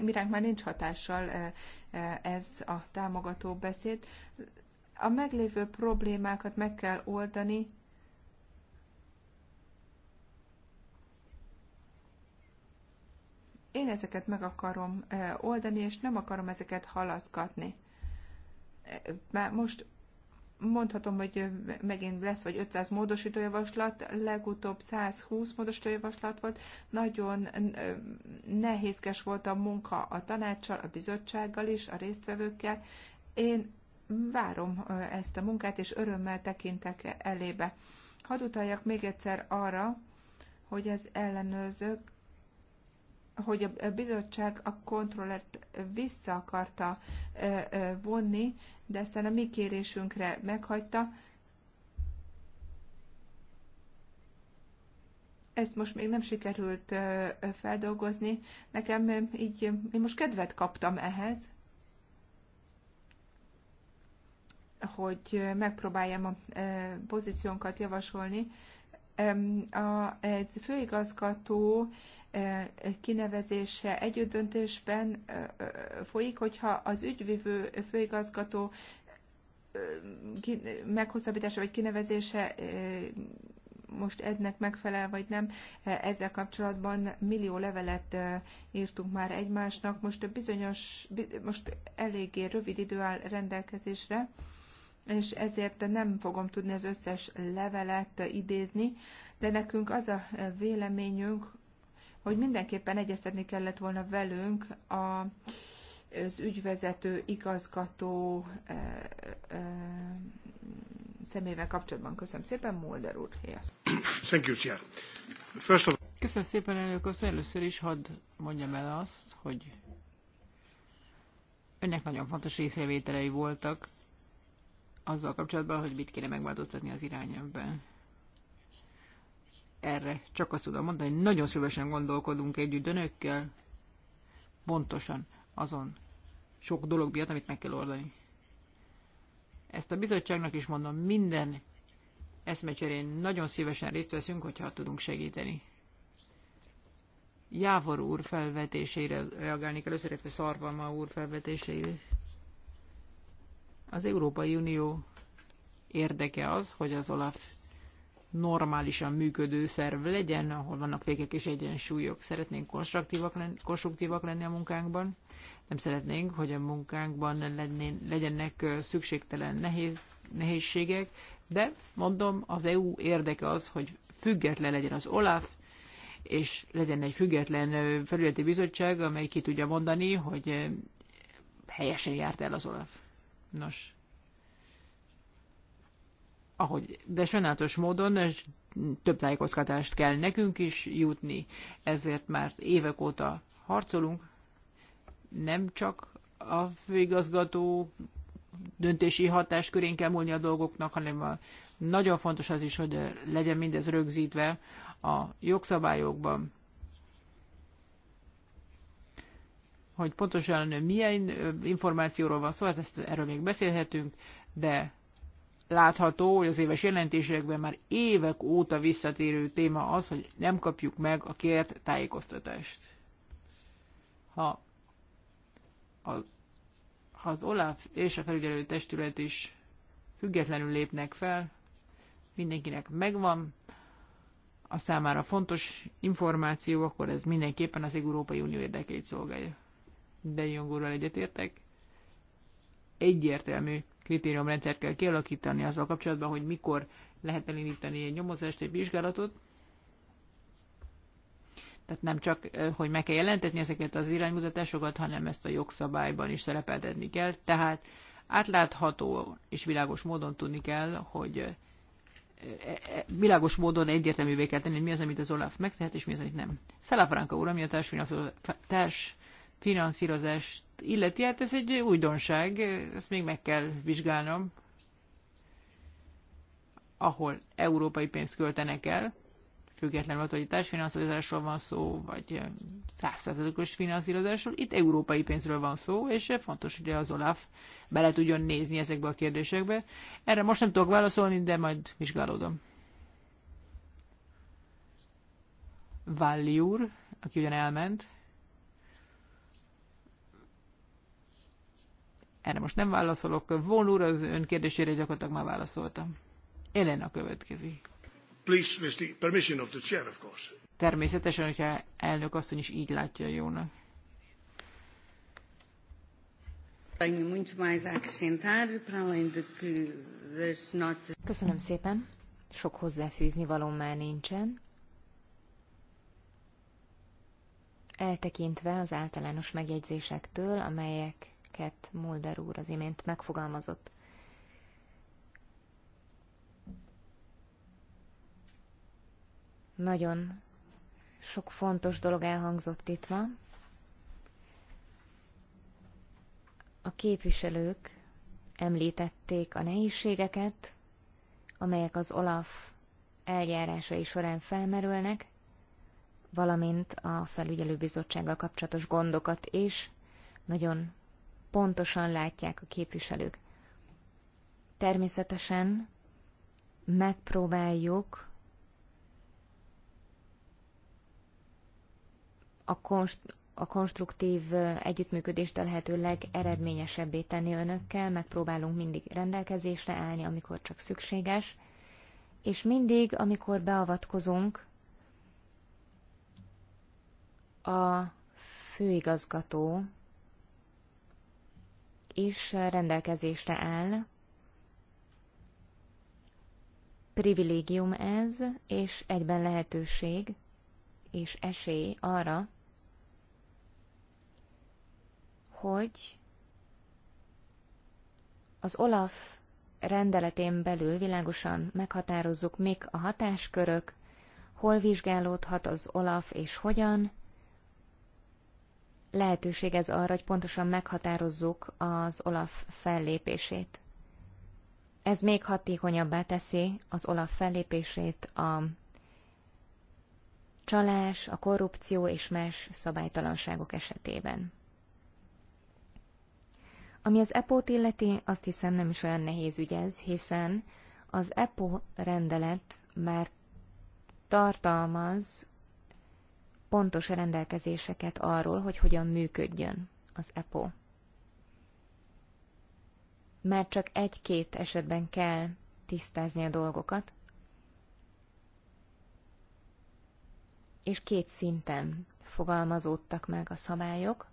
miránk már nincs hatással ez a támogató beszéd. A meglévő problémákat meg kell oldani, én ezeket meg akarom oldani, és nem akarom ezeket halaszgatni már most mondhatom, hogy megint lesz, vagy 500 módosítójavaslat, legutóbb 120 módosítójavaslat volt, nagyon nehézkes volt a munka a tanácssal, a bizottsággal is, a résztvevőkkel. Én várom ezt a munkát, és örömmel tekintek elébe. Hadd utaljak még egyszer arra, hogy az ellenőrzők hogy a bizottság a kontrollert vissza akarta vonni, de aztán a mi kérésünkre meghagyta. Ezt most még nem sikerült feldolgozni. Nekem így, én most kedvet kaptam ehhez, hogy megpróbáljam a pozíciónkat javasolni a főigazgató e, kinevezése együtt döntésben e, e, folyik, hogyha az ügyvívő főigazgató meghosszabbítása vagy kinevezése most ennek megfelel, vagy nem. Ezzel kapcsolatban millió levelet írtunk már egymásnak. Most bizonyos, most eléggé rövid idő áll rendelkezésre és ezért nem fogom tudni az összes levelet idézni, de nekünk az a véleményünk, hogy mindenképpen egyeztetni kellett volna velünk a, az ügyvezető, igazgató e, e, szemével kapcsolatban. Köszönöm szépen, Mulder úr. Thank you, Chair. First of... Köszönöm szépen, elnök úr. Szóval először is hadd mondjam el azt, hogy önnek nagyon fontos észrevételei voltak azzal kapcsolatban, hogy mit kéne megváltoztatni az irányelvben. Erre csak azt tudom mondani, hogy nagyon szívesen gondolkodunk együtt önökkel, pontosan azon sok dolog miatt, amit meg kell oldani. Ezt a bizottságnak is mondom, minden eszmecserén nagyon szívesen részt veszünk, hogyha tudunk segíteni. Jávor úr felvetésére reagálni kell, először, illetve Szarvama úr felvetésére. Az Európai Unió érdeke az, hogy az Olaf normálisan működő szerv legyen, ahol vannak fékek és egyensúlyok. Szeretnénk konstruktívak, lenni, konstruktívak lenni a munkánkban, nem szeretnénk, hogy a munkánkban legyenek szükségtelen nehéz, nehézségek, de mondom, az EU érdeke az, hogy független legyen az OLAF, és legyen egy független felületi bizottság, amely ki tudja mondani, hogy helyesen járt el az OLAF. Nos, ahogy, de sajnálatos módon több tájékoztatást kell nekünk is jutni, ezért már évek óta harcolunk, nem csak a főigazgató döntési hatáskörén kell múlni a dolgoknak, hanem a, nagyon fontos az is, hogy legyen mindez rögzítve a jogszabályokban. hogy pontosan milyen információról van szó, hát ezt erről még beszélhetünk, de látható, hogy az éves jelentésekben már évek óta visszatérő téma az, hogy nem kapjuk meg a kért tájékoztatást. Ha, a, ha az OLAF és a felügyelő testület is függetlenül lépnek fel, mindenkinek megvan a számára fontos információ, akkor ez mindenképpen az Európai Unió érdekeit szolgálja. De Jongóról egyetértek. Egyértelmű kritériumrendszert kell kialakítani azzal kapcsolatban, hogy mikor lehet elindítani egy nyomozást, egy vizsgálatot. Tehát nem csak, hogy meg kell jelentetni ezeket az iránymutatásokat, hanem ezt a jogszabályban is szerepeltetni kell. Tehát átlátható és világos módon tudni kell, hogy e, e, világos módon egyértelművé kell tenni, hogy mi az, amit az Olaf megtehet, és mi az, amit nem. Franka úr, ami a társfinanszírozás társ finanszírozást illeti, hát ez egy újdonság, ezt még meg kell vizsgálnom, ahol európai pénzt költenek el, függetlenül attól, hogy társfinanszírozásról van szó, vagy százszerzadokos finanszírozásról, itt európai pénzről van szó, és fontos, hogy az Olaf bele tudjon nézni ezekbe a kérdésekbe. Erre most nem tudok válaszolni, de majd vizsgálódom. Valli úr, aki ugyan elment, erre most nem válaszolok. Von úr az ön kérdésére gyakorlatilag már válaszoltam. Ellen következik. következő. Természetesen, hogyha elnök asszony is így látja jónak. Köszönöm szépen. Sok hozzáfűzni való már nincsen. Eltekintve az általános megjegyzésektől, amelyek amelyeket Mulder úr az imént megfogalmazott. Nagyon sok fontos dolog elhangzott itt ma. A képviselők említették a nehézségeket, amelyek az Olaf eljárásai során felmerülnek, valamint a felügyelőbizottsággal kapcsolatos gondokat is. Nagyon pontosan látják a képviselők. Természetesen megpróbáljuk a, konst- a konstruktív együttműködést a lehető legeredményesebbé tenni önökkel, megpróbálunk mindig rendelkezésre állni, amikor csak szükséges, és mindig, amikor beavatkozunk, a főigazgató is rendelkezésre áll. Privilégium ez, és egyben lehetőség és esély arra, hogy az OLAF rendeletén belül világosan meghatározzuk, mik a hatáskörök, hol vizsgálódhat az OLAF és hogyan, lehetőség ez arra, hogy pontosan meghatározzuk az Olaf fellépését. Ez még hatékonyabbá teszi az Olaf fellépését a csalás, a korrupció és más szabálytalanságok esetében. Ami az EPO-t illeti, azt hiszem nem is olyan nehéz ügy ez, hiszen az EPO rendelet már tartalmaz pontos rendelkezéseket arról, hogy hogyan működjön az EPO. Mert csak egy-két esetben kell tisztázni a dolgokat, és két szinten fogalmazódtak meg a szabályok.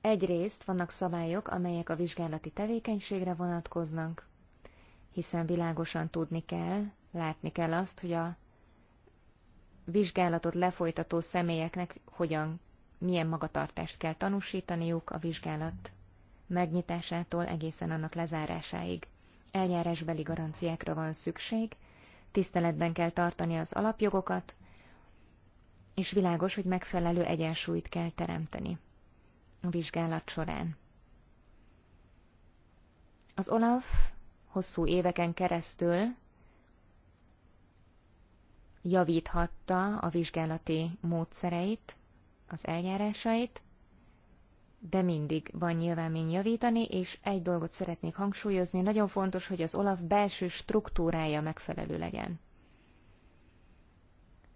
Egyrészt vannak szabályok, amelyek a vizsgálati tevékenységre vonatkoznak, hiszen világosan tudni kell, látni kell azt, hogy a vizsgálatot lefolytató személyeknek hogyan, milyen magatartást kell tanúsítaniuk a vizsgálat megnyitásától egészen annak lezárásáig. Eljárásbeli garanciákra van szükség, tiszteletben kell tartani az alapjogokat, és világos, hogy megfelelő egyensúlyt kell teremteni a vizsgálat során. Az Olaf hosszú éveken keresztül javíthatta a vizsgálati módszereit, az eljárásait, de mindig van nyilván javítani, és egy dolgot szeretnék hangsúlyozni, nagyon fontos, hogy az OLAF belső struktúrája megfelelő legyen.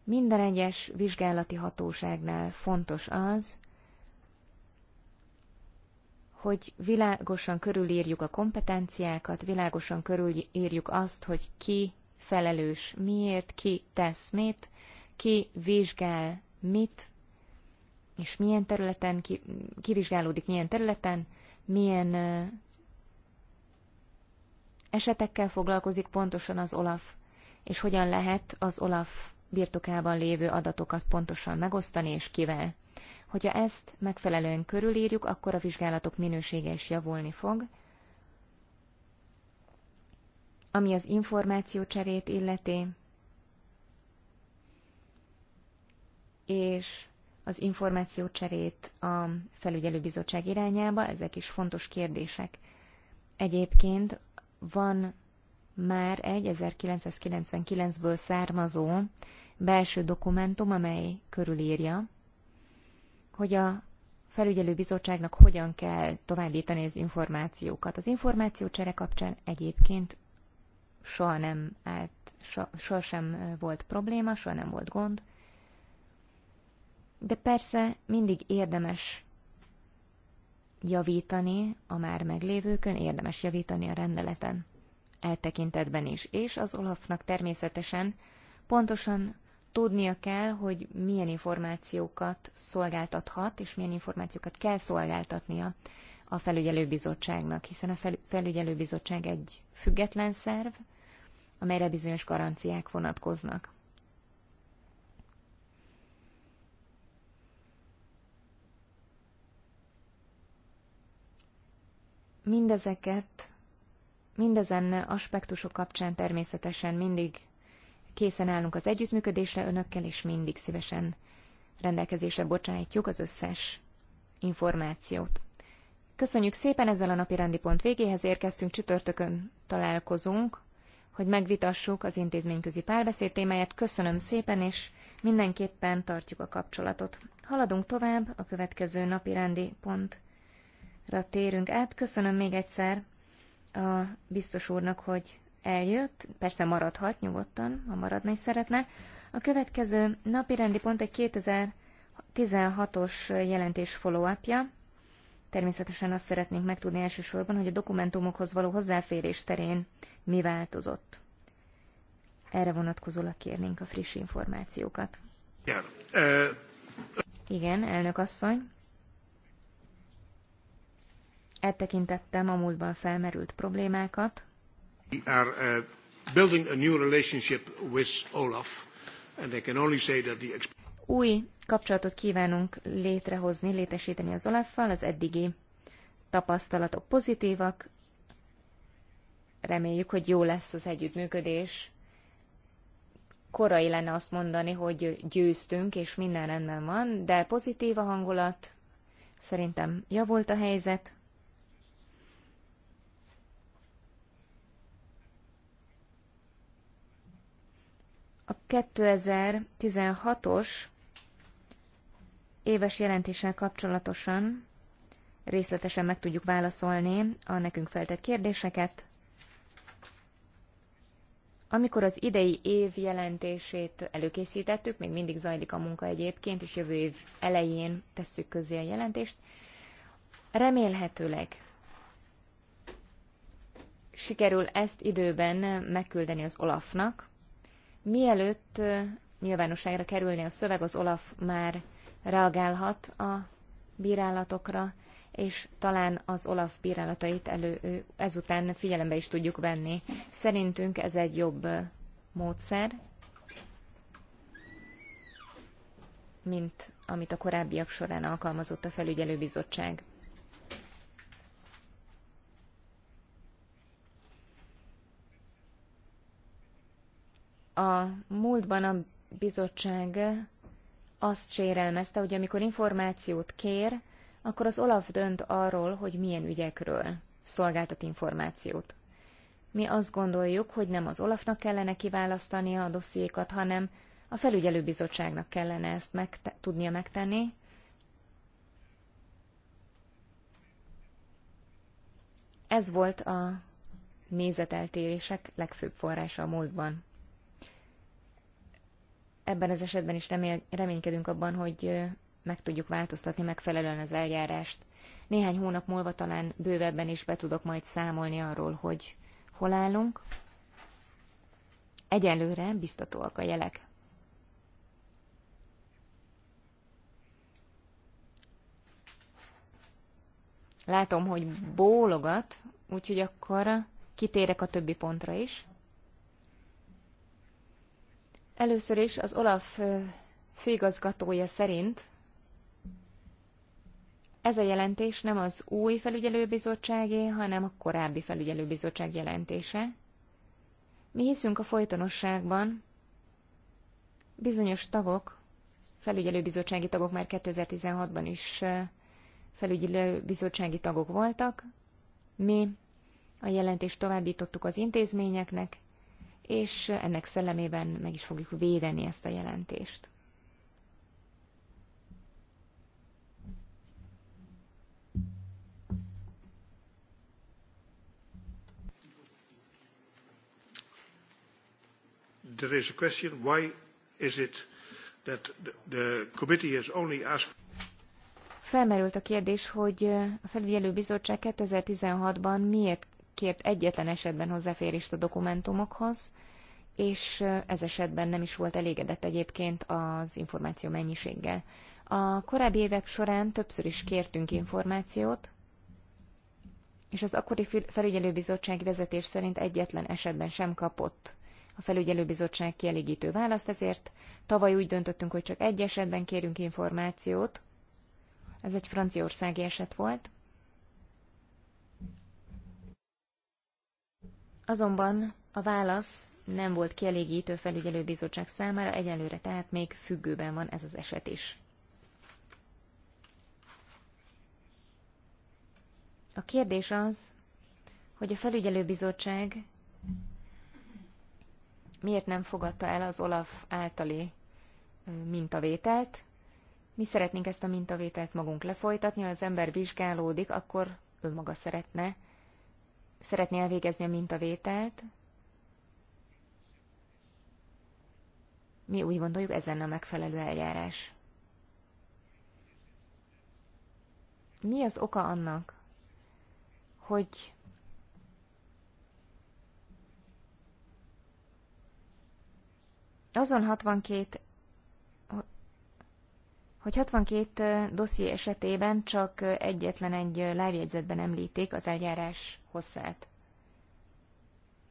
Minden egyes vizsgálati hatóságnál fontos az, hogy világosan körülírjuk a kompetenciákat, világosan körülírjuk azt, hogy ki felelős miért, ki tesz mit, ki vizsgál mit, és milyen területen, ki, kivizsgálódik milyen területen, milyen ö, esetekkel foglalkozik pontosan az OLAF, és hogyan lehet az OLAF birtokában lévő adatokat pontosan megosztani, és kivel. Hogyha ezt megfelelően körülírjuk, akkor a vizsgálatok minősége is javulni fog, ami az cserét illeti, és az cserét a felügyelőbizottság irányába, ezek is fontos kérdések. Egyébként van már egy 1999-ből származó belső dokumentum, amely körülírja, hogy a felügyelőbizottságnak hogyan kell továbbítani az információkat. Az információcsere kapcsán egyébként soha nem állt, so, sohasem volt probléma, soha nem volt gond. De persze mindig érdemes javítani a már meglévőkön, érdemes javítani a rendeleten. Eltekintetben is. És az Olafnak természetesen pontosan tudnia kell, hogy milyen információkat szolgáltathat, és milyen információkat kell szolgáltatnia a felügyelőbizottságnak, hiszen a felügyelőbizottság egy független szerv, amelyre bizonyos garanciák vonatkoznak. Mindezeket, mindezen aspektusok kapcsán természetesen mindig készen állunk az együttműködésre önökkel, és mindig szívesen rendelkezésre bocsájtjuk az összes információt. Köszönjük szépen, ezzel a napi rendi pont végéhez érkeztünk, csütörtökön találkozunk hogy megvitassuk az intézményközi párbeszéd témáját. Köszönöm szépen, és mindenképpen tartjuk a kapcsolatot. Haladunk tovább, a következő napi rendi pontra térünk át. Köszönöm még egyszer a biztos úrnak, hogy eljött. Persze maradhat nyugodtan, ha maradni szeretne. A következő napi rendi pont egy 2016-os jelentés follow -upja. Természetesen azt szeretnénk megtudni elsősorban, hogy a dokumentumokhoz való hozzáférés terén mi változott. Erre vonatkozólag kérnénk a friss információkat. Igen, uh... Igen elnök asszony. Eltekintettem a múltban felmerült problémákat. We are uh, building a new relationship with Olaf, and I can only say that the új kapcsolatot kívánunk létrehozni, létesíteni az Olaffal, az eddigi tapasztalatok pozitívak, reméljük, hogy jó lesz az együttműködés. Korai lenne azt mondani, hogy győztünk, és minden rendben van, de pozitív a hangulat, szerintem javult a helyzet, A 2016-os éves jelentéssel kapcsolatosan részletesen meg tudjuk válaszolni a nekünk feltett kérdéseket. Amikor az idei év jelentését előkészítettük, még mindig zajlik a munka egyébként, és jövő év elején tesszük közé a jelentést, remélhetőleg sikerül ezt időben megküldeni az Olafnak, Mielőtt nyilvánosságra kerülni a szöveg, az Olaf már reagálhat a bírálatokra, és talán az Olaf bírálatait elő, ezután figyelembe is tudjuk venni. Szerintünk ez egy jobb módszer, mint amit a korábbiak során alkalmazott a felügyelőbizottság. A múltban a bizottság azt sérelmezte, hogy amikor információt kér, akkor az Olaf dönt arról, hogy milyen ügyekről szolgáltat információt. Mi azt gondoljuk, hogy nem az Olafnak kellene kiválasztania a dossziékat, hanem a felügyelőbizottságnak kellene ezt meg, tudnia megtenni. Ez volt a nézeteltérések legfőbb forrása a múltban ebben az esetben is remél, reménykedünk abban, hogy meg tudjuk változtatni megfelelően az eljárást. Néhány hónap múlva talán bővebben is be tudok majd számolni arról, hogy hol állunk. Egyelőre biztatóak a jelek. Látom, hogy bólogat, úgyhogy akkor kitérek a többi pontra is. Először is az Olaf főigazgatója szerint ez a jelentés nem az új felügyelőbizottságé, hanem a korábbi felügyelőbizottság jelentése. Mi hiszünk a folytonosságban, bizonyos tagok, felügyelőbizottsági tagok már 2016-ban is felügyelőbizottsági tagok voltak, mi a jelentést továbbítottuk az intézményeknek, és ennek szellemében meg is fogjuk védeni ezt a jelentést. There is a question, why is it that the committee has only asked Felmerült a kérdés, hogy a felügyelő bizottság 2016-ban miért kért egyetlen esetben hozzáférést a dokumentumokhoz, és ez esetben nem is volt elégedett egyébként az információ mennyiséggel. A korábbi évek során többször is kértünk információt, és az akkori felügyelőbizottság vezetés szerint egyetlen esetben sem kapott a felügyelőbizottság kielégítő választ, ezért tavaly úgy döntöttünk, hogy csak egy esetben kérünk információt. Ez egy franciaországi eset volt, Azonban a válasz nem volt kielégítő felügyelőbizottság számára, egyelőre tehát még függőben van ez az eset is. A kérdés az, hogy a felügyelőbizottság miért nem fogadta el az Olaf általi mintavételt. Mi szeretnénk ezt a mintavételt magunk lefolytatni, ha az ember vizsgálódik, akkor ő maga szeretne szeretné elvégezni a mintavételt. Mi úgy gondoljuk, ez lenne a megfelelő eljárás. Mi az oka annak, hogy azon 62 hogy 62 dosszi esetében csak egyetlen egy lábjegyzetben említik az eljárás hosszát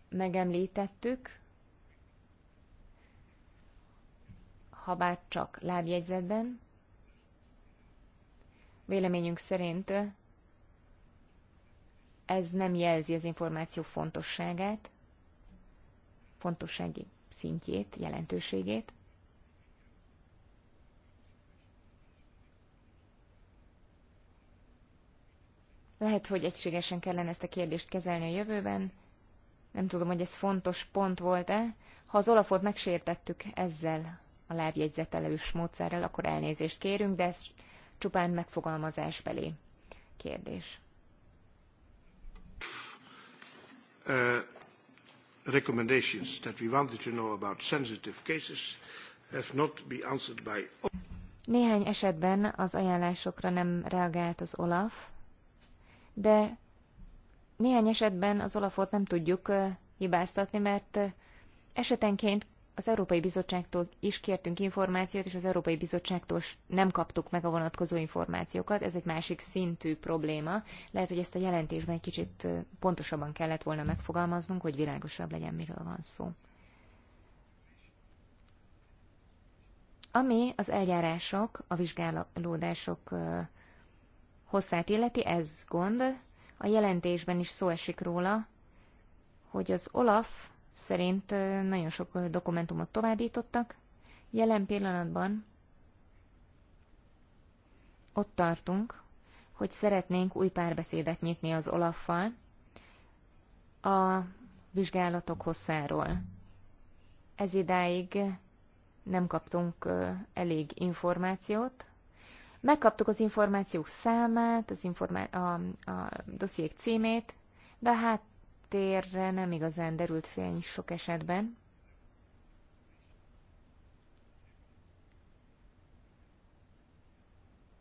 megemlítettük, habár csak lábjegyzetben. Véleményünk szerint ez nem jelzi az információ fontosságát, fontossági szintjét, jelentőségét. Lehet, hogy egységesen kellene ezt a kérdést kezelni a jövőben. Nem tudom, hogy ez fontos pont volt-e. Ha az Olafot megsértettük ezzel a lábjegyzetelős módszerrel, akkor elnézést kérünk, de ez csupán megfogalmazásbeli kérdés. Uh, recommendations that we wanted to know about sensitive cases have not been answered by... Néhány esetben az ajánlásokra nem reagált az OLAF, de néhány esetben az Olafot nem tudjuk hibáztatni, mert esetenként az Európai Bizottságtól is kértünk információt, és az Európai Bizottságtól nem kaptuk meg a vonatkozó információkat. Ez egy másik szintű probléma. Lehet, hogy ezt a jelentésben egy kicsit pontosabban kellett volna megfogalmaznunk, hogy világosabb legyen, miről van szó. Ami az eljárások, a vizsgálódások hosszát illeti, ez gond. A jelentésben is szó esik róla, hogy az Olaf szerint nagyon sok dokumentumot továbbítottak. Jelen pillanatban ott tartunk, hogy szeretnénk új párbeszédet nyitni az Olaffal a vizsgálatok hosszáról. Ez idáig nem kaptunk elég információt, Megkaptuk az információk számát, az informá- a, a dossziék címét, de hát térre nem igazán derült fény sok esetben.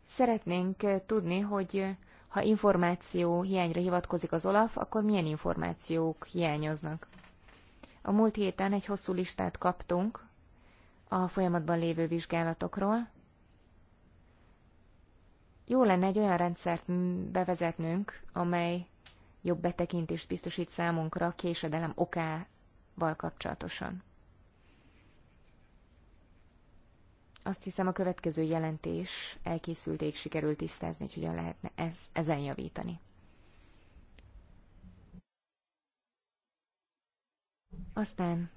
Szeretnénk tudni, hogy ha információ hiányra hivatkozik az OLAF, akkor milyen információk hiányoznak. A múlt héten egy hosszú listát kaptunk a folyamatban lévő vizsgálatokról, jó lenne egy olyan rendszert bevezetnünk, amely jobb betekintést biztosít számunkra a késedelem okával kapcsolatosan. Azt hiszem a következő jelentés elkészülték, sikerült tisztázni, hogy hogyan lehetne ez, ezen javítani. Aztán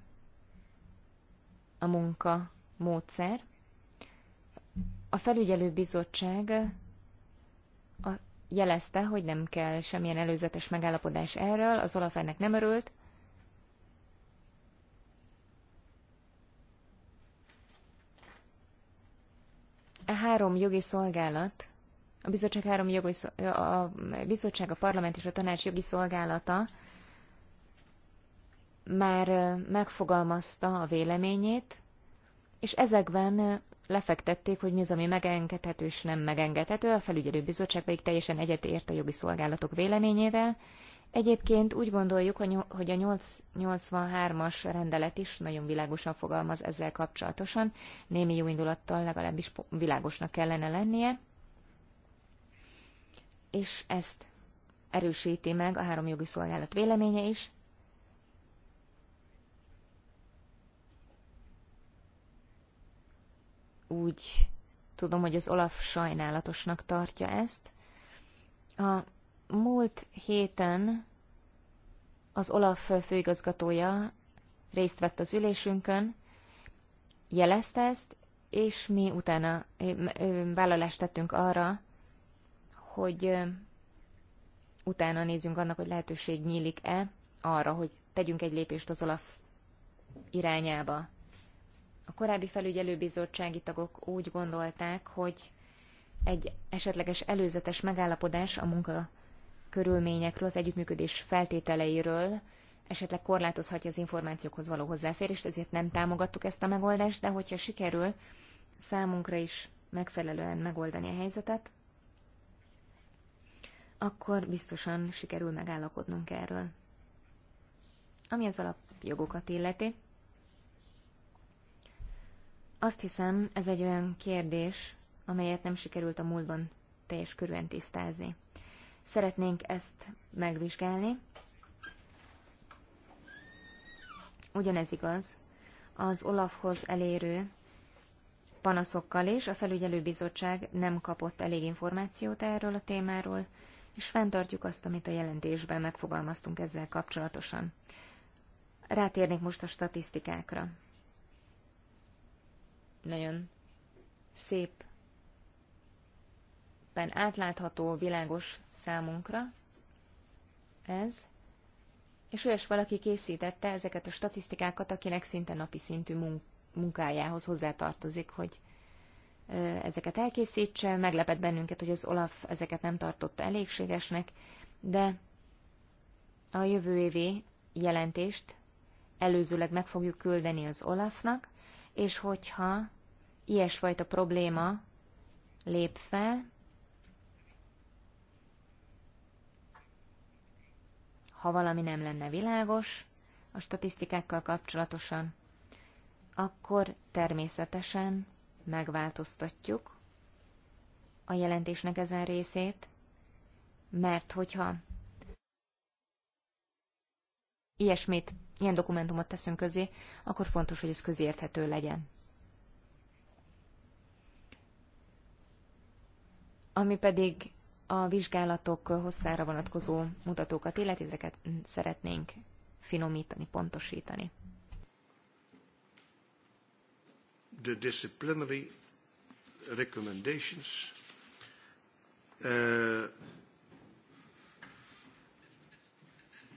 a munka módszer. A felügyelő bizottság a, jelezte, hogy nem kell semmilyen előzetes megállapodás erről, az Olaf ennek nem örült, A három jogi szolgálat, a bizottság, három jogi, a bizottság, a parlament és a tanács jogi szolgálata már megfogalmazta a véleményét, és ezekben lefektették, hogy mi az, ami megengedhető és nem megengedhető. A felügyelőbizottság pedig teljesen egyetért a jogi szolgálatok véleményével. Egyébként úgy gondoljuk, hogy a 883-as rendelet is nagyon világosan fogalmaz ezzel kapcsolatosan, némi jó indulattal legalábbis világosnak kellene lennie, és ezt erősíti meg a három jogi szolgálat véleménye is, úgy tudom, hogy az Olaf sajnálatosnak tartja ezt. A múlt héten az Olaf főigazgatója részt vett az ülésünkön, jelezte ezt, és mi utána vállalást tettünk arra, hogy utána nézzünk annak, hogy lehetőség nyílik-e arra, hogy tegyünk egy lépést az Olaf irányába. A korábbi felügyelőbizottsági tagok úgy gondolták, hogy egy esetleges előzetes megállapodás a munka körülményekről, az együttműködés feltételeiről esetleg korlátozhatja az információkhoz való hozzáférést, ezért nem támogattuk ezt a megoldást, de hogyha sikerül számunkra is megfelelően megoldani a helyzetet, akkor biztosan sikerül megállapodnunk erről. Ami az alapjogokat illeti, azt hiszem, ez egy olyan kérdés, amelyet nem sikerült a múltban teljes körűen tisztázni. Szeretnénk ezt megvizsgálni. Ugyanez igaz az Olafhoz elérő panaszokkal is. A felügyelőbizottság nem kapott elég információt erről a témáról, és fenntartjuk azt, amit a jelentésben megfogalmaztunk ezzel kapcsolatosan. Rátérnék most a statisztikákra nagyon szépen átlátható, világos számunkra ez, és olyas valaki készítette ezeket a statisztikákat, akinek szinte napi szintű munkájához hozzátartozik, hogy ezeket elkészítse. Meglepett bennünket, hogy az Olaf ezeket nem tartotta elégségesnek, de a jövő évi jelentést előzőleg meg fogjuk küldeni az Olafnak, és hogyha ilyesfajta probléma lép fel, ha valami nem lenne világos a statisztikákkal kapcsolatosan, akkor természetesen megváltoztatjuk a jelentésnek ezen részét, mert hogyha ilyesmit ilyen dokumentumot teszünk közé, akkor fontos, hogy ez közérthető legyen. Ami pedig a vizsgálatok hosszára vonatkozó mutatókat illeti, ezeket szeretnénk finomítani, pontosítani. The disciplinary recommendations uh,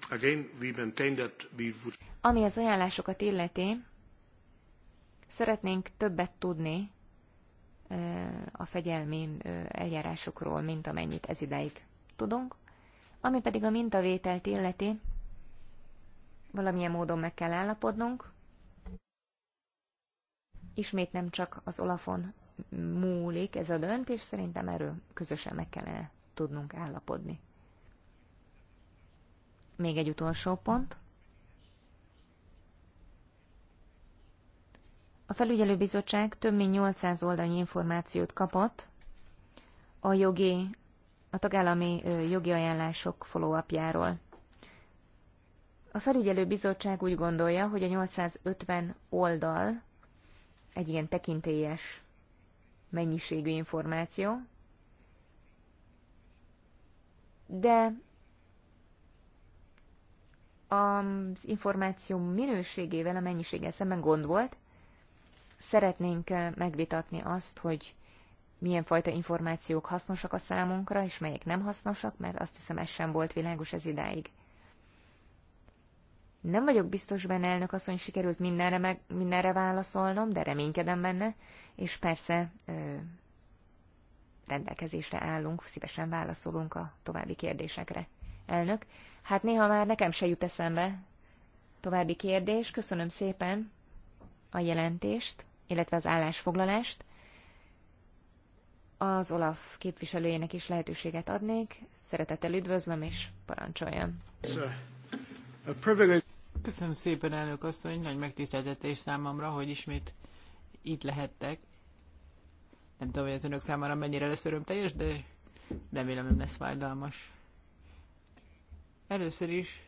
Again, we maintain that we would... Ami az ajánlásokat illeti, szeretnénk többet tudni a fegyelmi eljárásokról, mint amennyit ez idáig tudunk. Ami pedig a mintavételt illeti, valamilyen módon meg kell állapodnunk. Ismét nem csak az Olafon múlik ez a döntés, szerintem erről közösen meg kellene tudnunk állapodni. Még egy utolsó pont. A felügyelőbizottság több mint 800 oldalnyi információt kapott a jogi, a tagállami jogi ajánlások follow -upjáról. A felügyelőbizottság úgy gondolja, hogy a 850 oldal egy ilyen tekintélyes mennyiségű információ, de az információ minőségével, a mennyiséggel szemben gond volt. Szeretnénk eh, megvitatni azt, hogy milyen fajta információk hasznosak a számunkra, és melyek nem hasznosak, mert azt hiszem ez sem volt világos ez idáig. Nem vagyok biztos benne, elnök asszony, sikerült mindenre, meg, mindenre válaszolnom, de reménykedem benne, és persze ö, rendelkezésre állunk, szívesen válaszolunk a további kérdésekre. Elnök, hát néha már nekem se jut eszembe. További kérdés, köszönöm szépen a jelentést, illetve az állásfoglalást. Az Olaf képviselőjének is lehetőséget adnék. Szeretettel üdvözlöm, és parancsoljon. Köszönöm szépen, elnök asszony, nagy megtiszteltetés számomra, hogy ismét itt lehettek. Nem tudom, hogy ez önök számára mennyire lesz örömteljes, de remélem nem lesz fájdalmas. Először is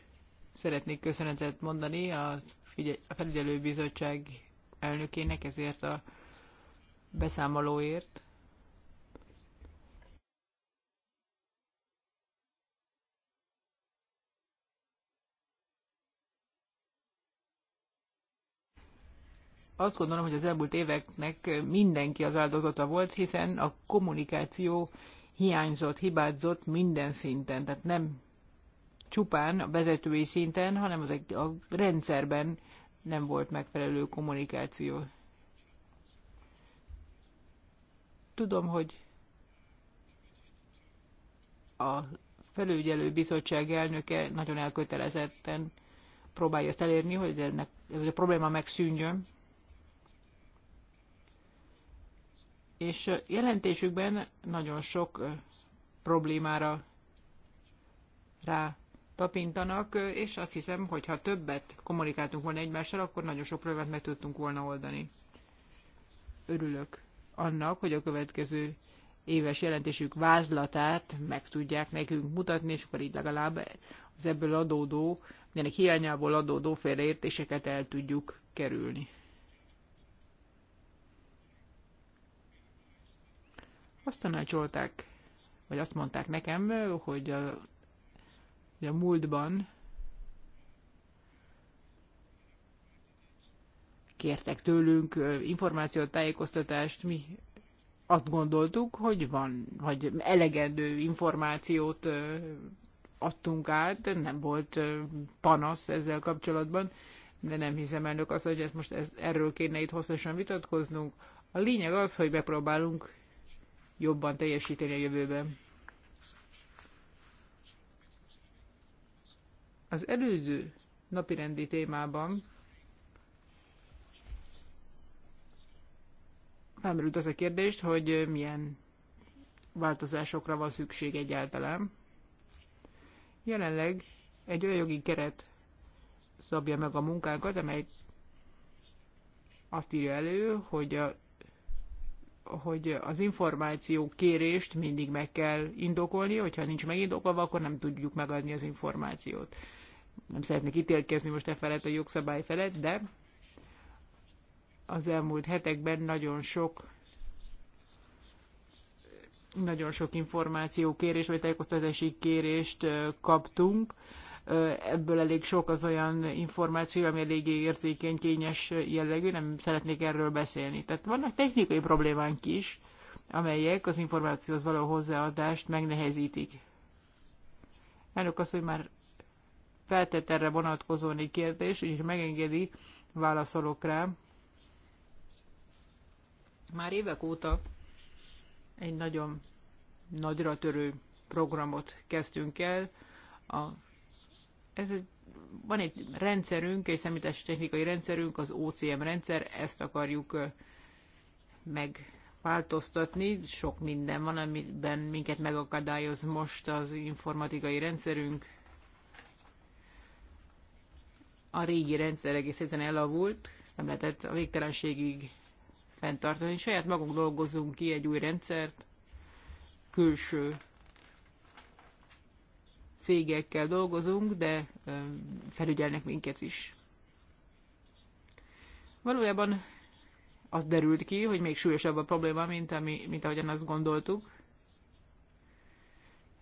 szeretnék köszönetet mondani a, figyel- a felügyelőbizottság elnökének ezért a beszámolóért. Azt gondolom, hogy az elmúlt éveknek mindenki az áldozata volt, hiszen a kommunikáció hiányzott, hibázott minden szinten, tehát nem csupán a vezetői szinten, hanem az egy, a rendszerben nem volt megfelelő kommunikáció. Tudom, hogy a felügyelő bizottság elnöke nagyon elkötelezetten próbálja ezt elérni, hogy ennek, ez a probléma megszűnjön. És jelentésükben nagyon sok problémára rá tapintanak, és azt hiszem, hogy ha többet kommunikáltunk volna egymással, akkor nagyon sok problémát meg tudtunk volna oldani. Örülök annak, hogy a következő éves jelentésük vázlatát meg tudják nekünk mutatni, és akkor így legalább az ebből adódó, ennek hiányából adódó félreértéseket el tudjuk kerülni. Azt tanácsolták, vagy azt mondták nekem, hogy a hogy a múltban kértek tőlünk információt, tájékoztatást, mi azt gondoltuk, hogy van, hogy elegendő információt adtunk át, nem volt panasz ezzel kapcsolatban, de nem hiszem elnök az, hogy ezt most ez, erről kéne itt hosszasan vitatkoznunk. A lényeg az, hogy megpróbálunk jobban teljesíteni a jövőben. Az előző napirendi témában felmerült az a kérdést, hogy milyen változásokra van szükség egyáltalán. Jelenleg egy olyan jogi keret szabja meg a munkánkat, amely azt írja elő, hogy, a, hogy az információ kérést mindig meg kell indokolni, hogyha nincs megindokolva, akkor nem tudjuk megadni az információt nem szeretnék ítélkezni most e felett a jogszabály felett, de az elmúlt hetekben nagyon sok nagyon sok információ kérés, vagy tájékoztatási kérést kaptunk. Ebből elég sok az olyan információ, ami eléggé érzékeny, kényes jellegű, nem szeretnék erről beszélni. Tehát vannak technikai problémánk is, amelyek az információhoz való hozzáadást megnehezítik. Elnök azt, hogy már feltett erre vonatkozó egy kérdés, úgyhogy megengedi, válaszolok rá. Már évek óta egy nagyon nagyra törő programot kezdtünk el. A, ez egy, van egy rendszerünk, egy szemítási technikai rendszerünk, az OCM rendszer, ezt akarjuk megváltoztatni. Sok minden van, amiben minket megakadályoz most az informatikai rendszerünk, a régi rendszer egész egyszerűen elavult, ezt nem lehetett a végtelenségig fenntartani. Saját magunk dolgozunk ki egy új rendszert, külső cégekkel dolgozunk, de felügyelnek minket is. Valójában az derült ki, hogy még súlyosabb a probléma, mint, ami, mint ahogyan azt gondoltuk.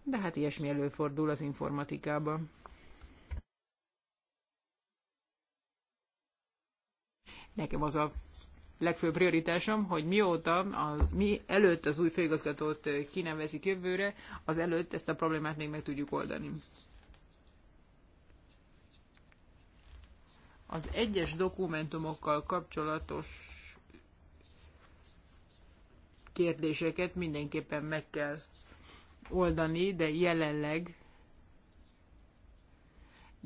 De hát ilyesmi előfordul az informatikában. Nekem az a legfőbb prioritásom, hogy mióta, a, mi előtt az új főigazgatót kinevezik jövőre, az előtt ezt a problémát még meg tudjuk oldani. Az egyes dokumentumokkal kapcsolatos kérdéseket mindenképpen meg kell oldani, de jelenleg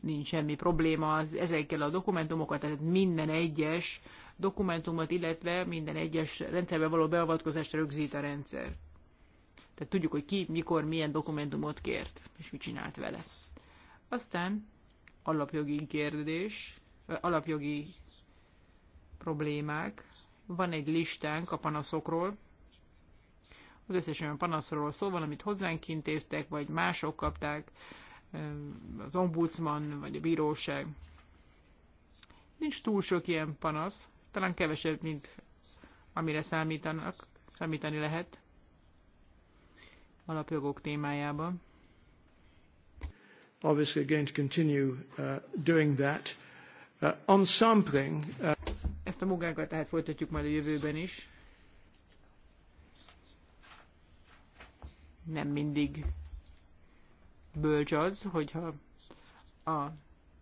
nincs semmi probléma az, ezekkel a dokumentumokkal, tehát minden egyes dokumentumot, illetve minden egyes rendszerbe való beavatkozást rögzít a rendszer. Tehát tudjuk, hogy ki, mikor, milyen dokumentumot kért, és mit csinált vele. Aztán alapjogi kérdés, alapjogi problémák. Van egy listánk a panaszokról, az összes olyan panaszról szó van, amit hozzánk intéztek, vagy mások kapták, az ombudsman vagy a bíróság. Nincs túl sok ilyen panasz, talán kevesebb, mint amire számítanak, számítani lehet alapjogok témájában. Obviously going to continue uh, doing that. Uh, on sampling, uh... Ezt a munkánkat tehát folytatjuk majd a jövőben is. Nem mindig bölcs az, hogyha a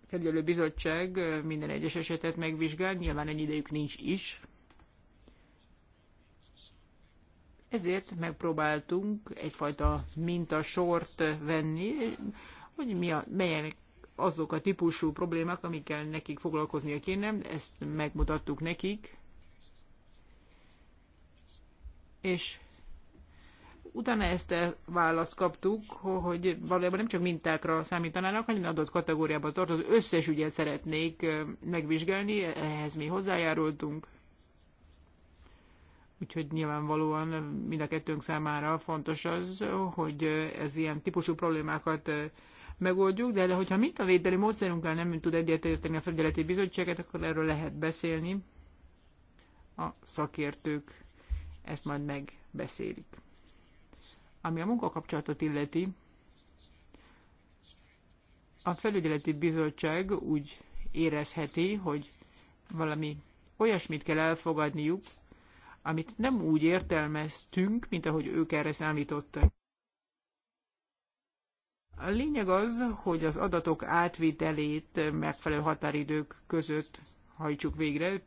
felügyelő bizottság minden egyes esetet megvizsgál, nyilván ennyi idejük nincs is. Ezért megpróbáltunk egyfajta mintasort venni, hogy mi a, melyen azok a típusú problémák, amikkel nekik foglalkoznia kéne, ezt megmutattuk nekik, és Utána ezt e választ kaptuk, hogy valójában nem csak mintákra számítanának, hanem adott kategóriába tartozó összes ügyet szeretnék e, megvizsgálni, e- ehhez mi hozzájárultunk. Úgyhogy nyilvánvalóan mind a kettőnk számára fontos az, hogy ez ilyen típusú problémákat megoldjuk, de hogyha védeli módszerünkkel nem tud egyetérteni a felügyeleti bizottságet, akkor erről lehet beszélni. A szakértők ezt majd megbeszélik. Ami a munkakapcsolatot illeti, a felügyeleti bizottság úgy érezheti, hogy valami olyasmit kell elfogadniuk, amit nem úgy értelmeztünk, mint ahogy ők erre számítottak. A lényeg az, hogy az adatok átvitelét megfelelő határidők között hajtsuk végre,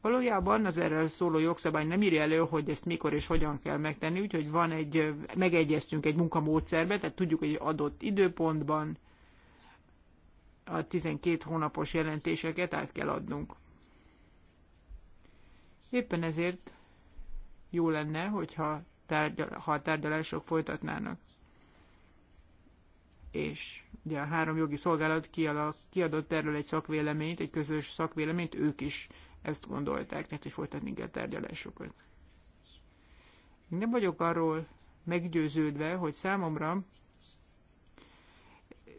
Valójában az erről szóló jogszabály nem írja elő, hogy ezt mikor és hogyan kell megtenni, úgyhogy van egy, megegyeztünk egy munkamódszerbe, tehát tudjuk, hogy adott időpontban a 12 hónapos jelentéseket át kell adnunk. Éppen ezért jó lenne, hogyha tárgyal, ha a tárgyalások folytatnának. És ugye a három jogi szolgálat kiadott erről egy szakvéleményt, egy közös szakvéleményt, ők is ezt gondolták, tehát hogy folytatni kell tárgyalásokat. Nem vagyok arról meggyőződve, hogy számomra,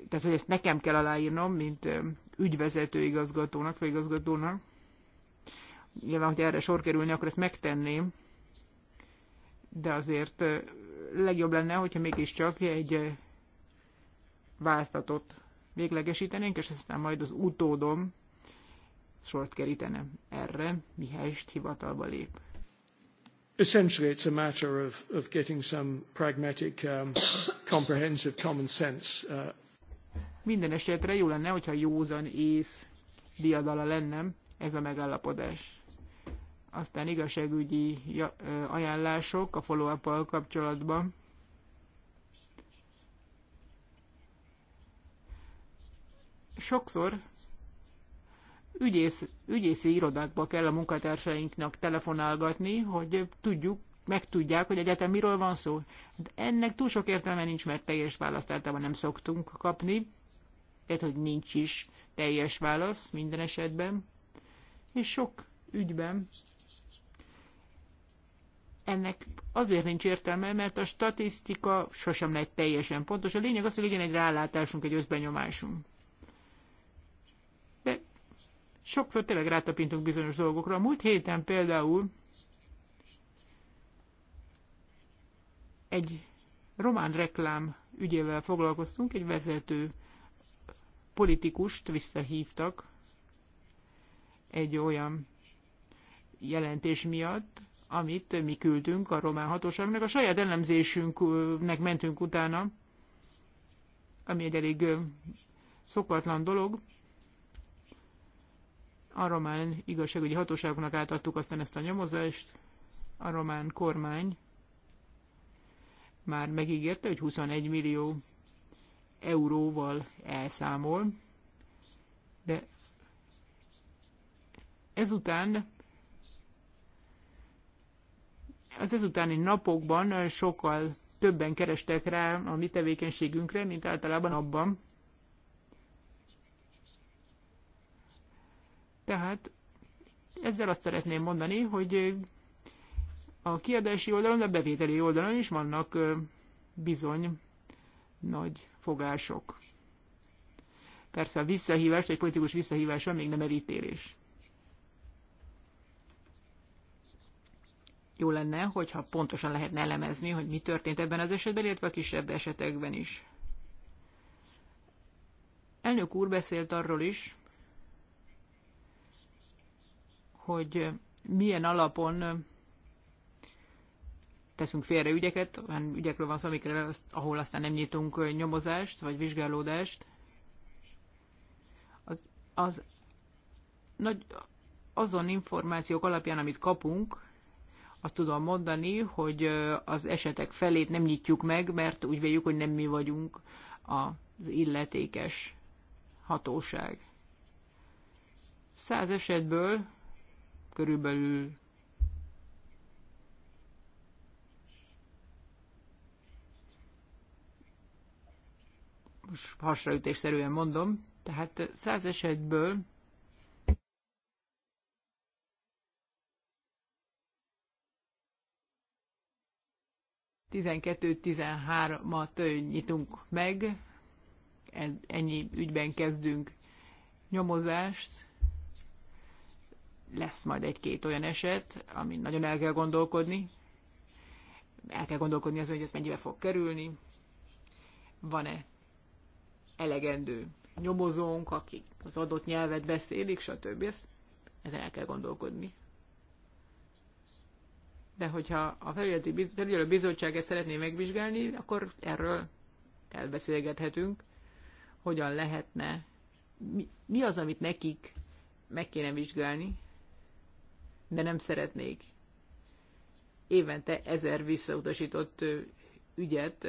tehát hogy ezt nekem kell aláírnom, mint ügyvezető igazgatónak, vagy igazgatónak, nyilván, hogy erre sor kerülni, akkor ezt megtenném, de azért legjobb lenne, hogyha mégiscsak egy választatot véglegesítenénk, és aztán majd az utódom sort kerítenem erre, mihelyst hivatalba lép. Essentially, it's a matter of, of getting some pragmatic, um, comprehensive common sense. Uh... Minden esetre jó lenne, hogyha józan ész diadala lennem ez a megállapodás. Aztán igazságügyi ajánlások a follow up kapcsolatban. Sokszor ügyész, ügyészi irodákba kell a munkatársainknak telefonálgatni, hogy tudjuk, megtudják, hogy egyetem miről van szó. De ennek túl sok értelme nincs, mert teljes választ általában nem szoktunk kapni, tehát hogy nincs is teljes válasz minden esetben, és sok ügyben ennek azért nincs értelme, mert a statisztika sosem lehet teljesen pontos. A lényeg az, hogy legyen egy rálátásunk, egy összbenyomásunk sokszor tényleg rátapintunk bizonyos dolgokra. A múlt héten például egy román reklám ügyével foglalkoztunk, egy vezető politikust visszahívtak egy olyan jelentés miatt, amit mi küldtünk a román hatóságnak. A saját elemzésünknek mentünk utána, ami egy elég szokatlan dolog a román igazságügyi hatóságoknak átadtuk aztán ezt a nyomozást. A román kormány már megígérte, hogy 21 millió euróval elszámol, de ezután az ezutáni napokban sokkal többen kerestek rá a mi tevékenységünkre, mint általában abban, Tehát ezzel azt szeretném mondani, hogy a kiadási oldalon, de a bevételi oldalon is vannak bizony nagy fogások. Persze a visszahívást, egy politikus visszahívása még nem elítélés. Jó lenne, hogyha pontosan lehetne elemezni, hogy mi történt ebben az esetben, illetve a kisebb esetekben is. Elnök úr beszélt arról is, hogy milyen alapon teszünk félre ügyeket, olyan ügyekről van szó, amikre, ahol aztán nem nyitunk nyomozást vagy vizsgálódást. Az, az nagy, azon információk alapján, amit kapunk, azt tudom mondani, hogy az esetek felét nem nyitjuk meg, mert úgy véljük, hogy nem mi vagyunk az illetékes hatóság. Száz esetből körülbelül most hasraütésszerűen mondom, tehát száz esetből tizenkettő tizenhármat nyitunk meg, ennyi ügyben kezdünk nyomozást, lesz majd egy-két olyan eset, amin nagyon el kell gondolkodni. El kell gondolkodni azon, hogy ez mennyibe fog kerülni. Van-e elegendő nyomozónk, akik az adott nyelvet beszélik, stb. Ezt, ezen el kell gondolkodni. De hogyha a felügyelő bizottság ezt szeretné megvizsgálni, akkor erről elbeszélgethetünk, hogyan lehetne, mi, mi az, amit nekik meg kéne vizsgálni, de nem szeretnék évente ezer visszautasított ügyet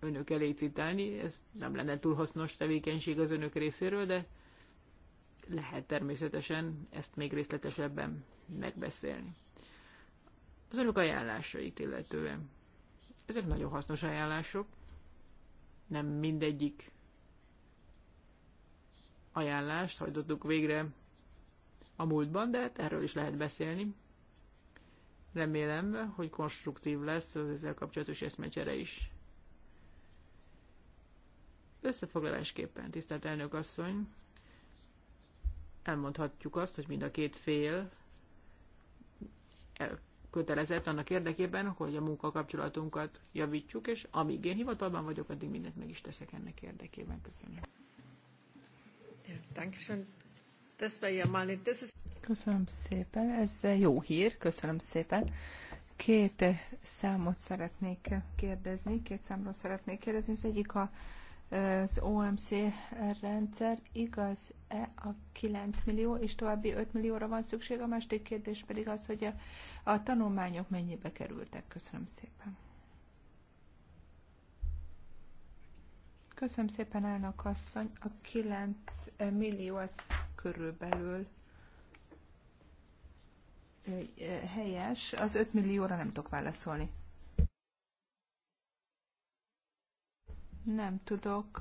önök elé citálni. Ez nem lenne túl hasznos tevékenység az önök részéről, de lehet természetesen ezt még részletesebben megbeszélni. Az önök ajánlásait illetően. Ezek nagyon hasznos ajánlások. Nem mindegyik ajánlást hajtottuk végre a múltban, de hát erről is lehet beszélni. Remélem, hogy konstruktív lesz az ezzel kapcsolatos eszmecsere is. Összefoglalásképpen, tisztelt elnök asszony, elmondhatjuk azt, hogy mind a két fél elkötelezett annak érdekében, hogy a munkakapcsolatunkat javítsuk, és amíg én hivatalban vagyok, addig mindent meg is teszek ennek érdekében. Köszönöm. Köszönöm szépen, ez jó hír, köszönöm szépen. Két számot szeretnék kérdezni, két számról szeretnék kérdezni. Az egyik a, az OMC rendszer, igaz-e a 9 millió és további 5 millióra van szükség? A másik kérdés pedig az, hogy a, a tanulmányok mennyibe kerültek. Köszönöm szépen. Köszönöm szépen, elnök asszony. A 9 millió az körülbelül helyes. Az 5 millióra nem tudok válaszolni. Nem tudok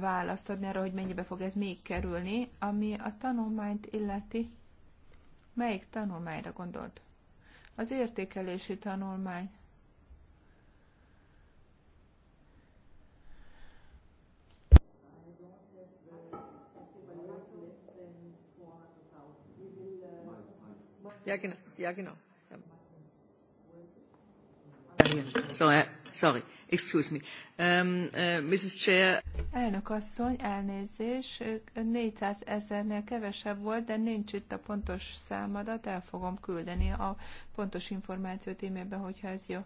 választ adni arra, hogy mennyibe fog ez még kerülni, ami a tanulmányt illeti. Melyik tanulmányra gondolt? Az értékelési tanulmány. Ja, genau. Ja, genau. Uh, sorry, excuse me. Um, uh, Mrs. Chair. Elnök asszony, elnézés, 400 ezernél kevesebb volt, de nincs itt a pontos számadat, el fogom küldeni a pontos információt e-mailben, hogyha ez jó.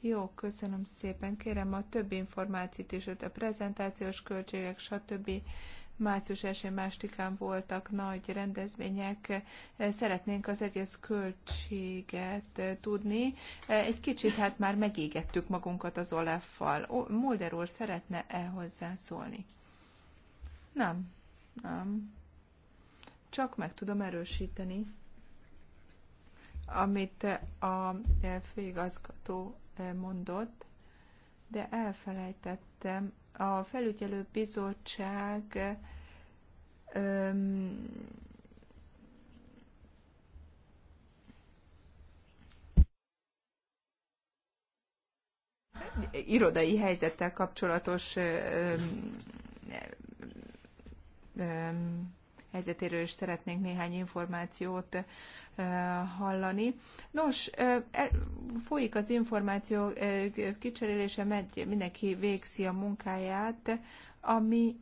Jó, köszönöm szépen. Kérem a többi információt is, a prezentációs költségek, stb március 1 másodikán voltak nagy rendezvények, szeretnénk az egész költséget tudni. Egy kicsit hát már megégettük magunkat az Oleffal. Mulder úr szeretne-e hozzászólni? Nem. Nem. Csak meg tudom erősíteni, amit a főigazgató mondott, de elfelejtettem a felügyelő bizottság öm, irodai helyzettel kapcsolatos öm, öm, helyzetéről is szeretnénk néhány információt hallani. Nos, e, folyik az információ kicserélése, megy, mindenki végzi a munkáját, ami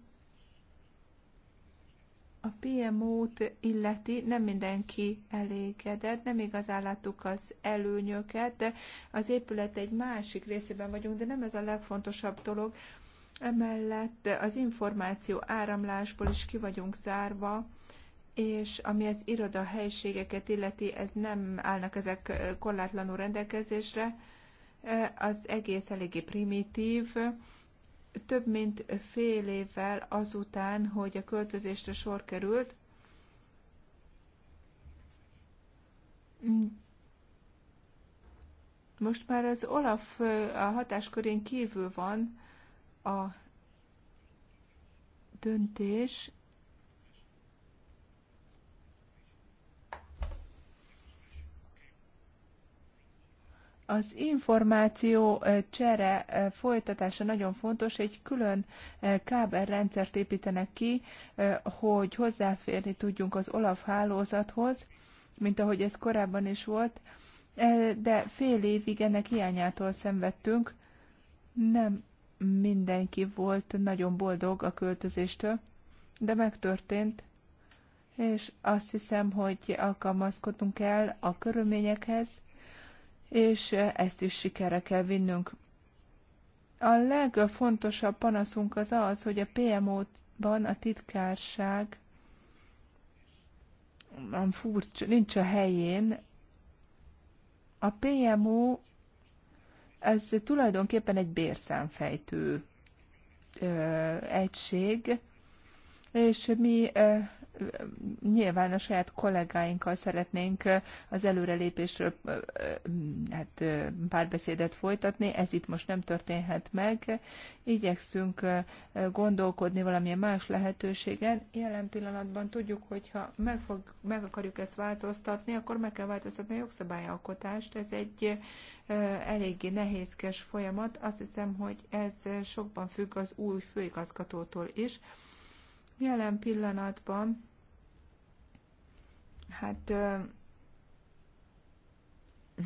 a PMO-t illeti, nem mindenki elégedett, nem igazán láttuk az előnyöket, de az épület egy másik részében vagyunk, de nem ez a legfontosabb dolog. Emellett az információ áramlásból is ki vagyunk zárva, és ami az iroda helységeket illeti, ez nem állnak ezek korlátlanul rendelkezésre, az egész eléggé primitív. Több mint fél évvel azután, hogy a költözésre sor került, most már az Olaf a hatáskörén kívül van a döntés, Az információ csere folytatása nagyon fontos, egy külön kábelrendszert építenek ki, hogy hozzáférni tudjunk az OLAF hálózathoz, mint ahogy ez korábban is volt, de fél évig ennek hiányától szenvedtünk. Nem mindenki volt nagyon boldog a költözéstől, de megtörtént, és azt hiszem, hogy alkalmazkodunk kell a körülményekhez, és ezt is sikerre kell vinnünk. A legfontosabb panaszunk az az, hogy a PMO-ban a titkárság nem furcsa, nincs a helyén. A PMO ez tulajdonképpen egy bérszámfejtő ö, egység, és mi ö, nyilván a saját kollégáinkkal szeretnénk az előrelépésről hát, párbeszédet folytatni, ez itt most nem történhet meg. Igyekszünk gondolkodni valamilyen más lehetőségen. Jelen pillanatban tudjuk, hogyha meg, fog, meg akarjuk ezt változtatni, akkor meg kell változtatni a jogszabályalkotást. Ez egy eléggé nehézkes folyamat. Azt hiszem, hogy ez sokban függ az új főigazgatótól is. Jelen pillanatban Hát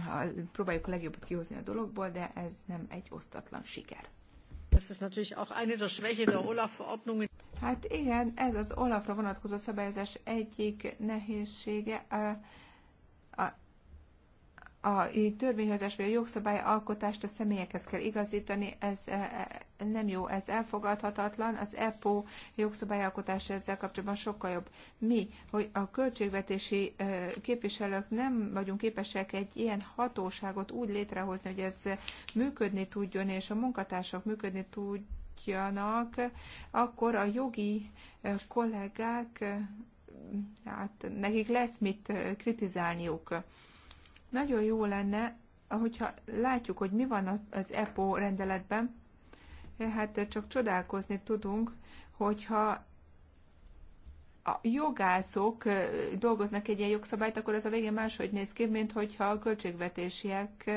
ha próbáljuk a legjobbat kihozni a dologból, de ez nem egy osztatlan siker. Das ist natürlich auch eine der Schwäche der Olaf-Verordnungen. Hát igen, ez az Olafra vonatkozó szabályozás egyik nehézsége a törvényhozás vagy a jogszabály alkotást a személyekhez kell igazítani, ez e, e, nem jó, ez elfogadhatatlan, az EPO jogszabályalkotása ezzel kapcsolatban sokkal jobb. Mi, hogy a költségvetési e, képviselők nem vagyunk képesek egy ilyen hatóságot úgy létrehozni, hogy ez működni tudjon, és a munkatársak működni tudjanak, akkor a jogi kollégák, hát nekik lesz mit kritizálniuk nagyon jó lenne, ahogyha látjuk, hogy mi van az EPO rendeletben, hát csak csodálkozni tudunk, hogyha a jogászok dolgoznak egy ilyen jogszabályt, akkor az a végén máshogy néz ki, mint hogyha a költségvetésiek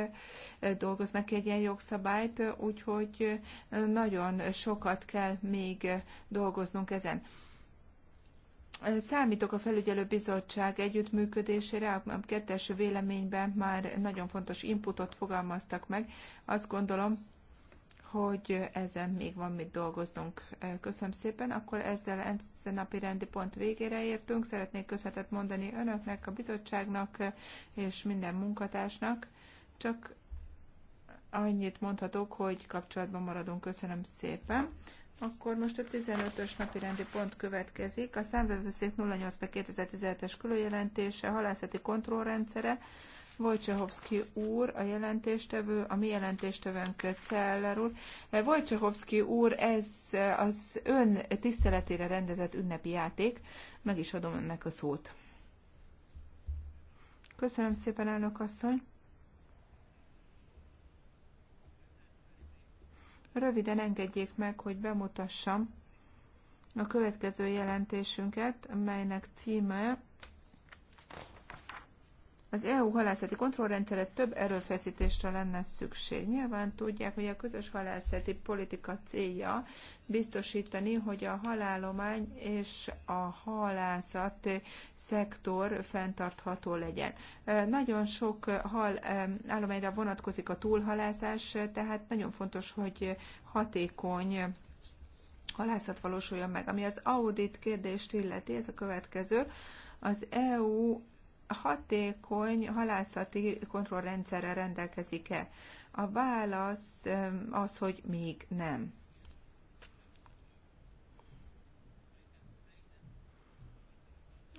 dolgoznak egy ilyen jogszabályt, úgyhogy nagyon sokat kell még dolgoznunk ezen. Számítok a felügyelő bizottság együttműködésére, a kettes véleményben már nagyon fontos inputot fogalmaztak meg. Azt gondolom, hogy ezen még van mit dolgoznunk. Köszönöm szépen. Akkor ezzel a napi rendi pont végére értünk. Szeretnék köszönetet mondani önöknek, a bizottságnak és minden munkatársnak. Csak annyit mondhatok, hogy kapcsolatban maradunk. Köszönöm szépen. Akkor most a 15-ös napi rendi pont következik. A számvevőszék 08 2017-es különjelentése, halászati kontrollrendszere, Wojciechowski úr, a jelentéstevő, a mi jelentéstevőnk Celler úr. Eh, Wojciechowski úr, ez az ön tiszteletére rendezett ünnepi játék. Meg is adom önnek a szót. Köszönöm szépen, elnök asszony. Röviden engedjék meg, hogy bemutassam a következő jelentésünket, melynek címe az EU halászati kontrollrendszere több erőfeszítésre lenne szükség. Nyilván tudják, hogy a közös halászati politika célja biztosítani, hogy a halálomány és a halászat szektor fenntartható legyen. Nagyon sok hal állományra vonatkozik a túlhalászás, tehát nagyon fontos, hogy hatékony halászat valósuljon meg. Ami az audit kérdést illeti, ez a következő. Az EU hatékony halászati kontrollrendszerrel rendelkezik-e? A válasz az, hogy még nem.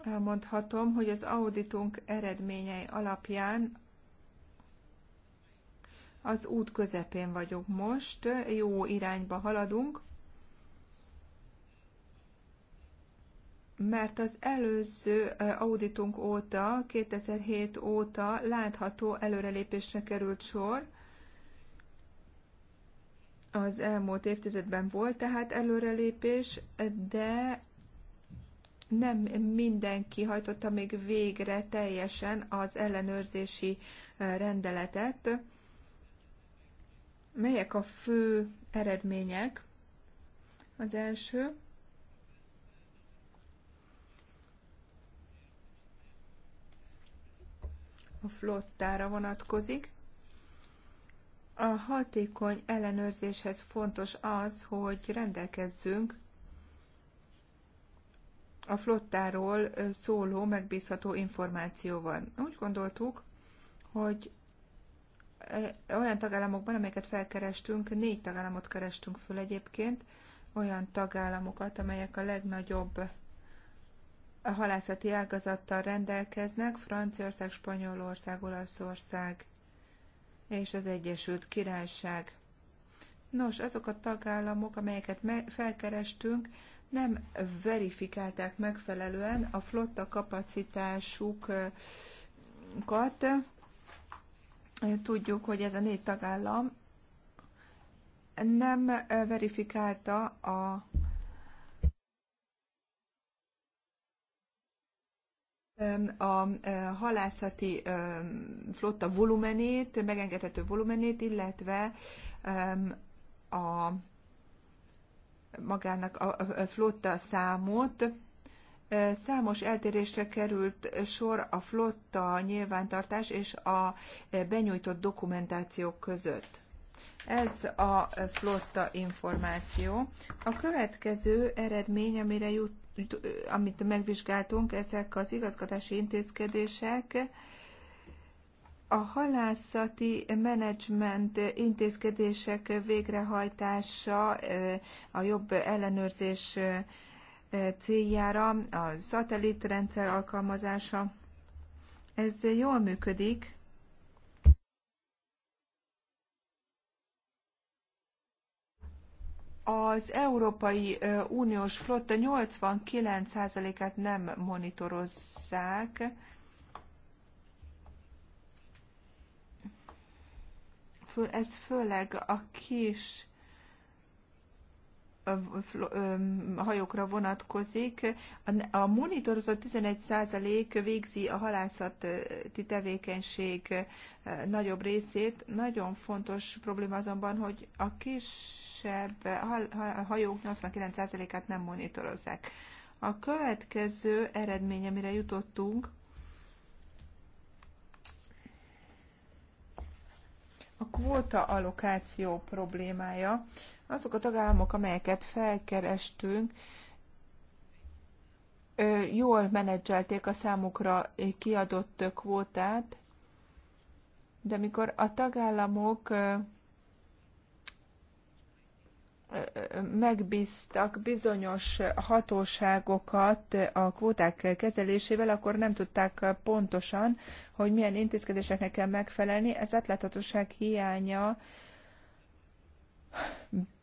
Elmondhatom, hogy az auditunk eredményei alapján az út közepén vagyok most, jó irányba haladunk. mert az előző auditunk óta, 2007 óta látható előrelépésre került sor. Az elmúlt évtizedben volt tehát előrelépés, de nem mindenki hajtotta még végre teljesen az ellenőrzési rendeletet. Melyek a fő eredmények? Az első, a flottára vonatkozik. A hatékony ellenőrzéshez fontos az, hogy rendelkezzünk a flottáról szóló megbízható információval. Úgy gondoltuk, hogy eh, olyan tagállamokban, amelyeket felkerestünk, négy tagállamot kerestünk föl egyébként, olyan tagállamokat, amelyek a legnagyobb a halászati ágazattal rendelkeznek Franciaország, Spanyolország, Olaszország és az Egyesült Királyság. Nos, azok a tagállamok, amelyeket felkerestünk, nem verifikálták megfelelően a flotta kapacitásukat. Tudjuk, hogy ez a négy tagállam nem verifikálta a a halászati flotta volumenét, megengedhető volumenét, illetve a magának a flotta számot. Számos eltérésre került sor a flotta nyilvántartás és a benyújtott dokumentációk között. Ez a flotta információ. A következő eredmény, amire jut, amit megvizsgáltunk, ezek az igazgatási intézkedések a halászati menedzsment intézkedések végrehajtása eh, a jobb ellenőrzés eh, céljára, a szatellitrendszer alkalmazása. Ez jól működik, az Európai Uniós flotta 89%-át nem monitorozzák. Ez főleg a kis hajókra vonatkozik. A monitorozott 11% végzi a halászati tevékenység nagyobb részét. Nagyon fontos probléma azonban, hogy a kisebb hajók 89%-át nem monitorozzák. A következő eredmény, amire jutottunk, a kvóta allokáció problémája azok a tagállamok, amelyeket felkerestünk, jól menedzselték a számukra kiadott kvótát, de mikor a tagállamok megbíztak bizonyos hatóságokat a kvóták kezelésével, akkor nem tudták pontosan, hogy milyen intézkedéseknek kell megfelelni. Ez átláthatóság hiánya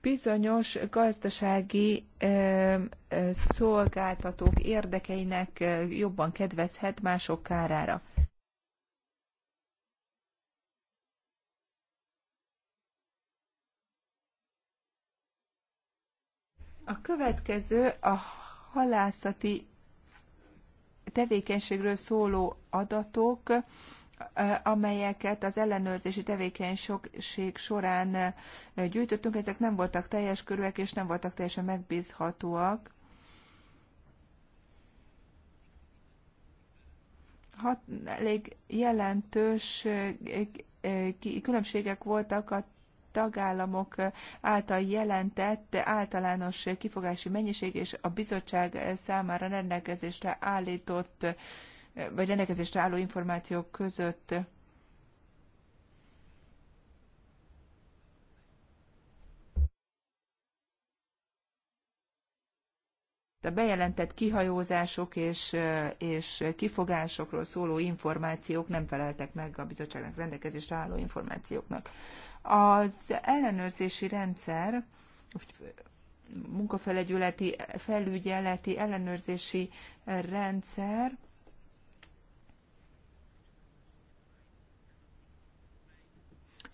bizonyos gazdasági szolgáltatók érdekeinek jobban kedvezhet mások kárára. A következő a halászati tevékenységről szóló adatok amelyeket az ellenőrzési tevékenység során eh, gyűjtöttünk, ezek nem voltak teljes körűek és nem voltak teljesen megbízhatóak. Hat, elég jelentős eh, különbségek voltak a tagállamok eh, által jelentett általános kifogási mennyiség és a bizottság számára rendelkezésre állított vagy rendelkezésre álló információk között a bejelentett kihajózások és, és kifogásokról szóló információk nem feleltek meg a bizottságnak rendelkezésre álló információknak. Az ellenőrzési rendszer, munkafelügyeleti felügyeleti ellenőrzési rendszer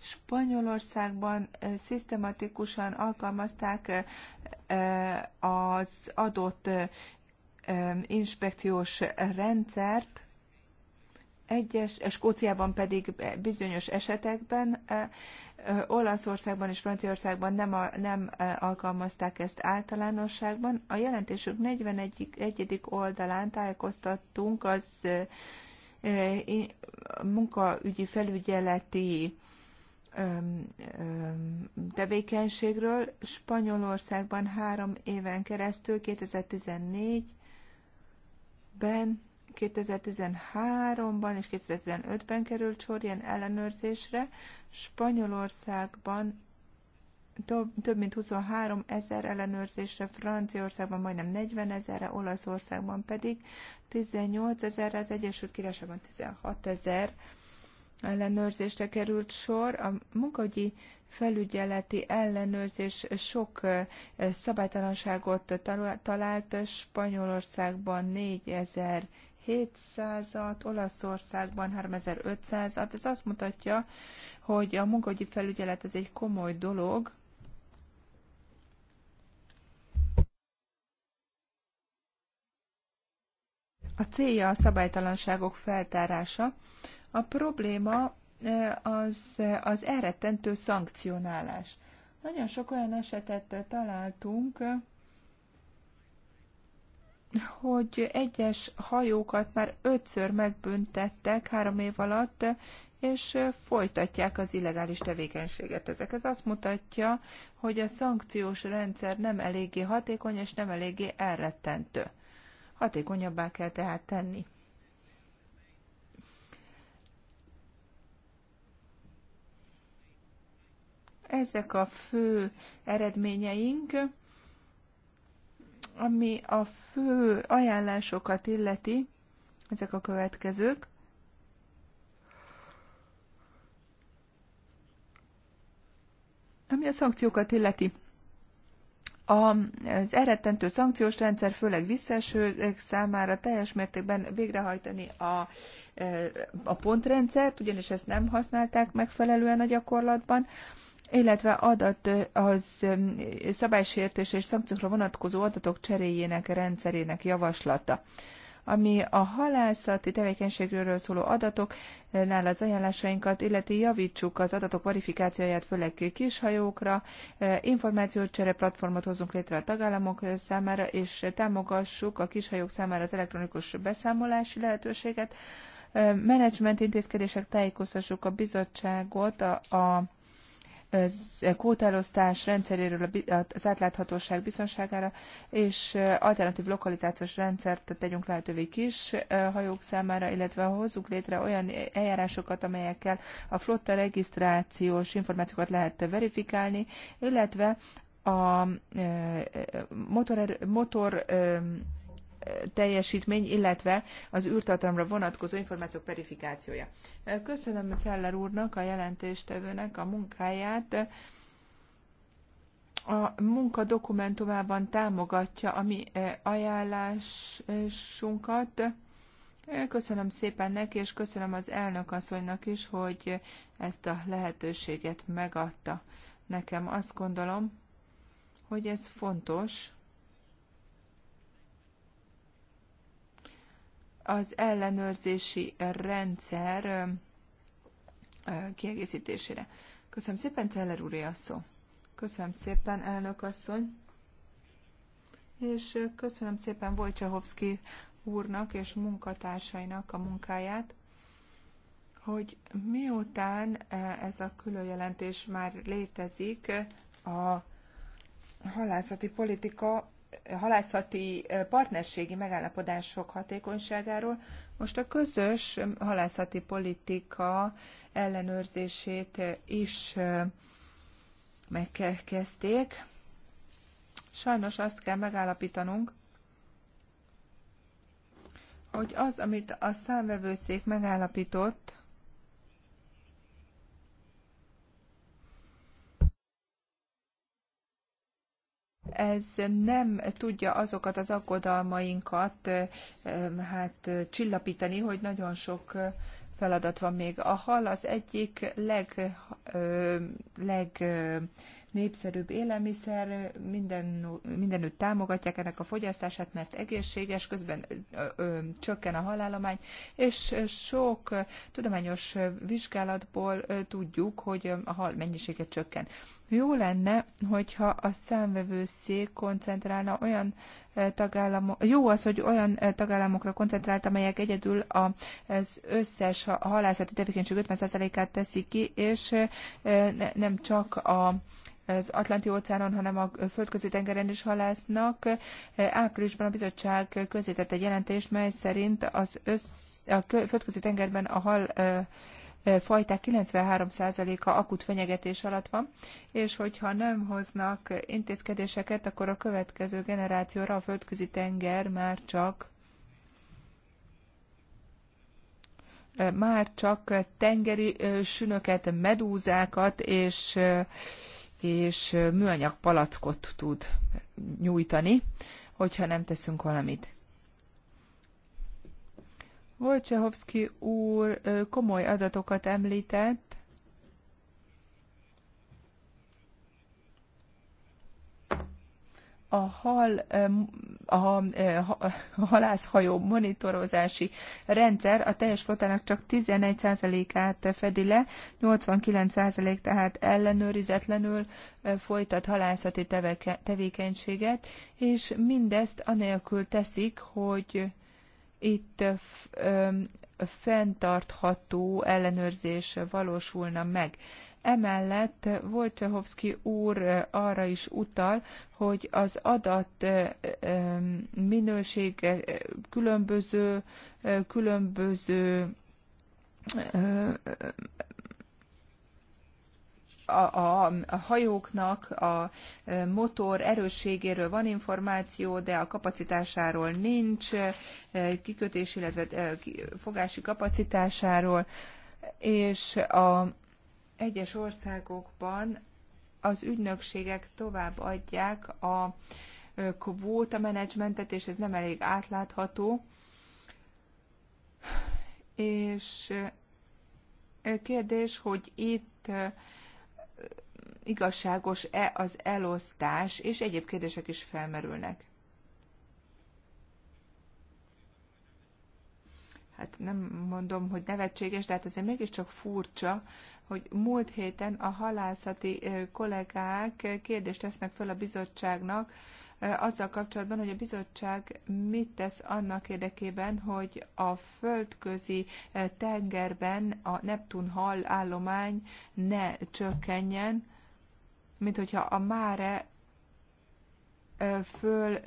Spanyolországban szisztematikusan alkalmazták az adott inspekciós rendszert, egyes, Skóciában pedig bizonyos esetekben, Olaszországban és Franciaországban nem, a, nem alkalmazták ezt általánosságban. A jelentésük 41. oldalán tájékoztattunk az munkaügyi felügyeleti tevékenységről. Spanyolországban három éven keresztül, 2014-ben, 2013-ban és 2015-ben került sor ilyen ellenőrzésre. Spanyolországban több mint 23 ezer ellenőrzésre, Franciaországban majdnem 40 ezerre, Olaszországban pedig 18 ezerre, az Egyesült Királyságban 16 ezer ellenőrzésre került sor. A munkahogyi felügyeleti ellenőrzés sok szabálytalanságot talált Spanyolországban 4000 700-at, Olaszországban 3500-at. Ez azt mutatja, hogy a munkahogyi felügyelet ez egy komoly dolog, A célja a szabálytalanságok feltárása, a probléma az, az elrettentő szankcionálás. Nagyon sok olyan esetet találtunk, hogy egyes hajókat már ötször megbüntettek három év alatt, és folytatják az illegális tevékenységet ezek. Ez azt mutatja, hogy a szankciós rendszer nem eléggé hatékony és nem eléggé elrettentő. Hatékonyabbá kell tehát tenni. ezek a fő eredményeink, ami a fő ajánlásokat illeti, ezek a következők. Ami a szankciókat illeti, az elrettentő szankciós rendszer főleg visszaesőek számára teljes mértékben végrehajtani a, e, a pontrendszert, ugyanis ezt nem használták megfelelően a gyakorlatban illetve adat az szabálysértés és szankciókra vonatkozó adatok cseréjének rendszerének javaslata ami a halászati tevékenységről szóló adatoknál az ajánlásainkat, illeti javítsuk az adatok verifikációját, főleg kishajókra, információcsere platformot hozunk létre a tagállamok számára, és támogassuk a kishajók számára az elektronikus beszámolási lehetőséget. Menedzsment intézkedések tájékoztassuk a bizottságot a, a kótálosztás rendszeréről az átláthatóság biztonságára, és alternatív lokalizációs rendszert tegyünk lehetővé kis hajók számára, illetve hozzuk létre olyan eljárásokat, amelyekkel a flotta regisztrációs információkat lehet verifikálni, illetve a motor, motor teljesítmény, illetve az űrtartalomra vonatkozó információk verifikációja. Köszönöm Celler úrnak, a jelentéstevőnek a munkáját. A munka dokumentumában támogatja a mi eh, ajánlásunkat. Köszönöm szépen neki, és köszönöm az elnök asszonynak is, hogy ezt a lehetőséget megadta nekem. Azt gondolom, hogy ez fontos, az ellenőrzési rendszer kiegészítésére. Köszönöm szépen, Teller úr, a szó. Köszönöm szépen, elnök asszony. És köszönöm szépen Wojciechowski úrnak és munkatársainak a munkáját, hogy miután ez a különjelentés már létezik, a halászati politika halászati partnerségi megállapodások hatékonyságáról. Most a közös halászati politika ellenőrzését is megkezdték. Sajnos azt kell megállapítanunk, hogy az, amit a számvevőszék megállapított, ez nem tudja azokat az aggodalmainkat hát csillapítani, hogy nagyon sok feladat van még. A hal az egyik leg, leg népszerűbb élelmiszer, minden, mindenütt támogatják ennek a fogyasztását, mert egészséges, közben ö, ö, csökken a halálomány, és sok tudományos vizsgálatból tudjuk, hogy a hal mennyisége csökken. Jó lenne, hogyha a számvevőszék koncentrálna olyan tagállamok, jó az, hogy olyan tagállamokra koncentrált, amelyek egyedül az összes halászati tevékenység 50%-át teszik ki, és nem csak a az Atlanti óceánon, hanem a földközi tengeren is halásznak. Áprilisban a bizottság közzétett egy jelentést, mely szerint az össz, a földközi tengerben a hal fajták 93%-a akut fenyegetés alatt van, és hogyha nem hoznak intézkedéseket, akkor a következő generációra a földközi tenger már csak már csak tengeri sünöket, medúzákat és és műanyag palackot tud nyújtani, hogyha nem teszünk valamit. Wojciechowski úr komoly adatokat említett, a, hal, a, eh, a halászhajó monitorozási rendszer a teljes flottának csak 11%-át fedi le, 89% tehát ellenőrizetlenül eh, folytat halászati teveke, tevékenységet, és mindezt anélkül teszik, hogy itt eh, fenntartható ellenőrzés valósulna meg. Emellett Wojciechowski úr arra is utal, hogy az adat minősége különböző, különböző a, a, a hajóknak a motor erősségéről van információ, de a kapacitásáról nincs, kikötés, illetve fogási kapacitásáról, és a, egyes országokban az ügynökségek tovább adják a kvóta menedzsmentet, és ez nem elég átlátható. És kérdés, hogy itt igazságos-e az elosztás, és egyéb kérdések is felmerülnek. Hát nem mondom, hogy nevetséges, de hát azért mégiscsak furcsa, hogy múlt héten a halászati kollégák kérdést tesznek föl a bizottságnak, azzal kapcsolatban, hogy a bizottság mit tesz annak érdekében, hogy a földközi tengerben a Neptun hal állomány ne csökkenjen, mint hogyha a Máre föl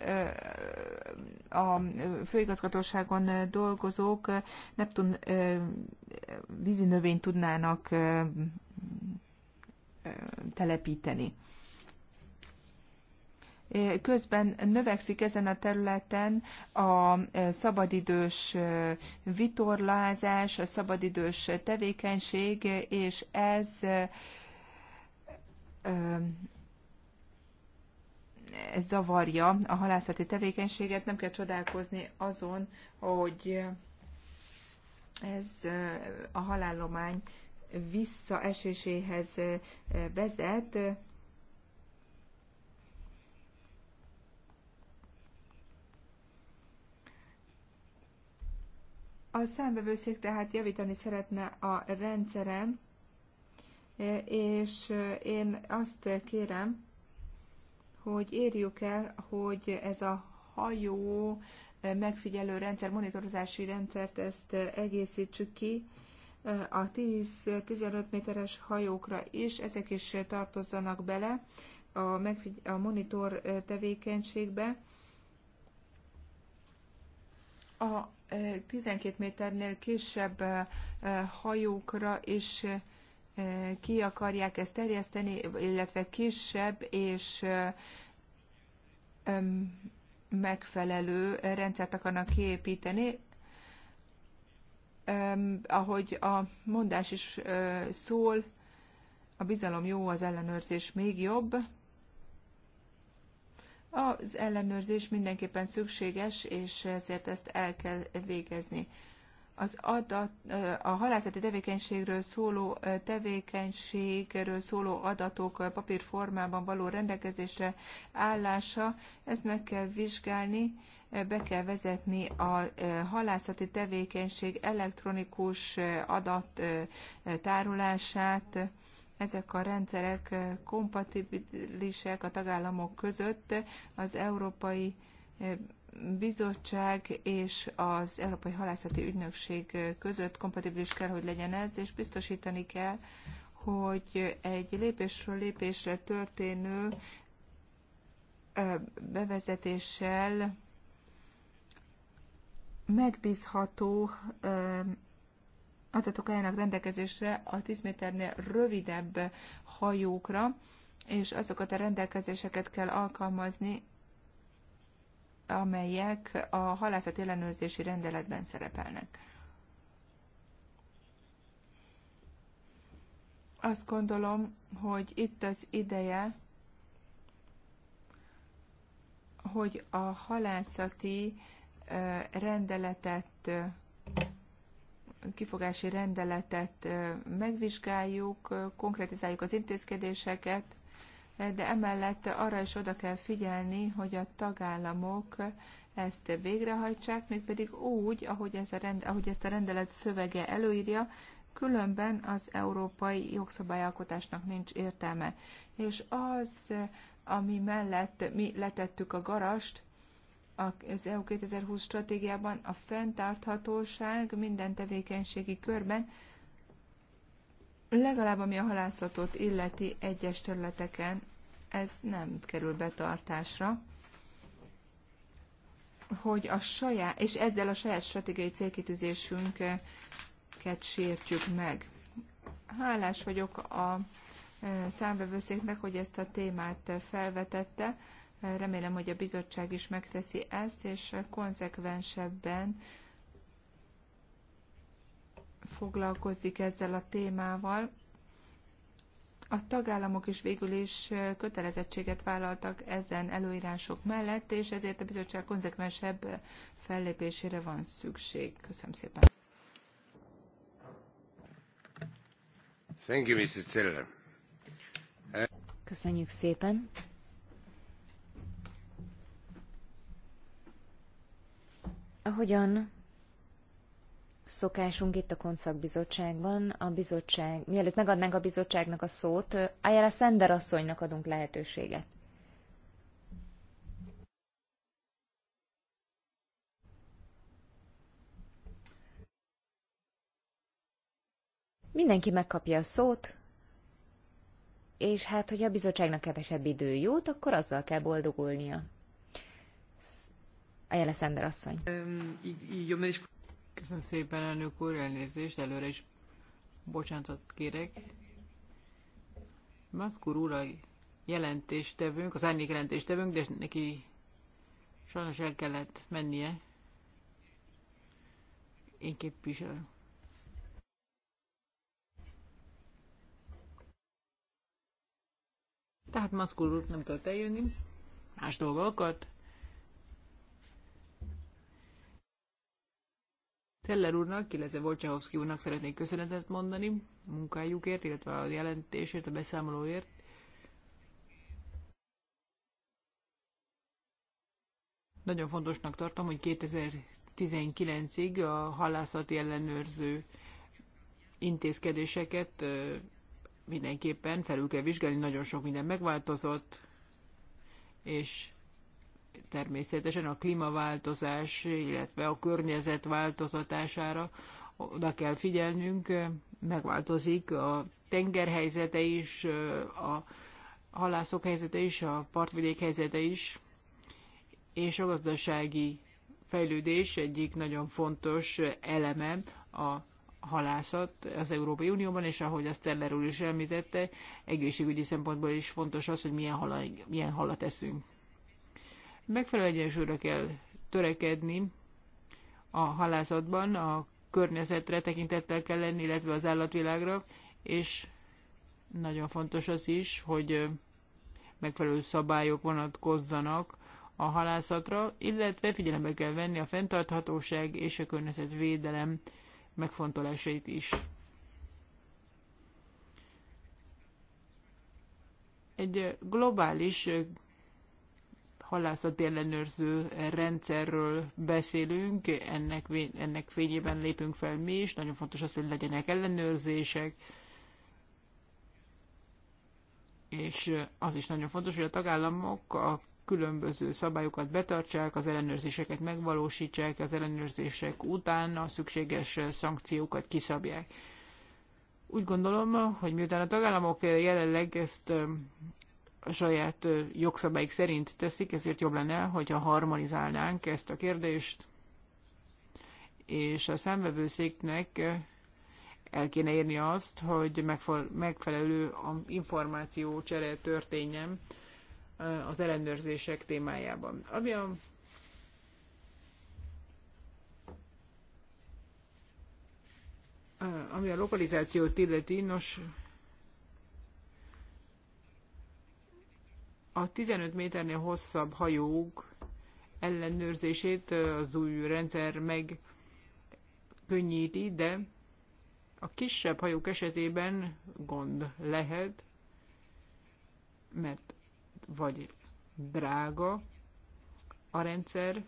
a főigazgatóságon dolgozók Neptun vízi növényt tudnának telepíteni. Közben növekszik ezen a területen a szabadidős vitorlázás, a szabadidős tevékenység, és ez ez zavarja a halászati tevékenységet, nem kell csodálkozni azon, hogy ez a halállomány visszaeséséhez vezet. A számbevőszék tehát javítani szeretne a rendszeren, és én azt kérem, hogy érjük el, hogy ez a hajó eh, megfigyelő rendszer, monitorozási rendszert, ezt eh, egészítsük ki eh, a 10-15 méteres hajókra is, ezek is tartozzanak bele a, megfigy- a monitor tevékenységbe. A 12 méternél kisebb hajókra is ki akarják ezt terjeszteni, illetve kisebb és megfelelő rendszert akarnak kiépíteni, ahogy a mondás is szól, a bizalom jó, az ellenőrzés még jobb. Az ellenőrzés mindenképpen szükséges, és ezért ezt el kell végezni az adat, a halászati tevékenységről szóló tevékenységről szóló adatok papírformában való rendelkezésre állása, ezt meg kell vizsgálni, be kell vezetni a halászati tevékenység elektronikus adat tárolását, ezek a rendszerek kompatibilisek a tagállamok között az európai bizottság és az Európai Halászati Ügynökség között kompatibilis kell, hogy legyen ez, és biztosítani kell, hogy egy lépésről lépésre történő bevezetéssel megbízható adatok álljanak rendelkezésre a 10 méternél rövidebb hajókra, és azokat a rendelkezéseket kell alkalmazni, amelyek a halászat ellenőrzési rendeletben szerepelnek. Azt gondolom, hogy itt az ideje, hogy a halászati rendeletet, kifogási rendeletet megvizsgáljuk, konkretizáljuk az intézkedéseket, de emellett arra is oda kell figyelni, hogy a tagállamok ezt végrehajtsák, mégpedig úgy, ahogy, ez a rend, ahogy ezt a rendelet szövege előírja, különben az európai jogszabályalkotásnak nincs értelme. És az, ami mellett mi letettük a garast, az EU 2020 stratégiában a fenntarthatóság minden tevékenységi körben legalább ami a halászatot illeti egyes területeken, ez nem kerül betartásra, hogy a saját, és ezzel a saját stratégiai célkitűzésünket sértjük meg. Hálás vagyok a e, számbevőszéknek, hogy ezt a témát felvetette. E, remélem, hogy a bizottság is megteszi ezt, és konzekvensebben foglalkozik ezzel a témával. A tagállamok is végül is kötelezettséget vállaltak ezen előírások mellett, és ezért a bizottság konzekvensebb fellépésére van szükség. Köszönöm szépen. Thank you, Mr. Köszönjük szépen. Ahogyan szokásunk itt a konszakbizottságban. A bizottság, mielőtt megadnánk a bizottságnak a szót, Ayala Szender asszonynak adunk lehetőséget. Mindenki megkapja a szót, és hát, hogyha a bizottságnak kevesebb idő jut, akkor azzal kell boldogulnia. Ayala Szender asszony. Köszönöm szépen, elnök úr, elnézést, előre is bocsánatot kérek. Maszkur úr a jelentéstevőnk, az árnyék jelentéstevőnk, de neki sajnos el kellett mennie. Én képviselő. Tehát Maszkur úr nem tudott eljönni, más dolgokat. Teller úrnak, illetve Volcsehovszki úrnak szeretnék köszönetet mondani munkájukért, illetve a jelentésért, a beszámolóért. Nagyon fontosnak tartom, hogy 2019-ig a halászati ellenőrző intézkedéseket mindenképpen felül kell vizsgálni, nagyon sok minden megváltozott, és természetesen a klímaváltozás, illetve a környezet változatására oda kell figyelnünk, megváltozik a tengerhelyzete is, a halászok helyzete is, a partvidék helyzete is, és a gazdasági fejlődés egyik nagyon fontos eleme a halászat az Európai Unióban, és ahogy azt Teller úr is említette, egészségügyi szempontból is fontos az, hogy milyen, hala, milyen halat eszünk. Megfelelő egyensúlyra kell törekedni a halászatban, a környezetre tekintettel kell lenni, illetve az állatvilágra, és nagyon fontos az is, hogy megfelelő szabályok vonatkozzanak a halászatra, illetve figyelembe kell venni a fenntarthatóság és a környezetvédelem megfontolásait is. Egy globális halászat ellenőrző rendszerről beszélünk, ennek, ennek fényében lépünk fel mi is, nagyon fontos az, hogy legyenek ellenőrzések, és az is nagyon fontos, hogy a tagállamok a különböző szabályokat betartsák, az ellenőrzéseket megvalósítsák, az ellenőrzések után a szükséges szankciókat kiszabják. Úgy gondolom, hogy miután a tagállamok jelenleg ezt a saját jogszabályik szerint teszik, ezért jobb lenne, hogyha harmonizálnánk ezt a kérdést, és a számvevőszéknek el kéne érni azt, hogy megfelelő információ csere történjen az ellenőrzések témájában. Ami a ami a lokalizációt illeti, nos, A 15 méternél hosszabb hajók ellenőrzését az új rendszer meg könnyíti, de a kisebb hajók esetében gond lehet, mert vagy drága a rendszer,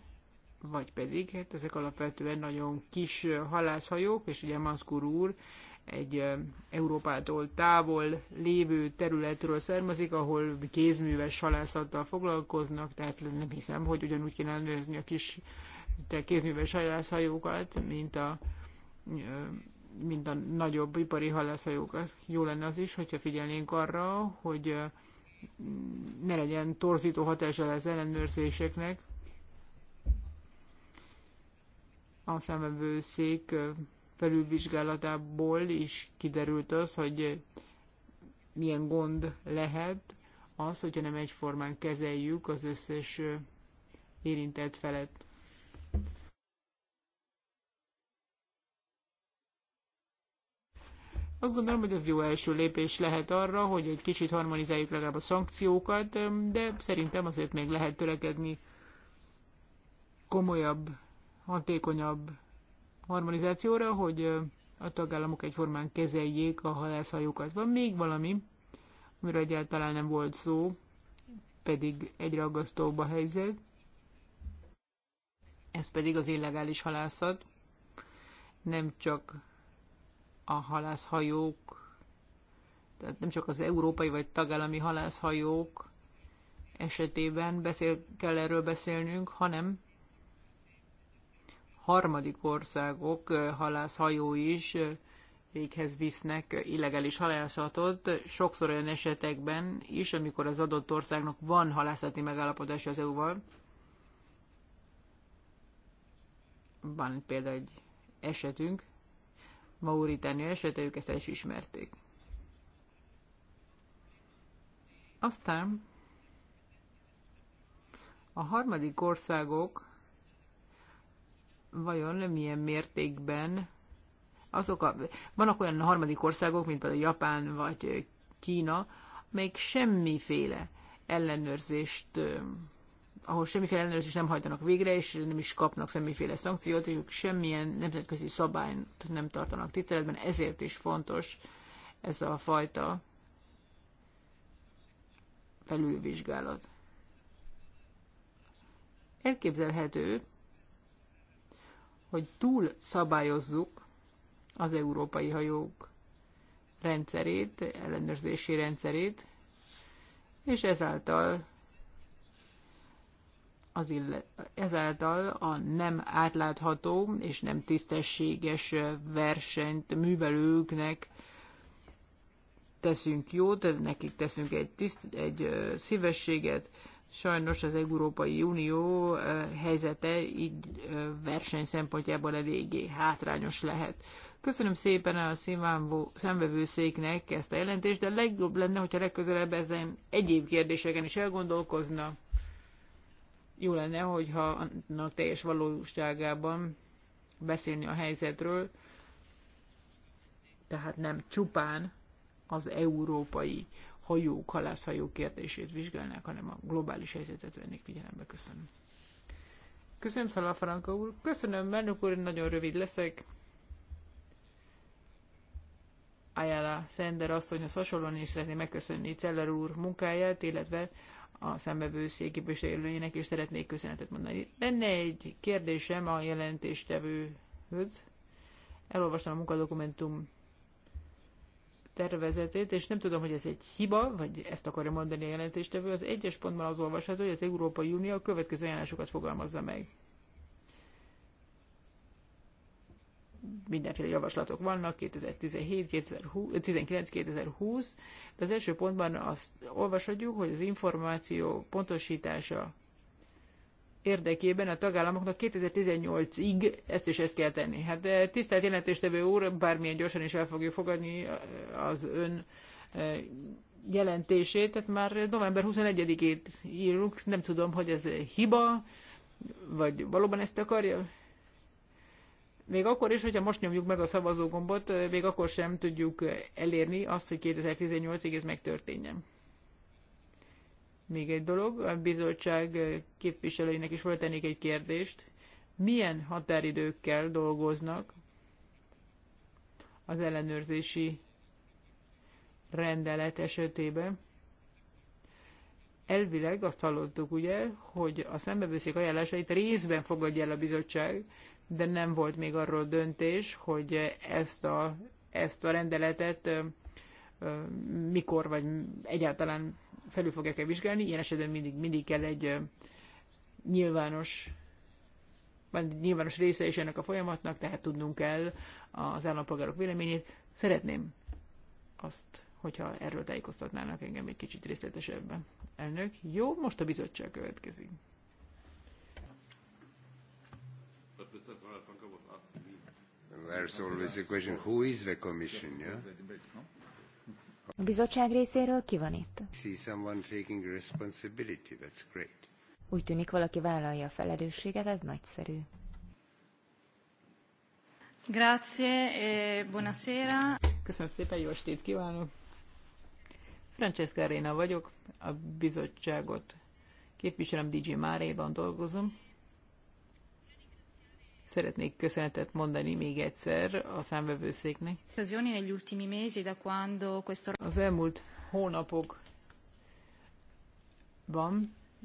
vagy pedig, hát ezek alapvetően nagyon kis halászhajók, és ugye Maszkur úr egy Európától távol lévő területről származik, ahol kézműves salászattal foglalkoznak, tehát nem hiszem, hogy ugyanúgy kéne nőzni a kis kézműves halászhajókat, mint a, mint a nagyobb ipari halászhajókat. Jó lenne az is, hogyha figyelnénk arra, hogy ne legyen torzító hatása az ellenőrzéseknek. A szemvevőszék felülvizsgálatából is kiderült az, hogy milyen gond lehet az, hogyha nem egyformán kezeljük az összes érintett felet. Azt gondolom, hogy ez jó első lépés lehet arra, hogy egy kicsit harmonizáljuk legalább a szankciókat, de szerintem azért még lehet törekedni komolyabb, hatékonyabb harmonizációra, hogy a tagállamok egyformán kezeljék a halászhajókat. Van még valami, amiről egyáltalán nem volt szó, pedig egyre aggasztóbb a helyzet. Ez pedig az illegális halászat. Nem csak a halászhajók, tehát nem csak az európai vagy tagállami halászhajók esetében beszél, kell erről beszélnünk, hanem harmadik országok halászhajó is véghez visznek illegális halászatot, sokszor olyan esetekben is, amikor az adott országnak van halászati megállapodása az EU-val. Van például egy esetünk, Mauritánia esete, ők ezt el is ismerték. Aztán a harmadik országok vajon milyen mértékben azok a, vannak olyan harmadik országok, mint például Japán vagy Kína, még semmiféle ellenőrzést, ahol semmiféle ellenőrzést nem hajtanak végre, és nem is kapnak semmiféle szankciót, és ők semmilyen nemzetközi szabályt nem tartanak tiszteletben, ezért is fontos ez a fajta felülvizsgálat. Elképzelhető, hogy túl szabályozzuk az európai hajók rendszerét, ellenőrzési rendszerét, és ezáltal az ezáltal a nem átlátható és nem tisztességes versenyt művelőknek teszünk jót, nekik teszünk egy, tiszt, egy szívességet, Sajnos az Európai Unió helyzete így verseny szempontjából eléggé hátrányos lehet. Köszönöm szépen a szemvevőszéknek ezt a jelentést, de legjobb lenne, hogyha legközelebb ezen egyéb kérdéseken is elgondolkozna. Jó lenne, hogyha annak teljes valóságában beszélni a helyzetről, tehát nem csupán az európai hajók, kalászhajó kérdését vizsgálnák, hanem a globális helyzetet vennék figyelembe. Köszönöm. Köszönöm, Franka úr. Köszönöm, Mernök úr, nagyon rövid leszek. Ayala Szender asszonyhoz hasonlóan is szeretném megköszönni Celler úr munkáját, illetve a szembevőszék képviselőjének is szeretnék köszönetet mondani. Lenne egy kérdésem a jelentéstevőhöz. Elolvastam a munkadokumentum tervezetét, és nem tudom, hogy ez egy hiba, vagy ezt akarja mondani a jelentéstevő, az egyes pontban az olvasható, hogy az Európai Unió a következő ajánlásokat fogalmazza meg. Mindenféle javaslatok vannak, 2017, 2019 2020, de az első pontban azt olvashatjuk, hogy az információ pontosítása érdekében a tagállamoknak 2018-ig ezt is ezt kell tenni. Hát tisztelt jelentéstevő úr, bármilyen gyorsan is el fogja fogadni az ön e, jelentését, tehát már november 21-ét írunk, nem tudom, hogy ez hiba, vagy valóban ezt akarja. Még akkor is, hogyha most nyomjuk meg a szavazógombot, e, még akkor sem tudjuk elérni azt, hogy 2018-ig ez megtörténjen. Még egy dolog, a bizottság képviselőinek is föltennék egy kérdést. Milyen határidőkkel dolgoznak az ellenőrzési rendelet esetében? Elvileg azt hallottuk ugye, hogy a szembevőszék ajánlásait részben fogadja el a bizottság, de nem volt még arról döntés, hogy ezt a, ezt a rendeletet mikor vagy egyáltalán felül fogják-e vizsgálni, ilyen esetben mindig, mindig kell egy nyilvános nyilvános része is ennek a folyamatnak, tehát tudnunk kell az állampolgárok véleményét. Szeretném azt, hogyha erről tájékoztatnának engem egy kicsit részletesebben. Elnök, jó, most a bizottság következik. There's always the question, who is the commission, yeah? A bizottság részéről ki van itt? Úgy tűnik, valaki vállalja a felelősséget, ez nagyszerű. Grazie, e buonasera. Köszönöm szépen, jó estét kívánok. Francesca Arena vagyok, a bizottságot képviselem DJ Máréban dolgozom. Szeretnék köszönetet mondani még egyszer a számvevőszéknek. Az elmúlt hónapokban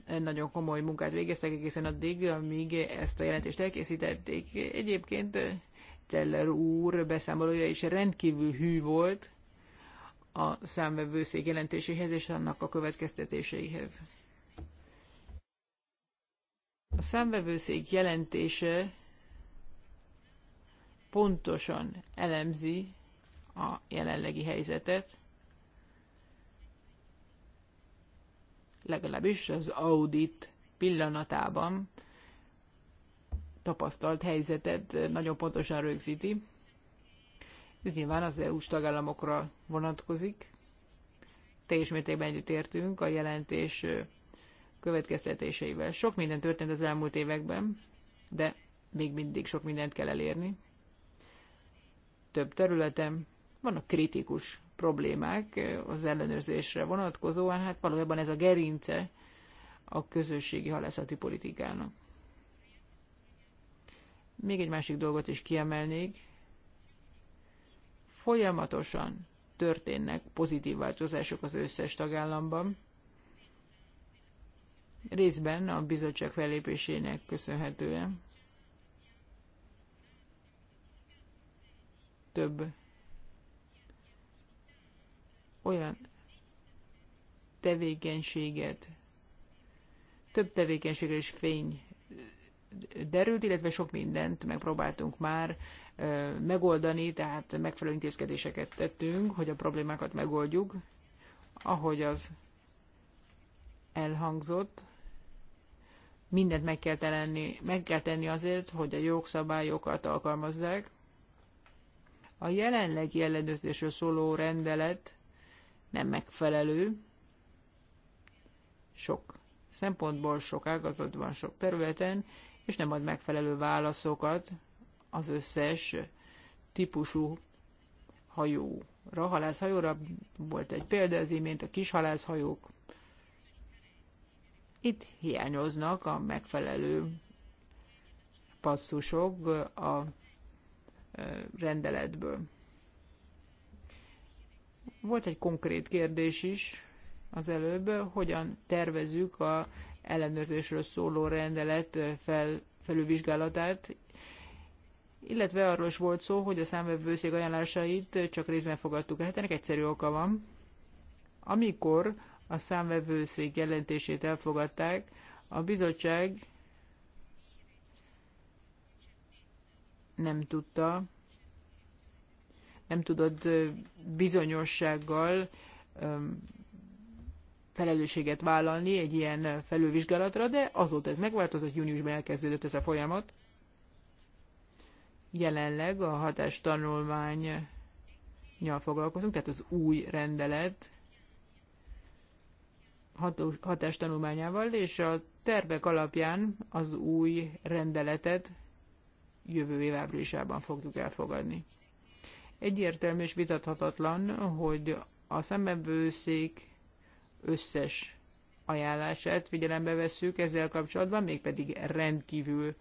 nagyon komoly munkát végeztek egészen addig, amíg ezt a jelentést elkészítették. Egyébként Teller úr beszámolója is rendkívül hű volt a számvevőszék jelentéséhez és annak a következtetéséhez. A számvevőszék jelentése pontosan elemzi a jelenlegi helyzetet, legalábbis az audit pillanatában tapasztalt helyzetet nagyon pontosan rögzíti. Ez nyilván az EU-s tagállamokra vonatkozik. Teljes mértékben együttértünk a jelentés következtetéseivel. Sok minden történt az elmúlt években, de még mindig sok mindent kell elérni több területen vannak kritikus problémák az ellenőrzésre vonatkozóan, hát valójában ez a gerince a közösségi halászati politikának. Még egy másik dolgot is kiemelnék. Folyamatosan történnek pozitív változások az összes tagállamban. Részben a bizottság fellépésének köszönhetően. több olyan tevékenységet, több tevékenységre is fény derült, illetve sok mindent megpróbáltunk már ö, megoldani, tehát megfelelő intézkedéseket tettünk, hogy a problémákat megoldjuk, ahogy az elhangzott. Mindent meg kell tenni, meg kell tenni azért, hogy a jogszabályokat alkalmazzák, a jelenlegi ellenőrzésről szóló rendelet nem megfelelő, sok szempontból, sok van sok területen, és nem ad megfelelő válaszokat az összes típusú hajóra, halászhajóra. Volt egy példa az imént, a kis halászhajók. Itt hiányoznak a megfelelő passzusok a rendeletből. Volt egy konkrét kérdés is az előbb, hogyan tervezzük a ellenőrzésről szóló rendelet fel, felülvizsgálatát, illetve arról is volt szó, hogy a számvevőszék ajánlásait csak részben fogadtuk el. Hát ennek egyszerű oka van. Amikor a számvevőszék jelentését elfogadták, a bizottság nem tudta, nem tudott bizonyossággal felelősséget vállalni egy ilyen felülvizsgálatra, de azóta ez megváltozott, júniusban elkezdődött ez a folyamat. Jelenleg a hatástanulmány nyal foglalkozunk, tehát az új rendelet hatástanulmányával és a tervek alapján az új rendeletet jövő év áprilisában fogjuk elfogadni. Egyértelmű és vitathatatlan, hogy a szembevőszék összes ajánlását figyelembe vesszük ezzel kapcsolatban, mégpedig rendkívül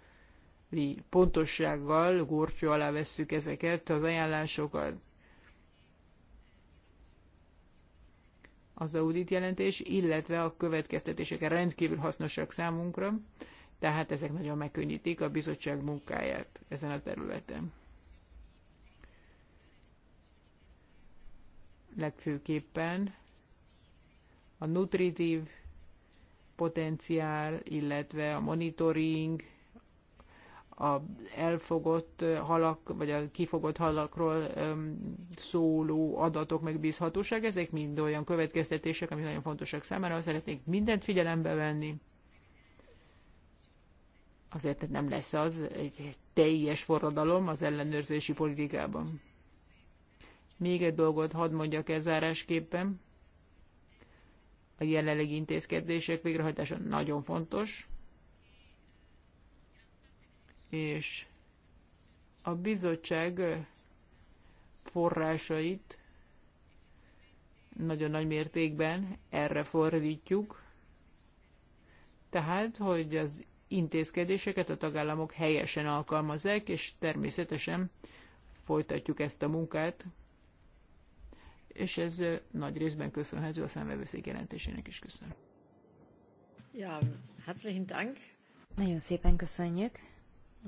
pontossággal górcső alá vesszük ezeket az ajánlásokat. Az audit jelentés, illetve a következtetések rendkívül hasznosak számunkra, tehát ezek nagyon megkönnyítik a bizottság munkáját ezen a területen. Legfőképpen a nutritív potenciál, illetve a monitoring, a elfogott halak, vagy a kifogott halakról szóló adatok megbízhatóság, ezek mind olyan következtetések, amik nagyon fontosak számára, szeretnék mindent figyelembe venni, azért nem lesz az egy teljes forradalom az ellenőrzési politikában. Még egy dolgot hadd mondjak el zárásképpen. A jelenlegi intézkedések végrehajtása nagyon fontos, és a bizottság forrásait nagyon nagy mértékben erre fordítjuk, tehát, hogy az intézkedéseket a tagállamok helyesen alkalmazzák, és természetesen folytatjuk ezt a munkát, és ez nagy részben köszönhető a számvevőszék jelentésének is köszönöm. Ja, herzlichen Dank. Nagyon szépen köszönjük.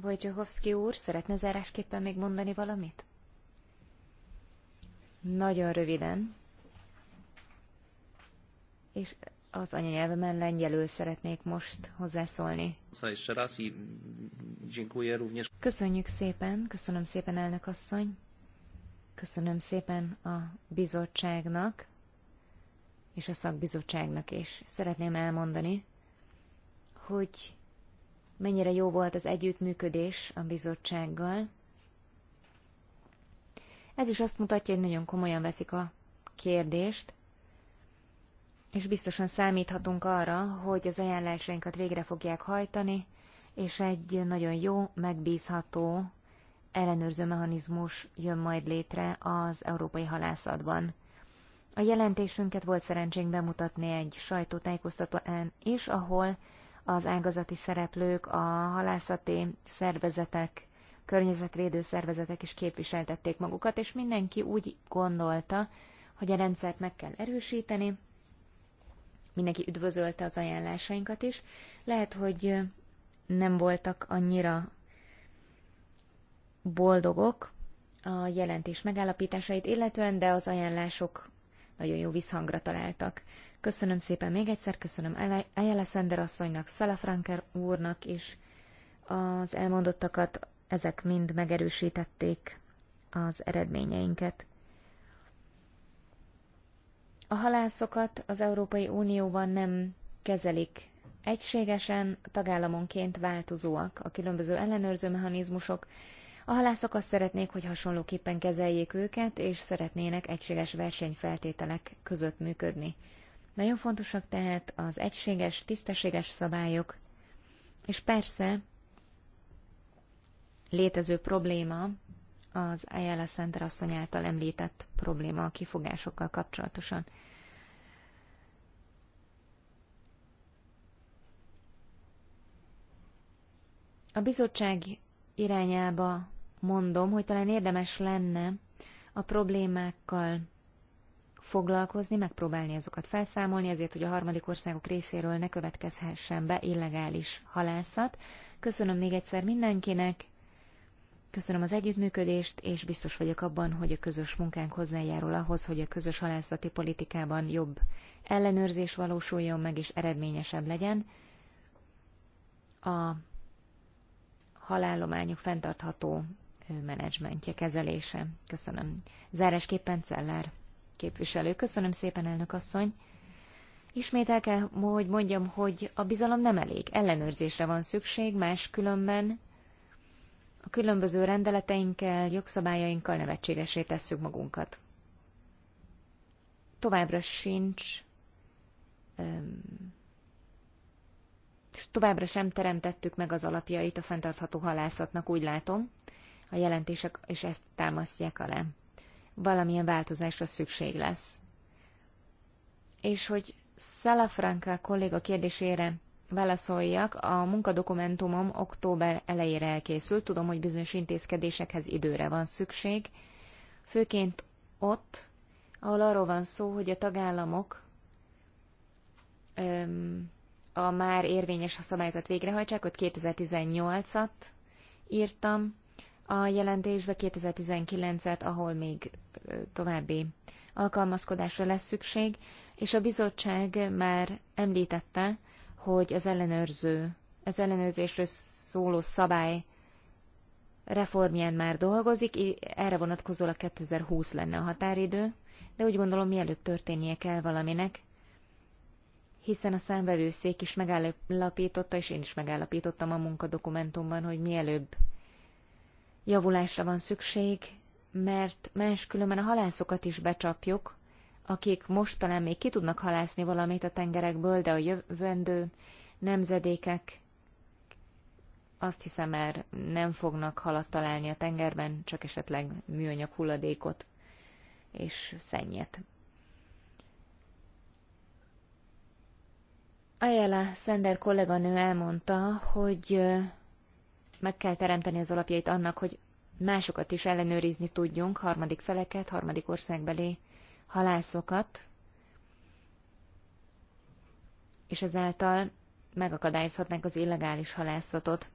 Wojciechowski úr, szeretne zárásképpen még mondani valamit? Nagyon röviden. És az anyanyelvemen lengyelül szeretnék most hozzászólni. Szóval Köszönjük szépen, köszönöm szépen elnök asszony, köszönöm szépen a bizottságnak és a szakbizottságnak is. Szeretném elmondani, hogy mennyire jó volt az együttműködés a bizottsággal. Ez is azt mutatja, hogy nagyon komolyan veszik a kérdést, és biztosan számíthatunk arra, hogy az ajánlásainkat végre fogják hajtani, és egy nagyon jó, megbízható ellenőrző mechanizmus jön majd létre az európai halászatban. A jelentésünket volt szerencsénk bemutatni egy sajtótájékoztatóan is, ahol az ágazati szereplők, a halászati szervezetek, környezetvédő szervezetek is képviseltették magukat, és mindenki úgy gondolta, hogy a rendszert meg kell erősíteni, mindenki üdvözölte az ajánlásainkat is. Lehet, hogy nem voltak annyira boldogok a jelentés megállapításait illetően, de az ajánlások nagyon jó visszhangra találtak. Köszönöm szépen még egyszer, köszönöm Ayala Szender asszonynak, Salafranker úrnak is. Az elmondottakat ezek mind megerősítették az eredményeinket. A halászokat az Európai Unióban nem kezelik egységesen, tagállamonként változóak a különböző ellenőrző mechanizmusok. A halászok azt szeretnék, hogy hasonlóképpen kezeljék őket, és szeretnének egységes versenyfeltételek között működni. Nagyon fontosak tehát az egységes, tisztességes szabályok, és persze létező probléma az Ayala Center asszony által említett probléma a kifogásokkal kapcsolatosan. A bizottság irányába mondom, hogy talán érdemes lenne a problémákkal foglalkozni, megpróbálni azokat felszámolni, azért, hogy a harmadik országok részéről ne következhessen be illegális halászat. Köszönöm még egyszer mindenkinek, Köszönöm az együttműködést, és biztos vagyok abban, hogy a közös munkánk hozzájárul ahhoz, hogy a közös halászati politikában jobb ellenőrzés valósuljon meg, és eredményesebb legyen. A halállományok fenntartható menedzsmentje, kezelése. Köszönöm. Zárásképpen Cellár képviselő. Köszönöm szépen, elnök asszony. Ismét el kell, hogy mondjam, hogy a bizalom nem elég. Ellenőrzésre van szükség, más különben a különböző rendeleteinkkel, jogszabályainkkal nevetségesé tesszük magunkat. Továbbra sincs, továbbra sem teremtettük meg az alapjait a fenntartható halászatnak, úgy látom, a jelentések és ezt támasztják alá. Valamilyen változásra szükség lesz. És hogy Salafranca kolléga kérdésére válaszoljak, a munkadokumentumom október elejére elkészült. Tudom, hogy bizonyos intézkedésekhez időre van szükség, főként ott, ahol arról van szó, hogy a tagállamok öm, a már érvényes szabályokat végrehajtsák, ott 2018-at írtam a jelentésbe, 2019-et, ahol még további alkalmazkodásra lesz szükség, és a bizottság már említette, hogy az ellenőrző, az ellenőrzésről szóló szabály reformján már dolgozik, erre vonatkozólag 2020 lenne a határidő, de úgy gondolom mielőbb történnie kell valaminek, hiszen a számvevőszék is megállapította, és én is megállapítottam a munkadokumentumban, hogy mielőbb javulásra van szükség, mert máskülönben a halászokat is becsapjuk, akik most talán még ki tudnak halászni valamit a tengerekből, de a jövendő nemzedékek azt hiszem már nem fognak halat találni a tengerben, csak esetleg műanyag hulladékot és szennyet. Ayala Szender kolléganő elmondta, hogy meg kell teremteni az alapjait annak, hogy másokat is ellenőrizni tudjunk, harmadik feleket, harmadik országbeli halászokat, és ezáltal megakadályozhatnánk az illegális halászatot.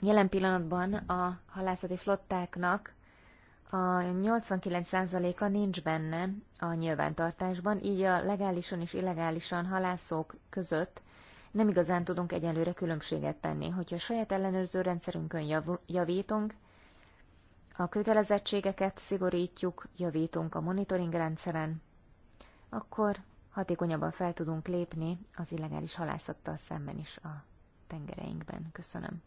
Jelen pillanatban a halászati flottáknak a 89%-a nincs benne a nyilvántartásban, így a legálisan és illegálisan halászók között nem igazán tudunk egyelőre különbséget tenni. Hogyha a saját ellenőrző rendszerünkön javítunk, a kötelezettségeket szigorítjuk, javítunk a monitoring rendszeren, akkor hatékonyabban fel tudunk lépni az illegális halászattal szemben is a tengereinkben. Köszönöm.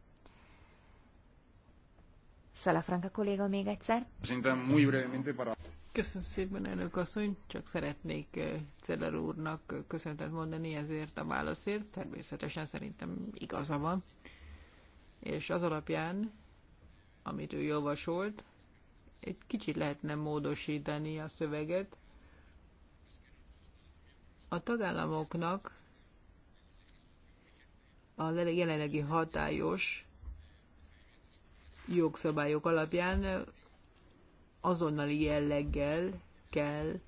Franka kolléga még egyszer. Köszönöm szépen, elnök asszony. Csak szeretnék eh, Celler úrnak köszönetet mondani ezért a válaszért. Természetesen szerintem igaza van. És az alapján, amit ő javasolt. Egy kicsit lehetne módosítani a szöveget. A tagállamoknak a jelenlegi hatályos jogszabályok alapján azonnali jelleggel kell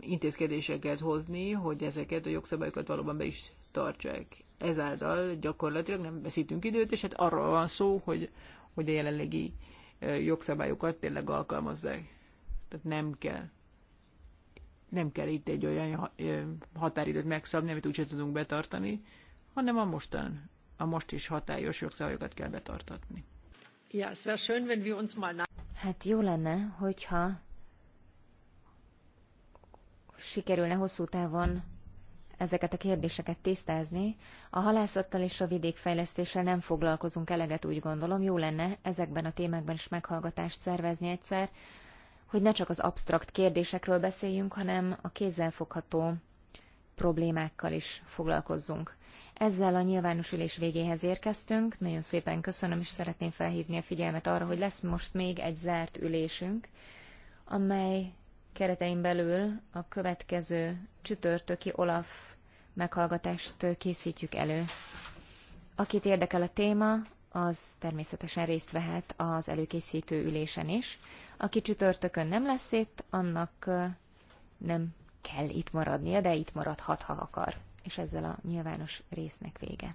intézkedéseket hozni, hogy ezeket a jogszabályokat valóban be is tartsák. Ezáltal gyakorlatilag nem veszítünk időt, és hát arról van szó, hogy hogy a jelenlegi jogszabályokat tényleg alkalmazzák. Tehát nem kell nem kell itt egy olyan határidőt megszabni, amit úgyse tudunk betartani, hanem a mostan, a most is hatályos jogszabályokat kell betartatni. Ja, es wäre schön, wenn wir uns mal Hát jó lenne, hogyha sikerülne hosszú távon ezeket a kérdéseket tisztázni. A halászattal és a vidékfejlesztéssel nem foglalkozunk eleget, úgy gondolom. Jó lenne ezekben a témákban is meghallgatást szervezni egyszer, hogy ne csak az absztrakt kérdésekről beszéljünk, hanem a kézzelfogható problémákkal is foglalkozzunk. Ezzel a nyilvános ülés végéhez érkeztünk. Nagyon szépen köszönöm, és szeretném felhívni a figyelmet arra, hogy lesz most még egy zárt ülésünk, amely keretein belül a következő csütörtöki Olaf meghallgatást készítjük elő. Akit érdekel a téma, az természetesen részt vehet az előkészítő ülésen is. Aki csütörtökön nem lesz itt, annak nem kell itt maradnia, de itt maradhat, ha akar. És ezzel a nyilvános résznek vége.